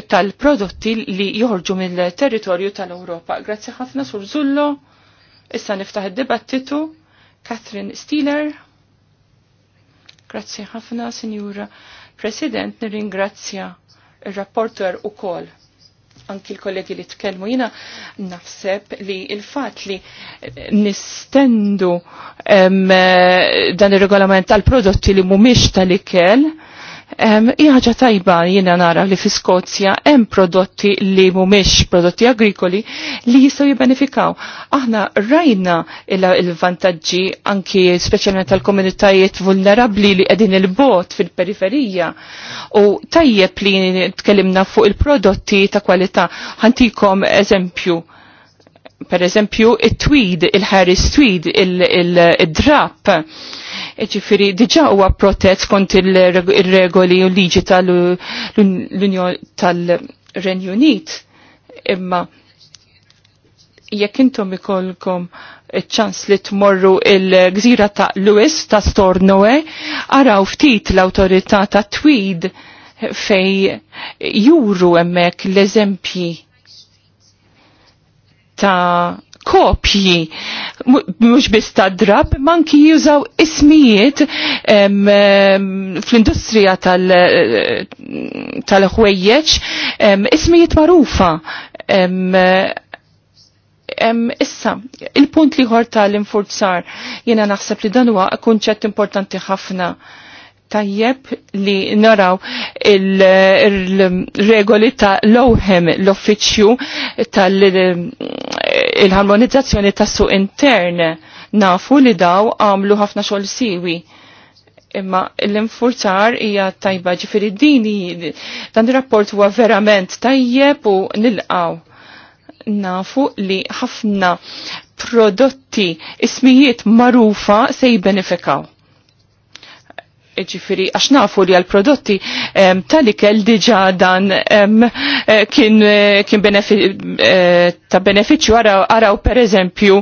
tal-prodotti li joħorġu mill-territorju tal-Europa. Grazzi ħafna sur Zullo. Issa niftaħ id-dibattitu. Catherine Steeler. Grazzi ħafna, Signora President, nirringrazzja il-rapporter u kol anki l-kollegi li tkellmu jina nafseb li il-fat li nistendu eh, dan il-regolament tal-prodotti li mumiex tal-ikel ħaġa tajba jiena nara li fi Skozja hemm prodotti li mhumiex prodotti agrikoli li jistgħu jibbenefikaw. Aħna rajna il-vantaġġi anki speċjalment tal-komunitajiet vulnerabbli li qegħdin il-bot fil-periferija u tajjeb li tkellimna fuq il-prodotti ta' kwalità. Ħantikom eżempju per eżempju il-tweed, il-Harris twid, il-drap. Il Ġifiri, diġa huwa protett kont il-regoli u liġi tal-Unjon tal-Renju Unit, imma jekk intom ikolkom ċans li tmorru il-gżira ta' Lewis ta' Stornoe, araw ftit l-autorità ta' Tweed fej juru emmek l-eżempji ta' kopji mhux biss ta' drab manki jużaw ismijiet fl-industrija tal-ħwejjeġ tal ismijiet marufa issa, il-punt li ħorta tal-infurzar, jena naħseb li dan huwa kunċett importanti ħafna tajjeb li naraw il-regoli ta' lowhem l-offiċju tal-harmonizzazzjoni ta' suq intern nafu li daw għamlu ħafna xogħol siwi. Imma l-infurzar hija tajba ġifieri dini dan ir-rapport huwa verament tajjeb u nilqaw. Nafu li ħafna prodotti ismijiet marufa se jibbenefikaw ġifiri, għax nafu li għal-prodotti tal-ikel diġa dan eh, kien, eh, eh, ta' beneficju għaraw, għaraw per eżempju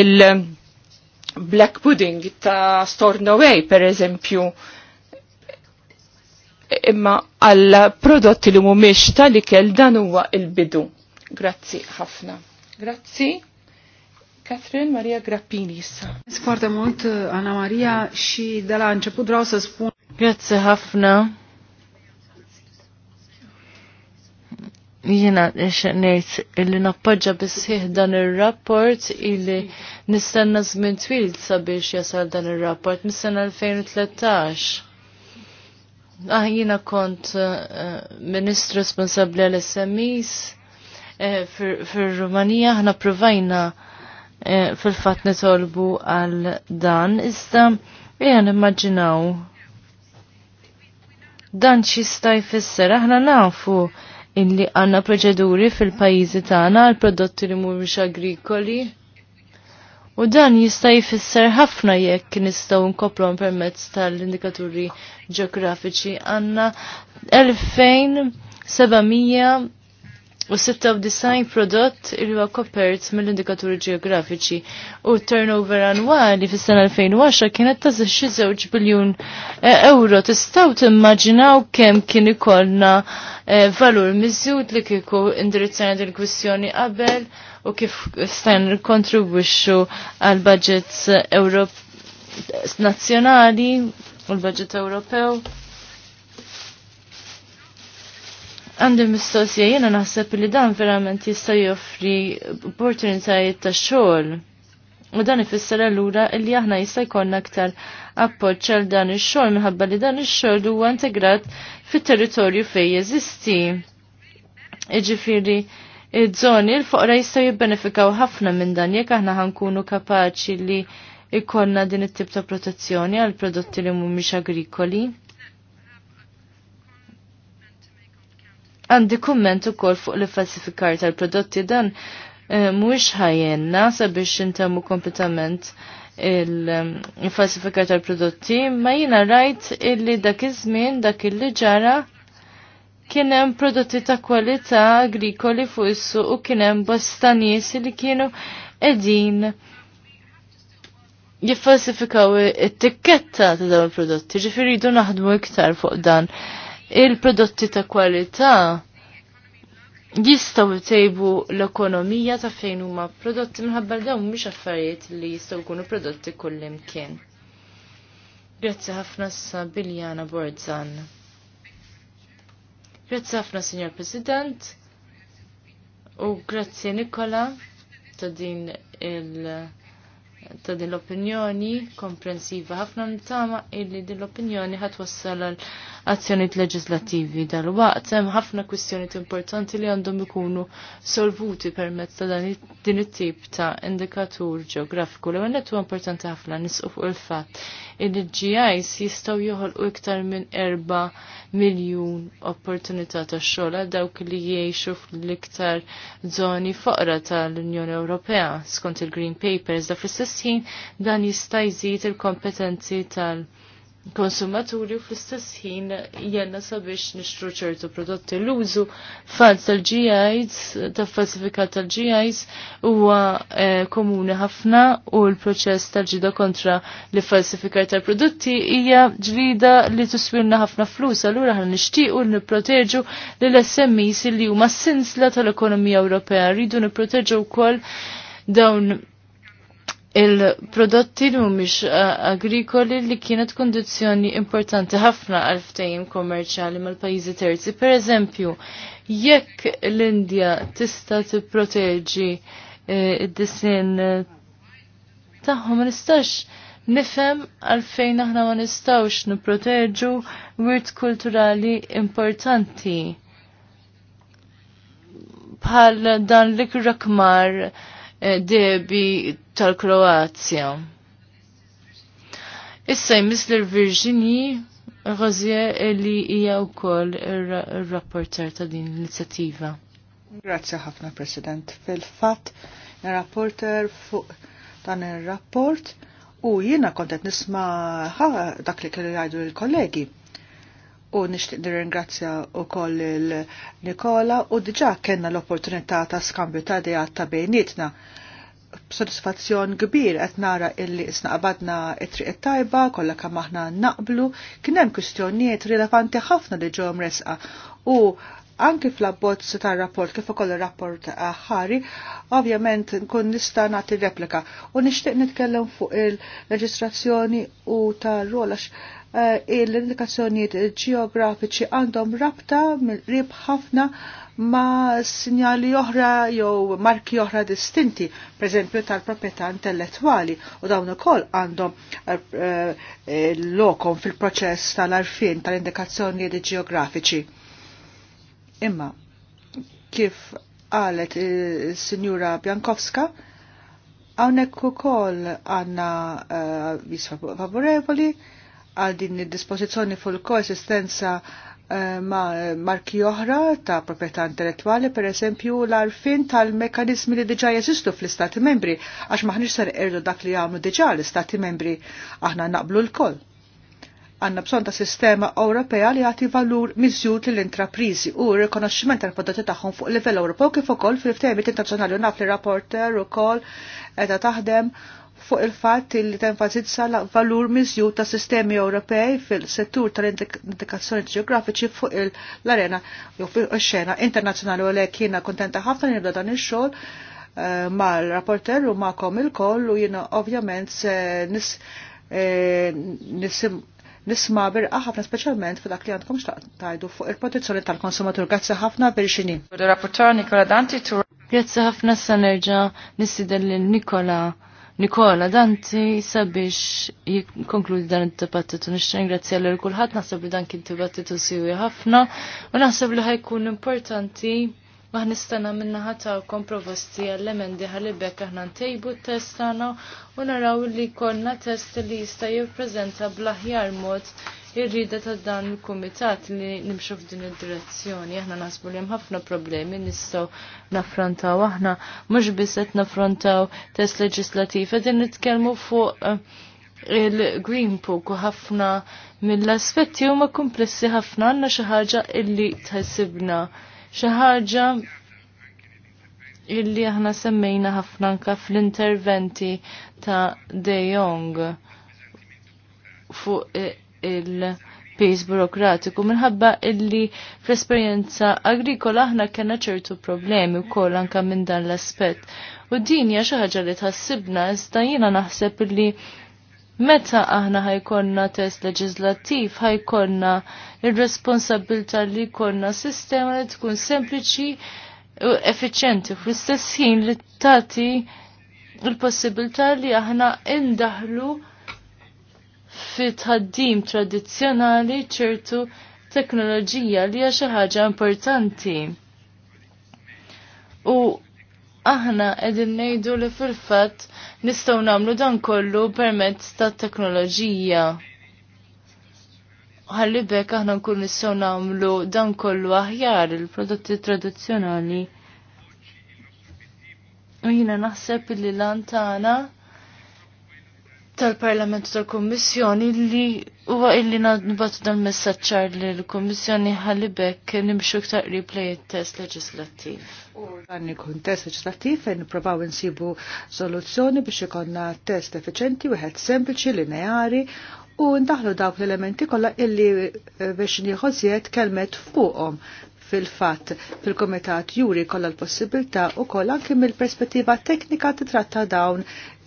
il-black pudding ta' Stornoway per eżempju imma għal-prodotti li mumiex tal-ikel dan huwa il-bidu. Grazzi ħafna. Grazzi. Catherine Maria Grappini Sforta mult, Anna Maria, xi dalla început vreau sa spun. Grazie ħafna. Jena xeqnejt illi nappoġġa bisħiħ dan il-rapport illi nistenna żmien twil sabiex jasal dan il-rapport mis 2013. Ah, jina kont eh, ministru responsabli għal-SMEs eh, fir-Rumanija ħna provajna E, fil-fat nitolbu għal dan, iżda jgħan immaġinaw dan xista jfisser, aħna nafu illi għanna proċeduri fil-pajizi tagħna għal prodotti li mhumiex agrikoli. U dan jista' jfisser ħafna jekk nistgħu nkoplhom permezz tal-indikaturi ġeografiċi għandna 2700 u 96 prodott li huwa kopert mill-indikaturi ġeografiċi u turnover annwali fis-sena 2010 kienet ta' xi żewġ biljun eh, euro. Tistgħu timmaġinaw kemm kien ikollna eh, valur miżjud li kieku indirizzjoni din kwistjoni qabel u kif stajn kontribwixxu għal budgets Ewrop nazzjonali u l-budget Ewropew. għandi mistoqsija jiena naħseb li dan verament jista' joffri opportunitajiet ta' xogħol. U dan ifisser allura li aħna jista' jkollna aktar appoġġ għal dan ix-xogħol minħabba li dan ix-xogħol huwa integrat fit-territorju fejn jeżisti. Iġifieri iż-żoni l-foqra jista' jibbenefikaw ħafna minn dan jekk aħna ħankunu kapaċi li jkollna din it-tip ta' protezzjoni għal prodotti li mhumiex agrikoli. Għandi kumment ukoll fuq li falsifikar tal-prodotti dan eh, mhuwiex ħajjenna sabiex intemmu kompletament eh, il-falsifikar tal-prodotti, ma jina rajt illi dak iż-żmien dak il-li ġara kien hemm prodotti ta' kwalità agrikoli fuq is-suq u kien hemm bosta nies li kienu qegħdin jiffalsifikaw it-tikketta ta' dawn il-prodotti. Ġifieri jridu naħdmu iktar fuq dan il-prodotti ta' kwalità jistaw tejbu l-ekonomija ta' fejn huma prodotti minħabba dawn mhux affarijiet li jistgħu jkunu prodotti kullimkien. Grazzi ħafna Sabiljana Biljana Borzan. Grazzi ħafna Signor President u grazzi Nikola ta' din il- ta' din l-opinjoni komprensiva ħafna nittama illi din l-opinjoni wassal azzjonijiet leġislattivi dal-waqt. Hemm ħafna kwistjonijiet importanti li għandhom ikunu solvuti permezz ta' dan din it-tip ta' indikatur ġeografiku. L-ewwel huwa importanti ħafna nisqu fuq il-fatt il-GIs jistgħu joħolqu iktar minn erba' miljun opportunità ta' xogħol għal dawk li jgħixu fl-iktar żoni foqra tal-Unjoni Ewropea skont il-Green Papers da fl-istess ħin dan jista' jżid il-kompetenzi tal- konsumaturi u fl-istess ħin jenna sabiex nixtru ċertu prodotti l-użu fals tal-GIs, ta' falsifikat tal-GIs huwa eh, komuni ħafna u l-proċess tal-ġida kontra li falsifikar tal-prodotti hija ġlida li tuswilna ħafna flus, allura ħan nixtiequ nipproteġu li l smis li huma sinsla tal-ekonomija Ewropea rridu nipproteġu wkoll dawn il-prodotti mhumiex eh, agrikoli li kienet kondizjoni importanti ħafna għal ftehim mal-pajjiżi terzi. Pereżempju, jekk l-Indja tista' tipproteġi eh, id-disin eh, tagħhom ma nistax nifhem għalfejn aħna ma nistgħux nipproteġu wirt kulturali importanti bħal dan l-ikrakmar rakmar Eh, debi tal-Kroazja. Issa jmiss l-Virginie Rozier eh, li hija wkoll ir-rapporter ta' din l-inizjattiva. Grazzi ħafna President. Fil-fatt rapporter fuq dan ir-rapport u jiena kontet nisma' dak li kellu jgħidu l-kollegi u nixtieq u wkoll il Nikola u diġa' kellna l-opportunità ta' skambju ta' dejat ta' bejnietna. B'sodisfazzjon kbir qed nara illi isnaqbadna it-triq it-tajba kollha kemm aħna naqblu kien hemm kwistjonijiet rilevanti ħafna li ġew resqa u anki fl-abbozz tar-rapport kif ukoll ir-rapport eh, ħari, ovvjament nkun nista' nagħti replika u nixtieq nitkellem fuq il-leġistrazzjoni u tar-rol għax eh, l-indikazzjonijiet ġeografiċi għandhom rabta mill-qrib ħafna ma sinjali oħra jew marki oħra distinti, preżempju tal-proprjetà intellettwali, u dawn ukoll għandhom uh, lokom fil-proċess tal-arfin tal-indikazzjonijiet ġeografiċi Imma kif qalet il-Sinjura eh, Bjankowska, għawnek u kol għanna uh, favorevoli għal din il-dispozizjoni fuq koesistenza eh, ma' marki oħra ta' proprjetà intellettuali, per eżempju l-arfin tal-mekanizmi li diġa jeżistu fl-Istati membri, għax maħniġ ser erdu dak li għamlu diġa l-Istati membri, aħna naqblu l-koll Għanna bżon ta' sistema Ewropea li għati valur miżjud l intraprizi u rikonoxximent tal-prodotti tagħhom fuq livell Ewropew kif ukoll fil-ftehimiet internazzjonali naf li rapporter ukoll qiegħda taħdem fuq il-fatt li tenfasizza la valur miżjud ta' sistemi Ewropej fil-settur tal-indikazzjoni ġeografiċi fuq l-arena jew fil-xena internazzjonali u lek jiena kontenta ħafna nibda dan ix-xogħol ma' eh, mal rapporter u kom il-koll u jiena ovvjament nis, eh, nisim nisma birqa ħafna speċjalment fil dak li għandkom tajdu fuq il-protezzjoni tal-konsumatur. Grazzi ħafna per xini. Grazzi ħafna sanerġa nisidel li Nikola Nikola Danti sabiex jikonkludi dan il-tabattitu dibattitu Nixtieq għallu l kulħadd nasab li dan kien dibattitu siwi ħafna u naħseb li ħajkun importanti Ma nistana minna ħata komprovosti għall-emendi ħalibek aħna ntejbu test tagħna u naraw li konna test li jista' jippreżenta bl-aħjar mod irrida ta' dan il-kumitat li nimxu f'din id-direzzjoni. Aħna naħsbu li hemm ħafna problemi nistgħu naffrontaw aħna mhux biss qed naffrontaw test leġislativ qegħdin nitkellmu fuq eh, il-Green Book u ħafna mill-aspetti huma komplessi ħafna għandna xi ħaġa illi tħassibna Xi ħaġa illi aħna semmejna ħafna anka fl-interventi ta' De Jong fuq il-pis burokratiku minħabba illi fl-esperjenza agrikola aħna kena ċertu problemi wkoll anka minn dan l-aspett. U din hija xi ħaġa li tħassibna iżda jiena naħseb illi meta aħna ħajkonna test leġislattiv ħajkonna il responsabilta li konna sistema li tkun sempliċi u effiċenti fl-istess ħin li tagħti l-possibilità li aħna indaħlu fi tħaddim tradizzjonali ċertu teknoloġija li hija xi ħaġa importanti. U aħna qegħdin ngħidu li fil-fatt nistgħu nagħmlu dan kollu permezz tat-teknoloġija. Ħalli bekk aħna nkun nistgħu nagħmlu dan kollu aħjar il-prodotti tradizzjonali. U jiena naħseb li lan tagħna tal-Parlament tal-Kommissjoni li huwa illi nbatu dan messaċċar li l-Kommissjoni ħalli bekk nimxu ktar replay test leġislattiv. U dan ikun test leġislattiv fejn nipprovaw insibu soluzzjoni biex ikonna test effiċenti wieħed sempliċi lineari u ndaħlu dawk l-elementi kollha illi eh, biex nieħosjet kelmet fuqhom fil-fatt fil-Komitat Juri kollha l-possibilità kolla anke mill-perspettiva teknika titratta dawn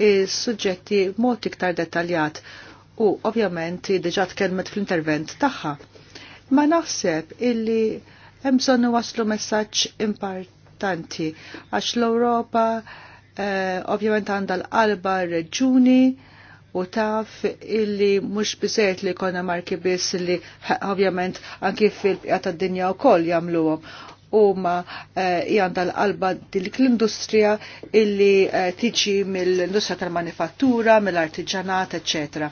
is-suġġetti b'mod iktar dettaljat u ovvjament diġà tkellmet fl-intervent tagħha. Ma naħseb illi hemm bżonn waslu messaġġ importanti għax l-Ewropa eh, ovvjament għandha l-qalba reġuni u taf illi mux bizet li konna marki bis li ovvjament anki fil-bqija d dinja u koll jamluwom u ma eh, jgħanda l-qalba dik l-industrija illi eh, tiġi mill-industrija tal-manifattura, mill-artiġanat, etc.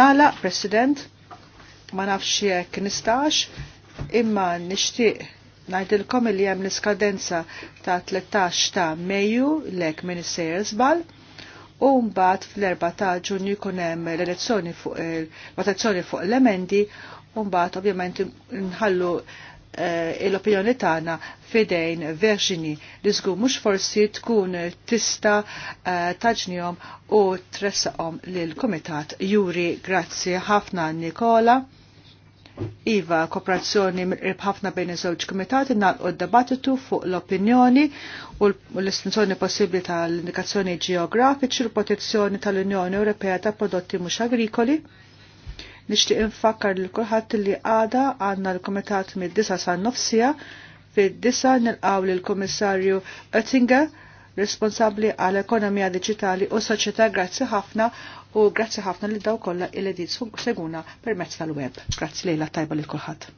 Nala, President, ma nafx jekk nistax, imma nixtieq ngħidilkom illi hemm l-iskadenza ta' 13 ta' Mejju lek minn sejr żball u mbagħad fl-4 ta' Ġunju jkun hemm l-elezzjoni fuq il-votazzjoni fuq l-emendi u mbagħad ovvjament nħallu eh, l-opinjoni tagħna fidejn Verġini li żgur mhux forsi tkun tista' eh, taġnihom u tressaqhom lil Kumitat Juri. Grazzi ħafna Nikola. Iva, kooperazzjoni ħafna bejn iż-żewġ komitati nagħlqu d-dibattitu fuq l-opinjoni u l-estensjoni possibbli tal-indikazzjoni ġeografiċi u l-protezzjoni tal-Unjoni Ewropea ta' prodotti mhux agrikoli. Nixtieq infakkar lil kulħadd li għada għandna l-kumitat mid-disa sa' nofsija fid-disa nilqgħu lil kummissarju Oettinger responsabbli għall ekonomija diġitali u soċjetà grazzi ħafna u grazzi ħafna li daw kollha il-edit seguna permezz tal-web. Grazzi lejla tajba lil kulħadd.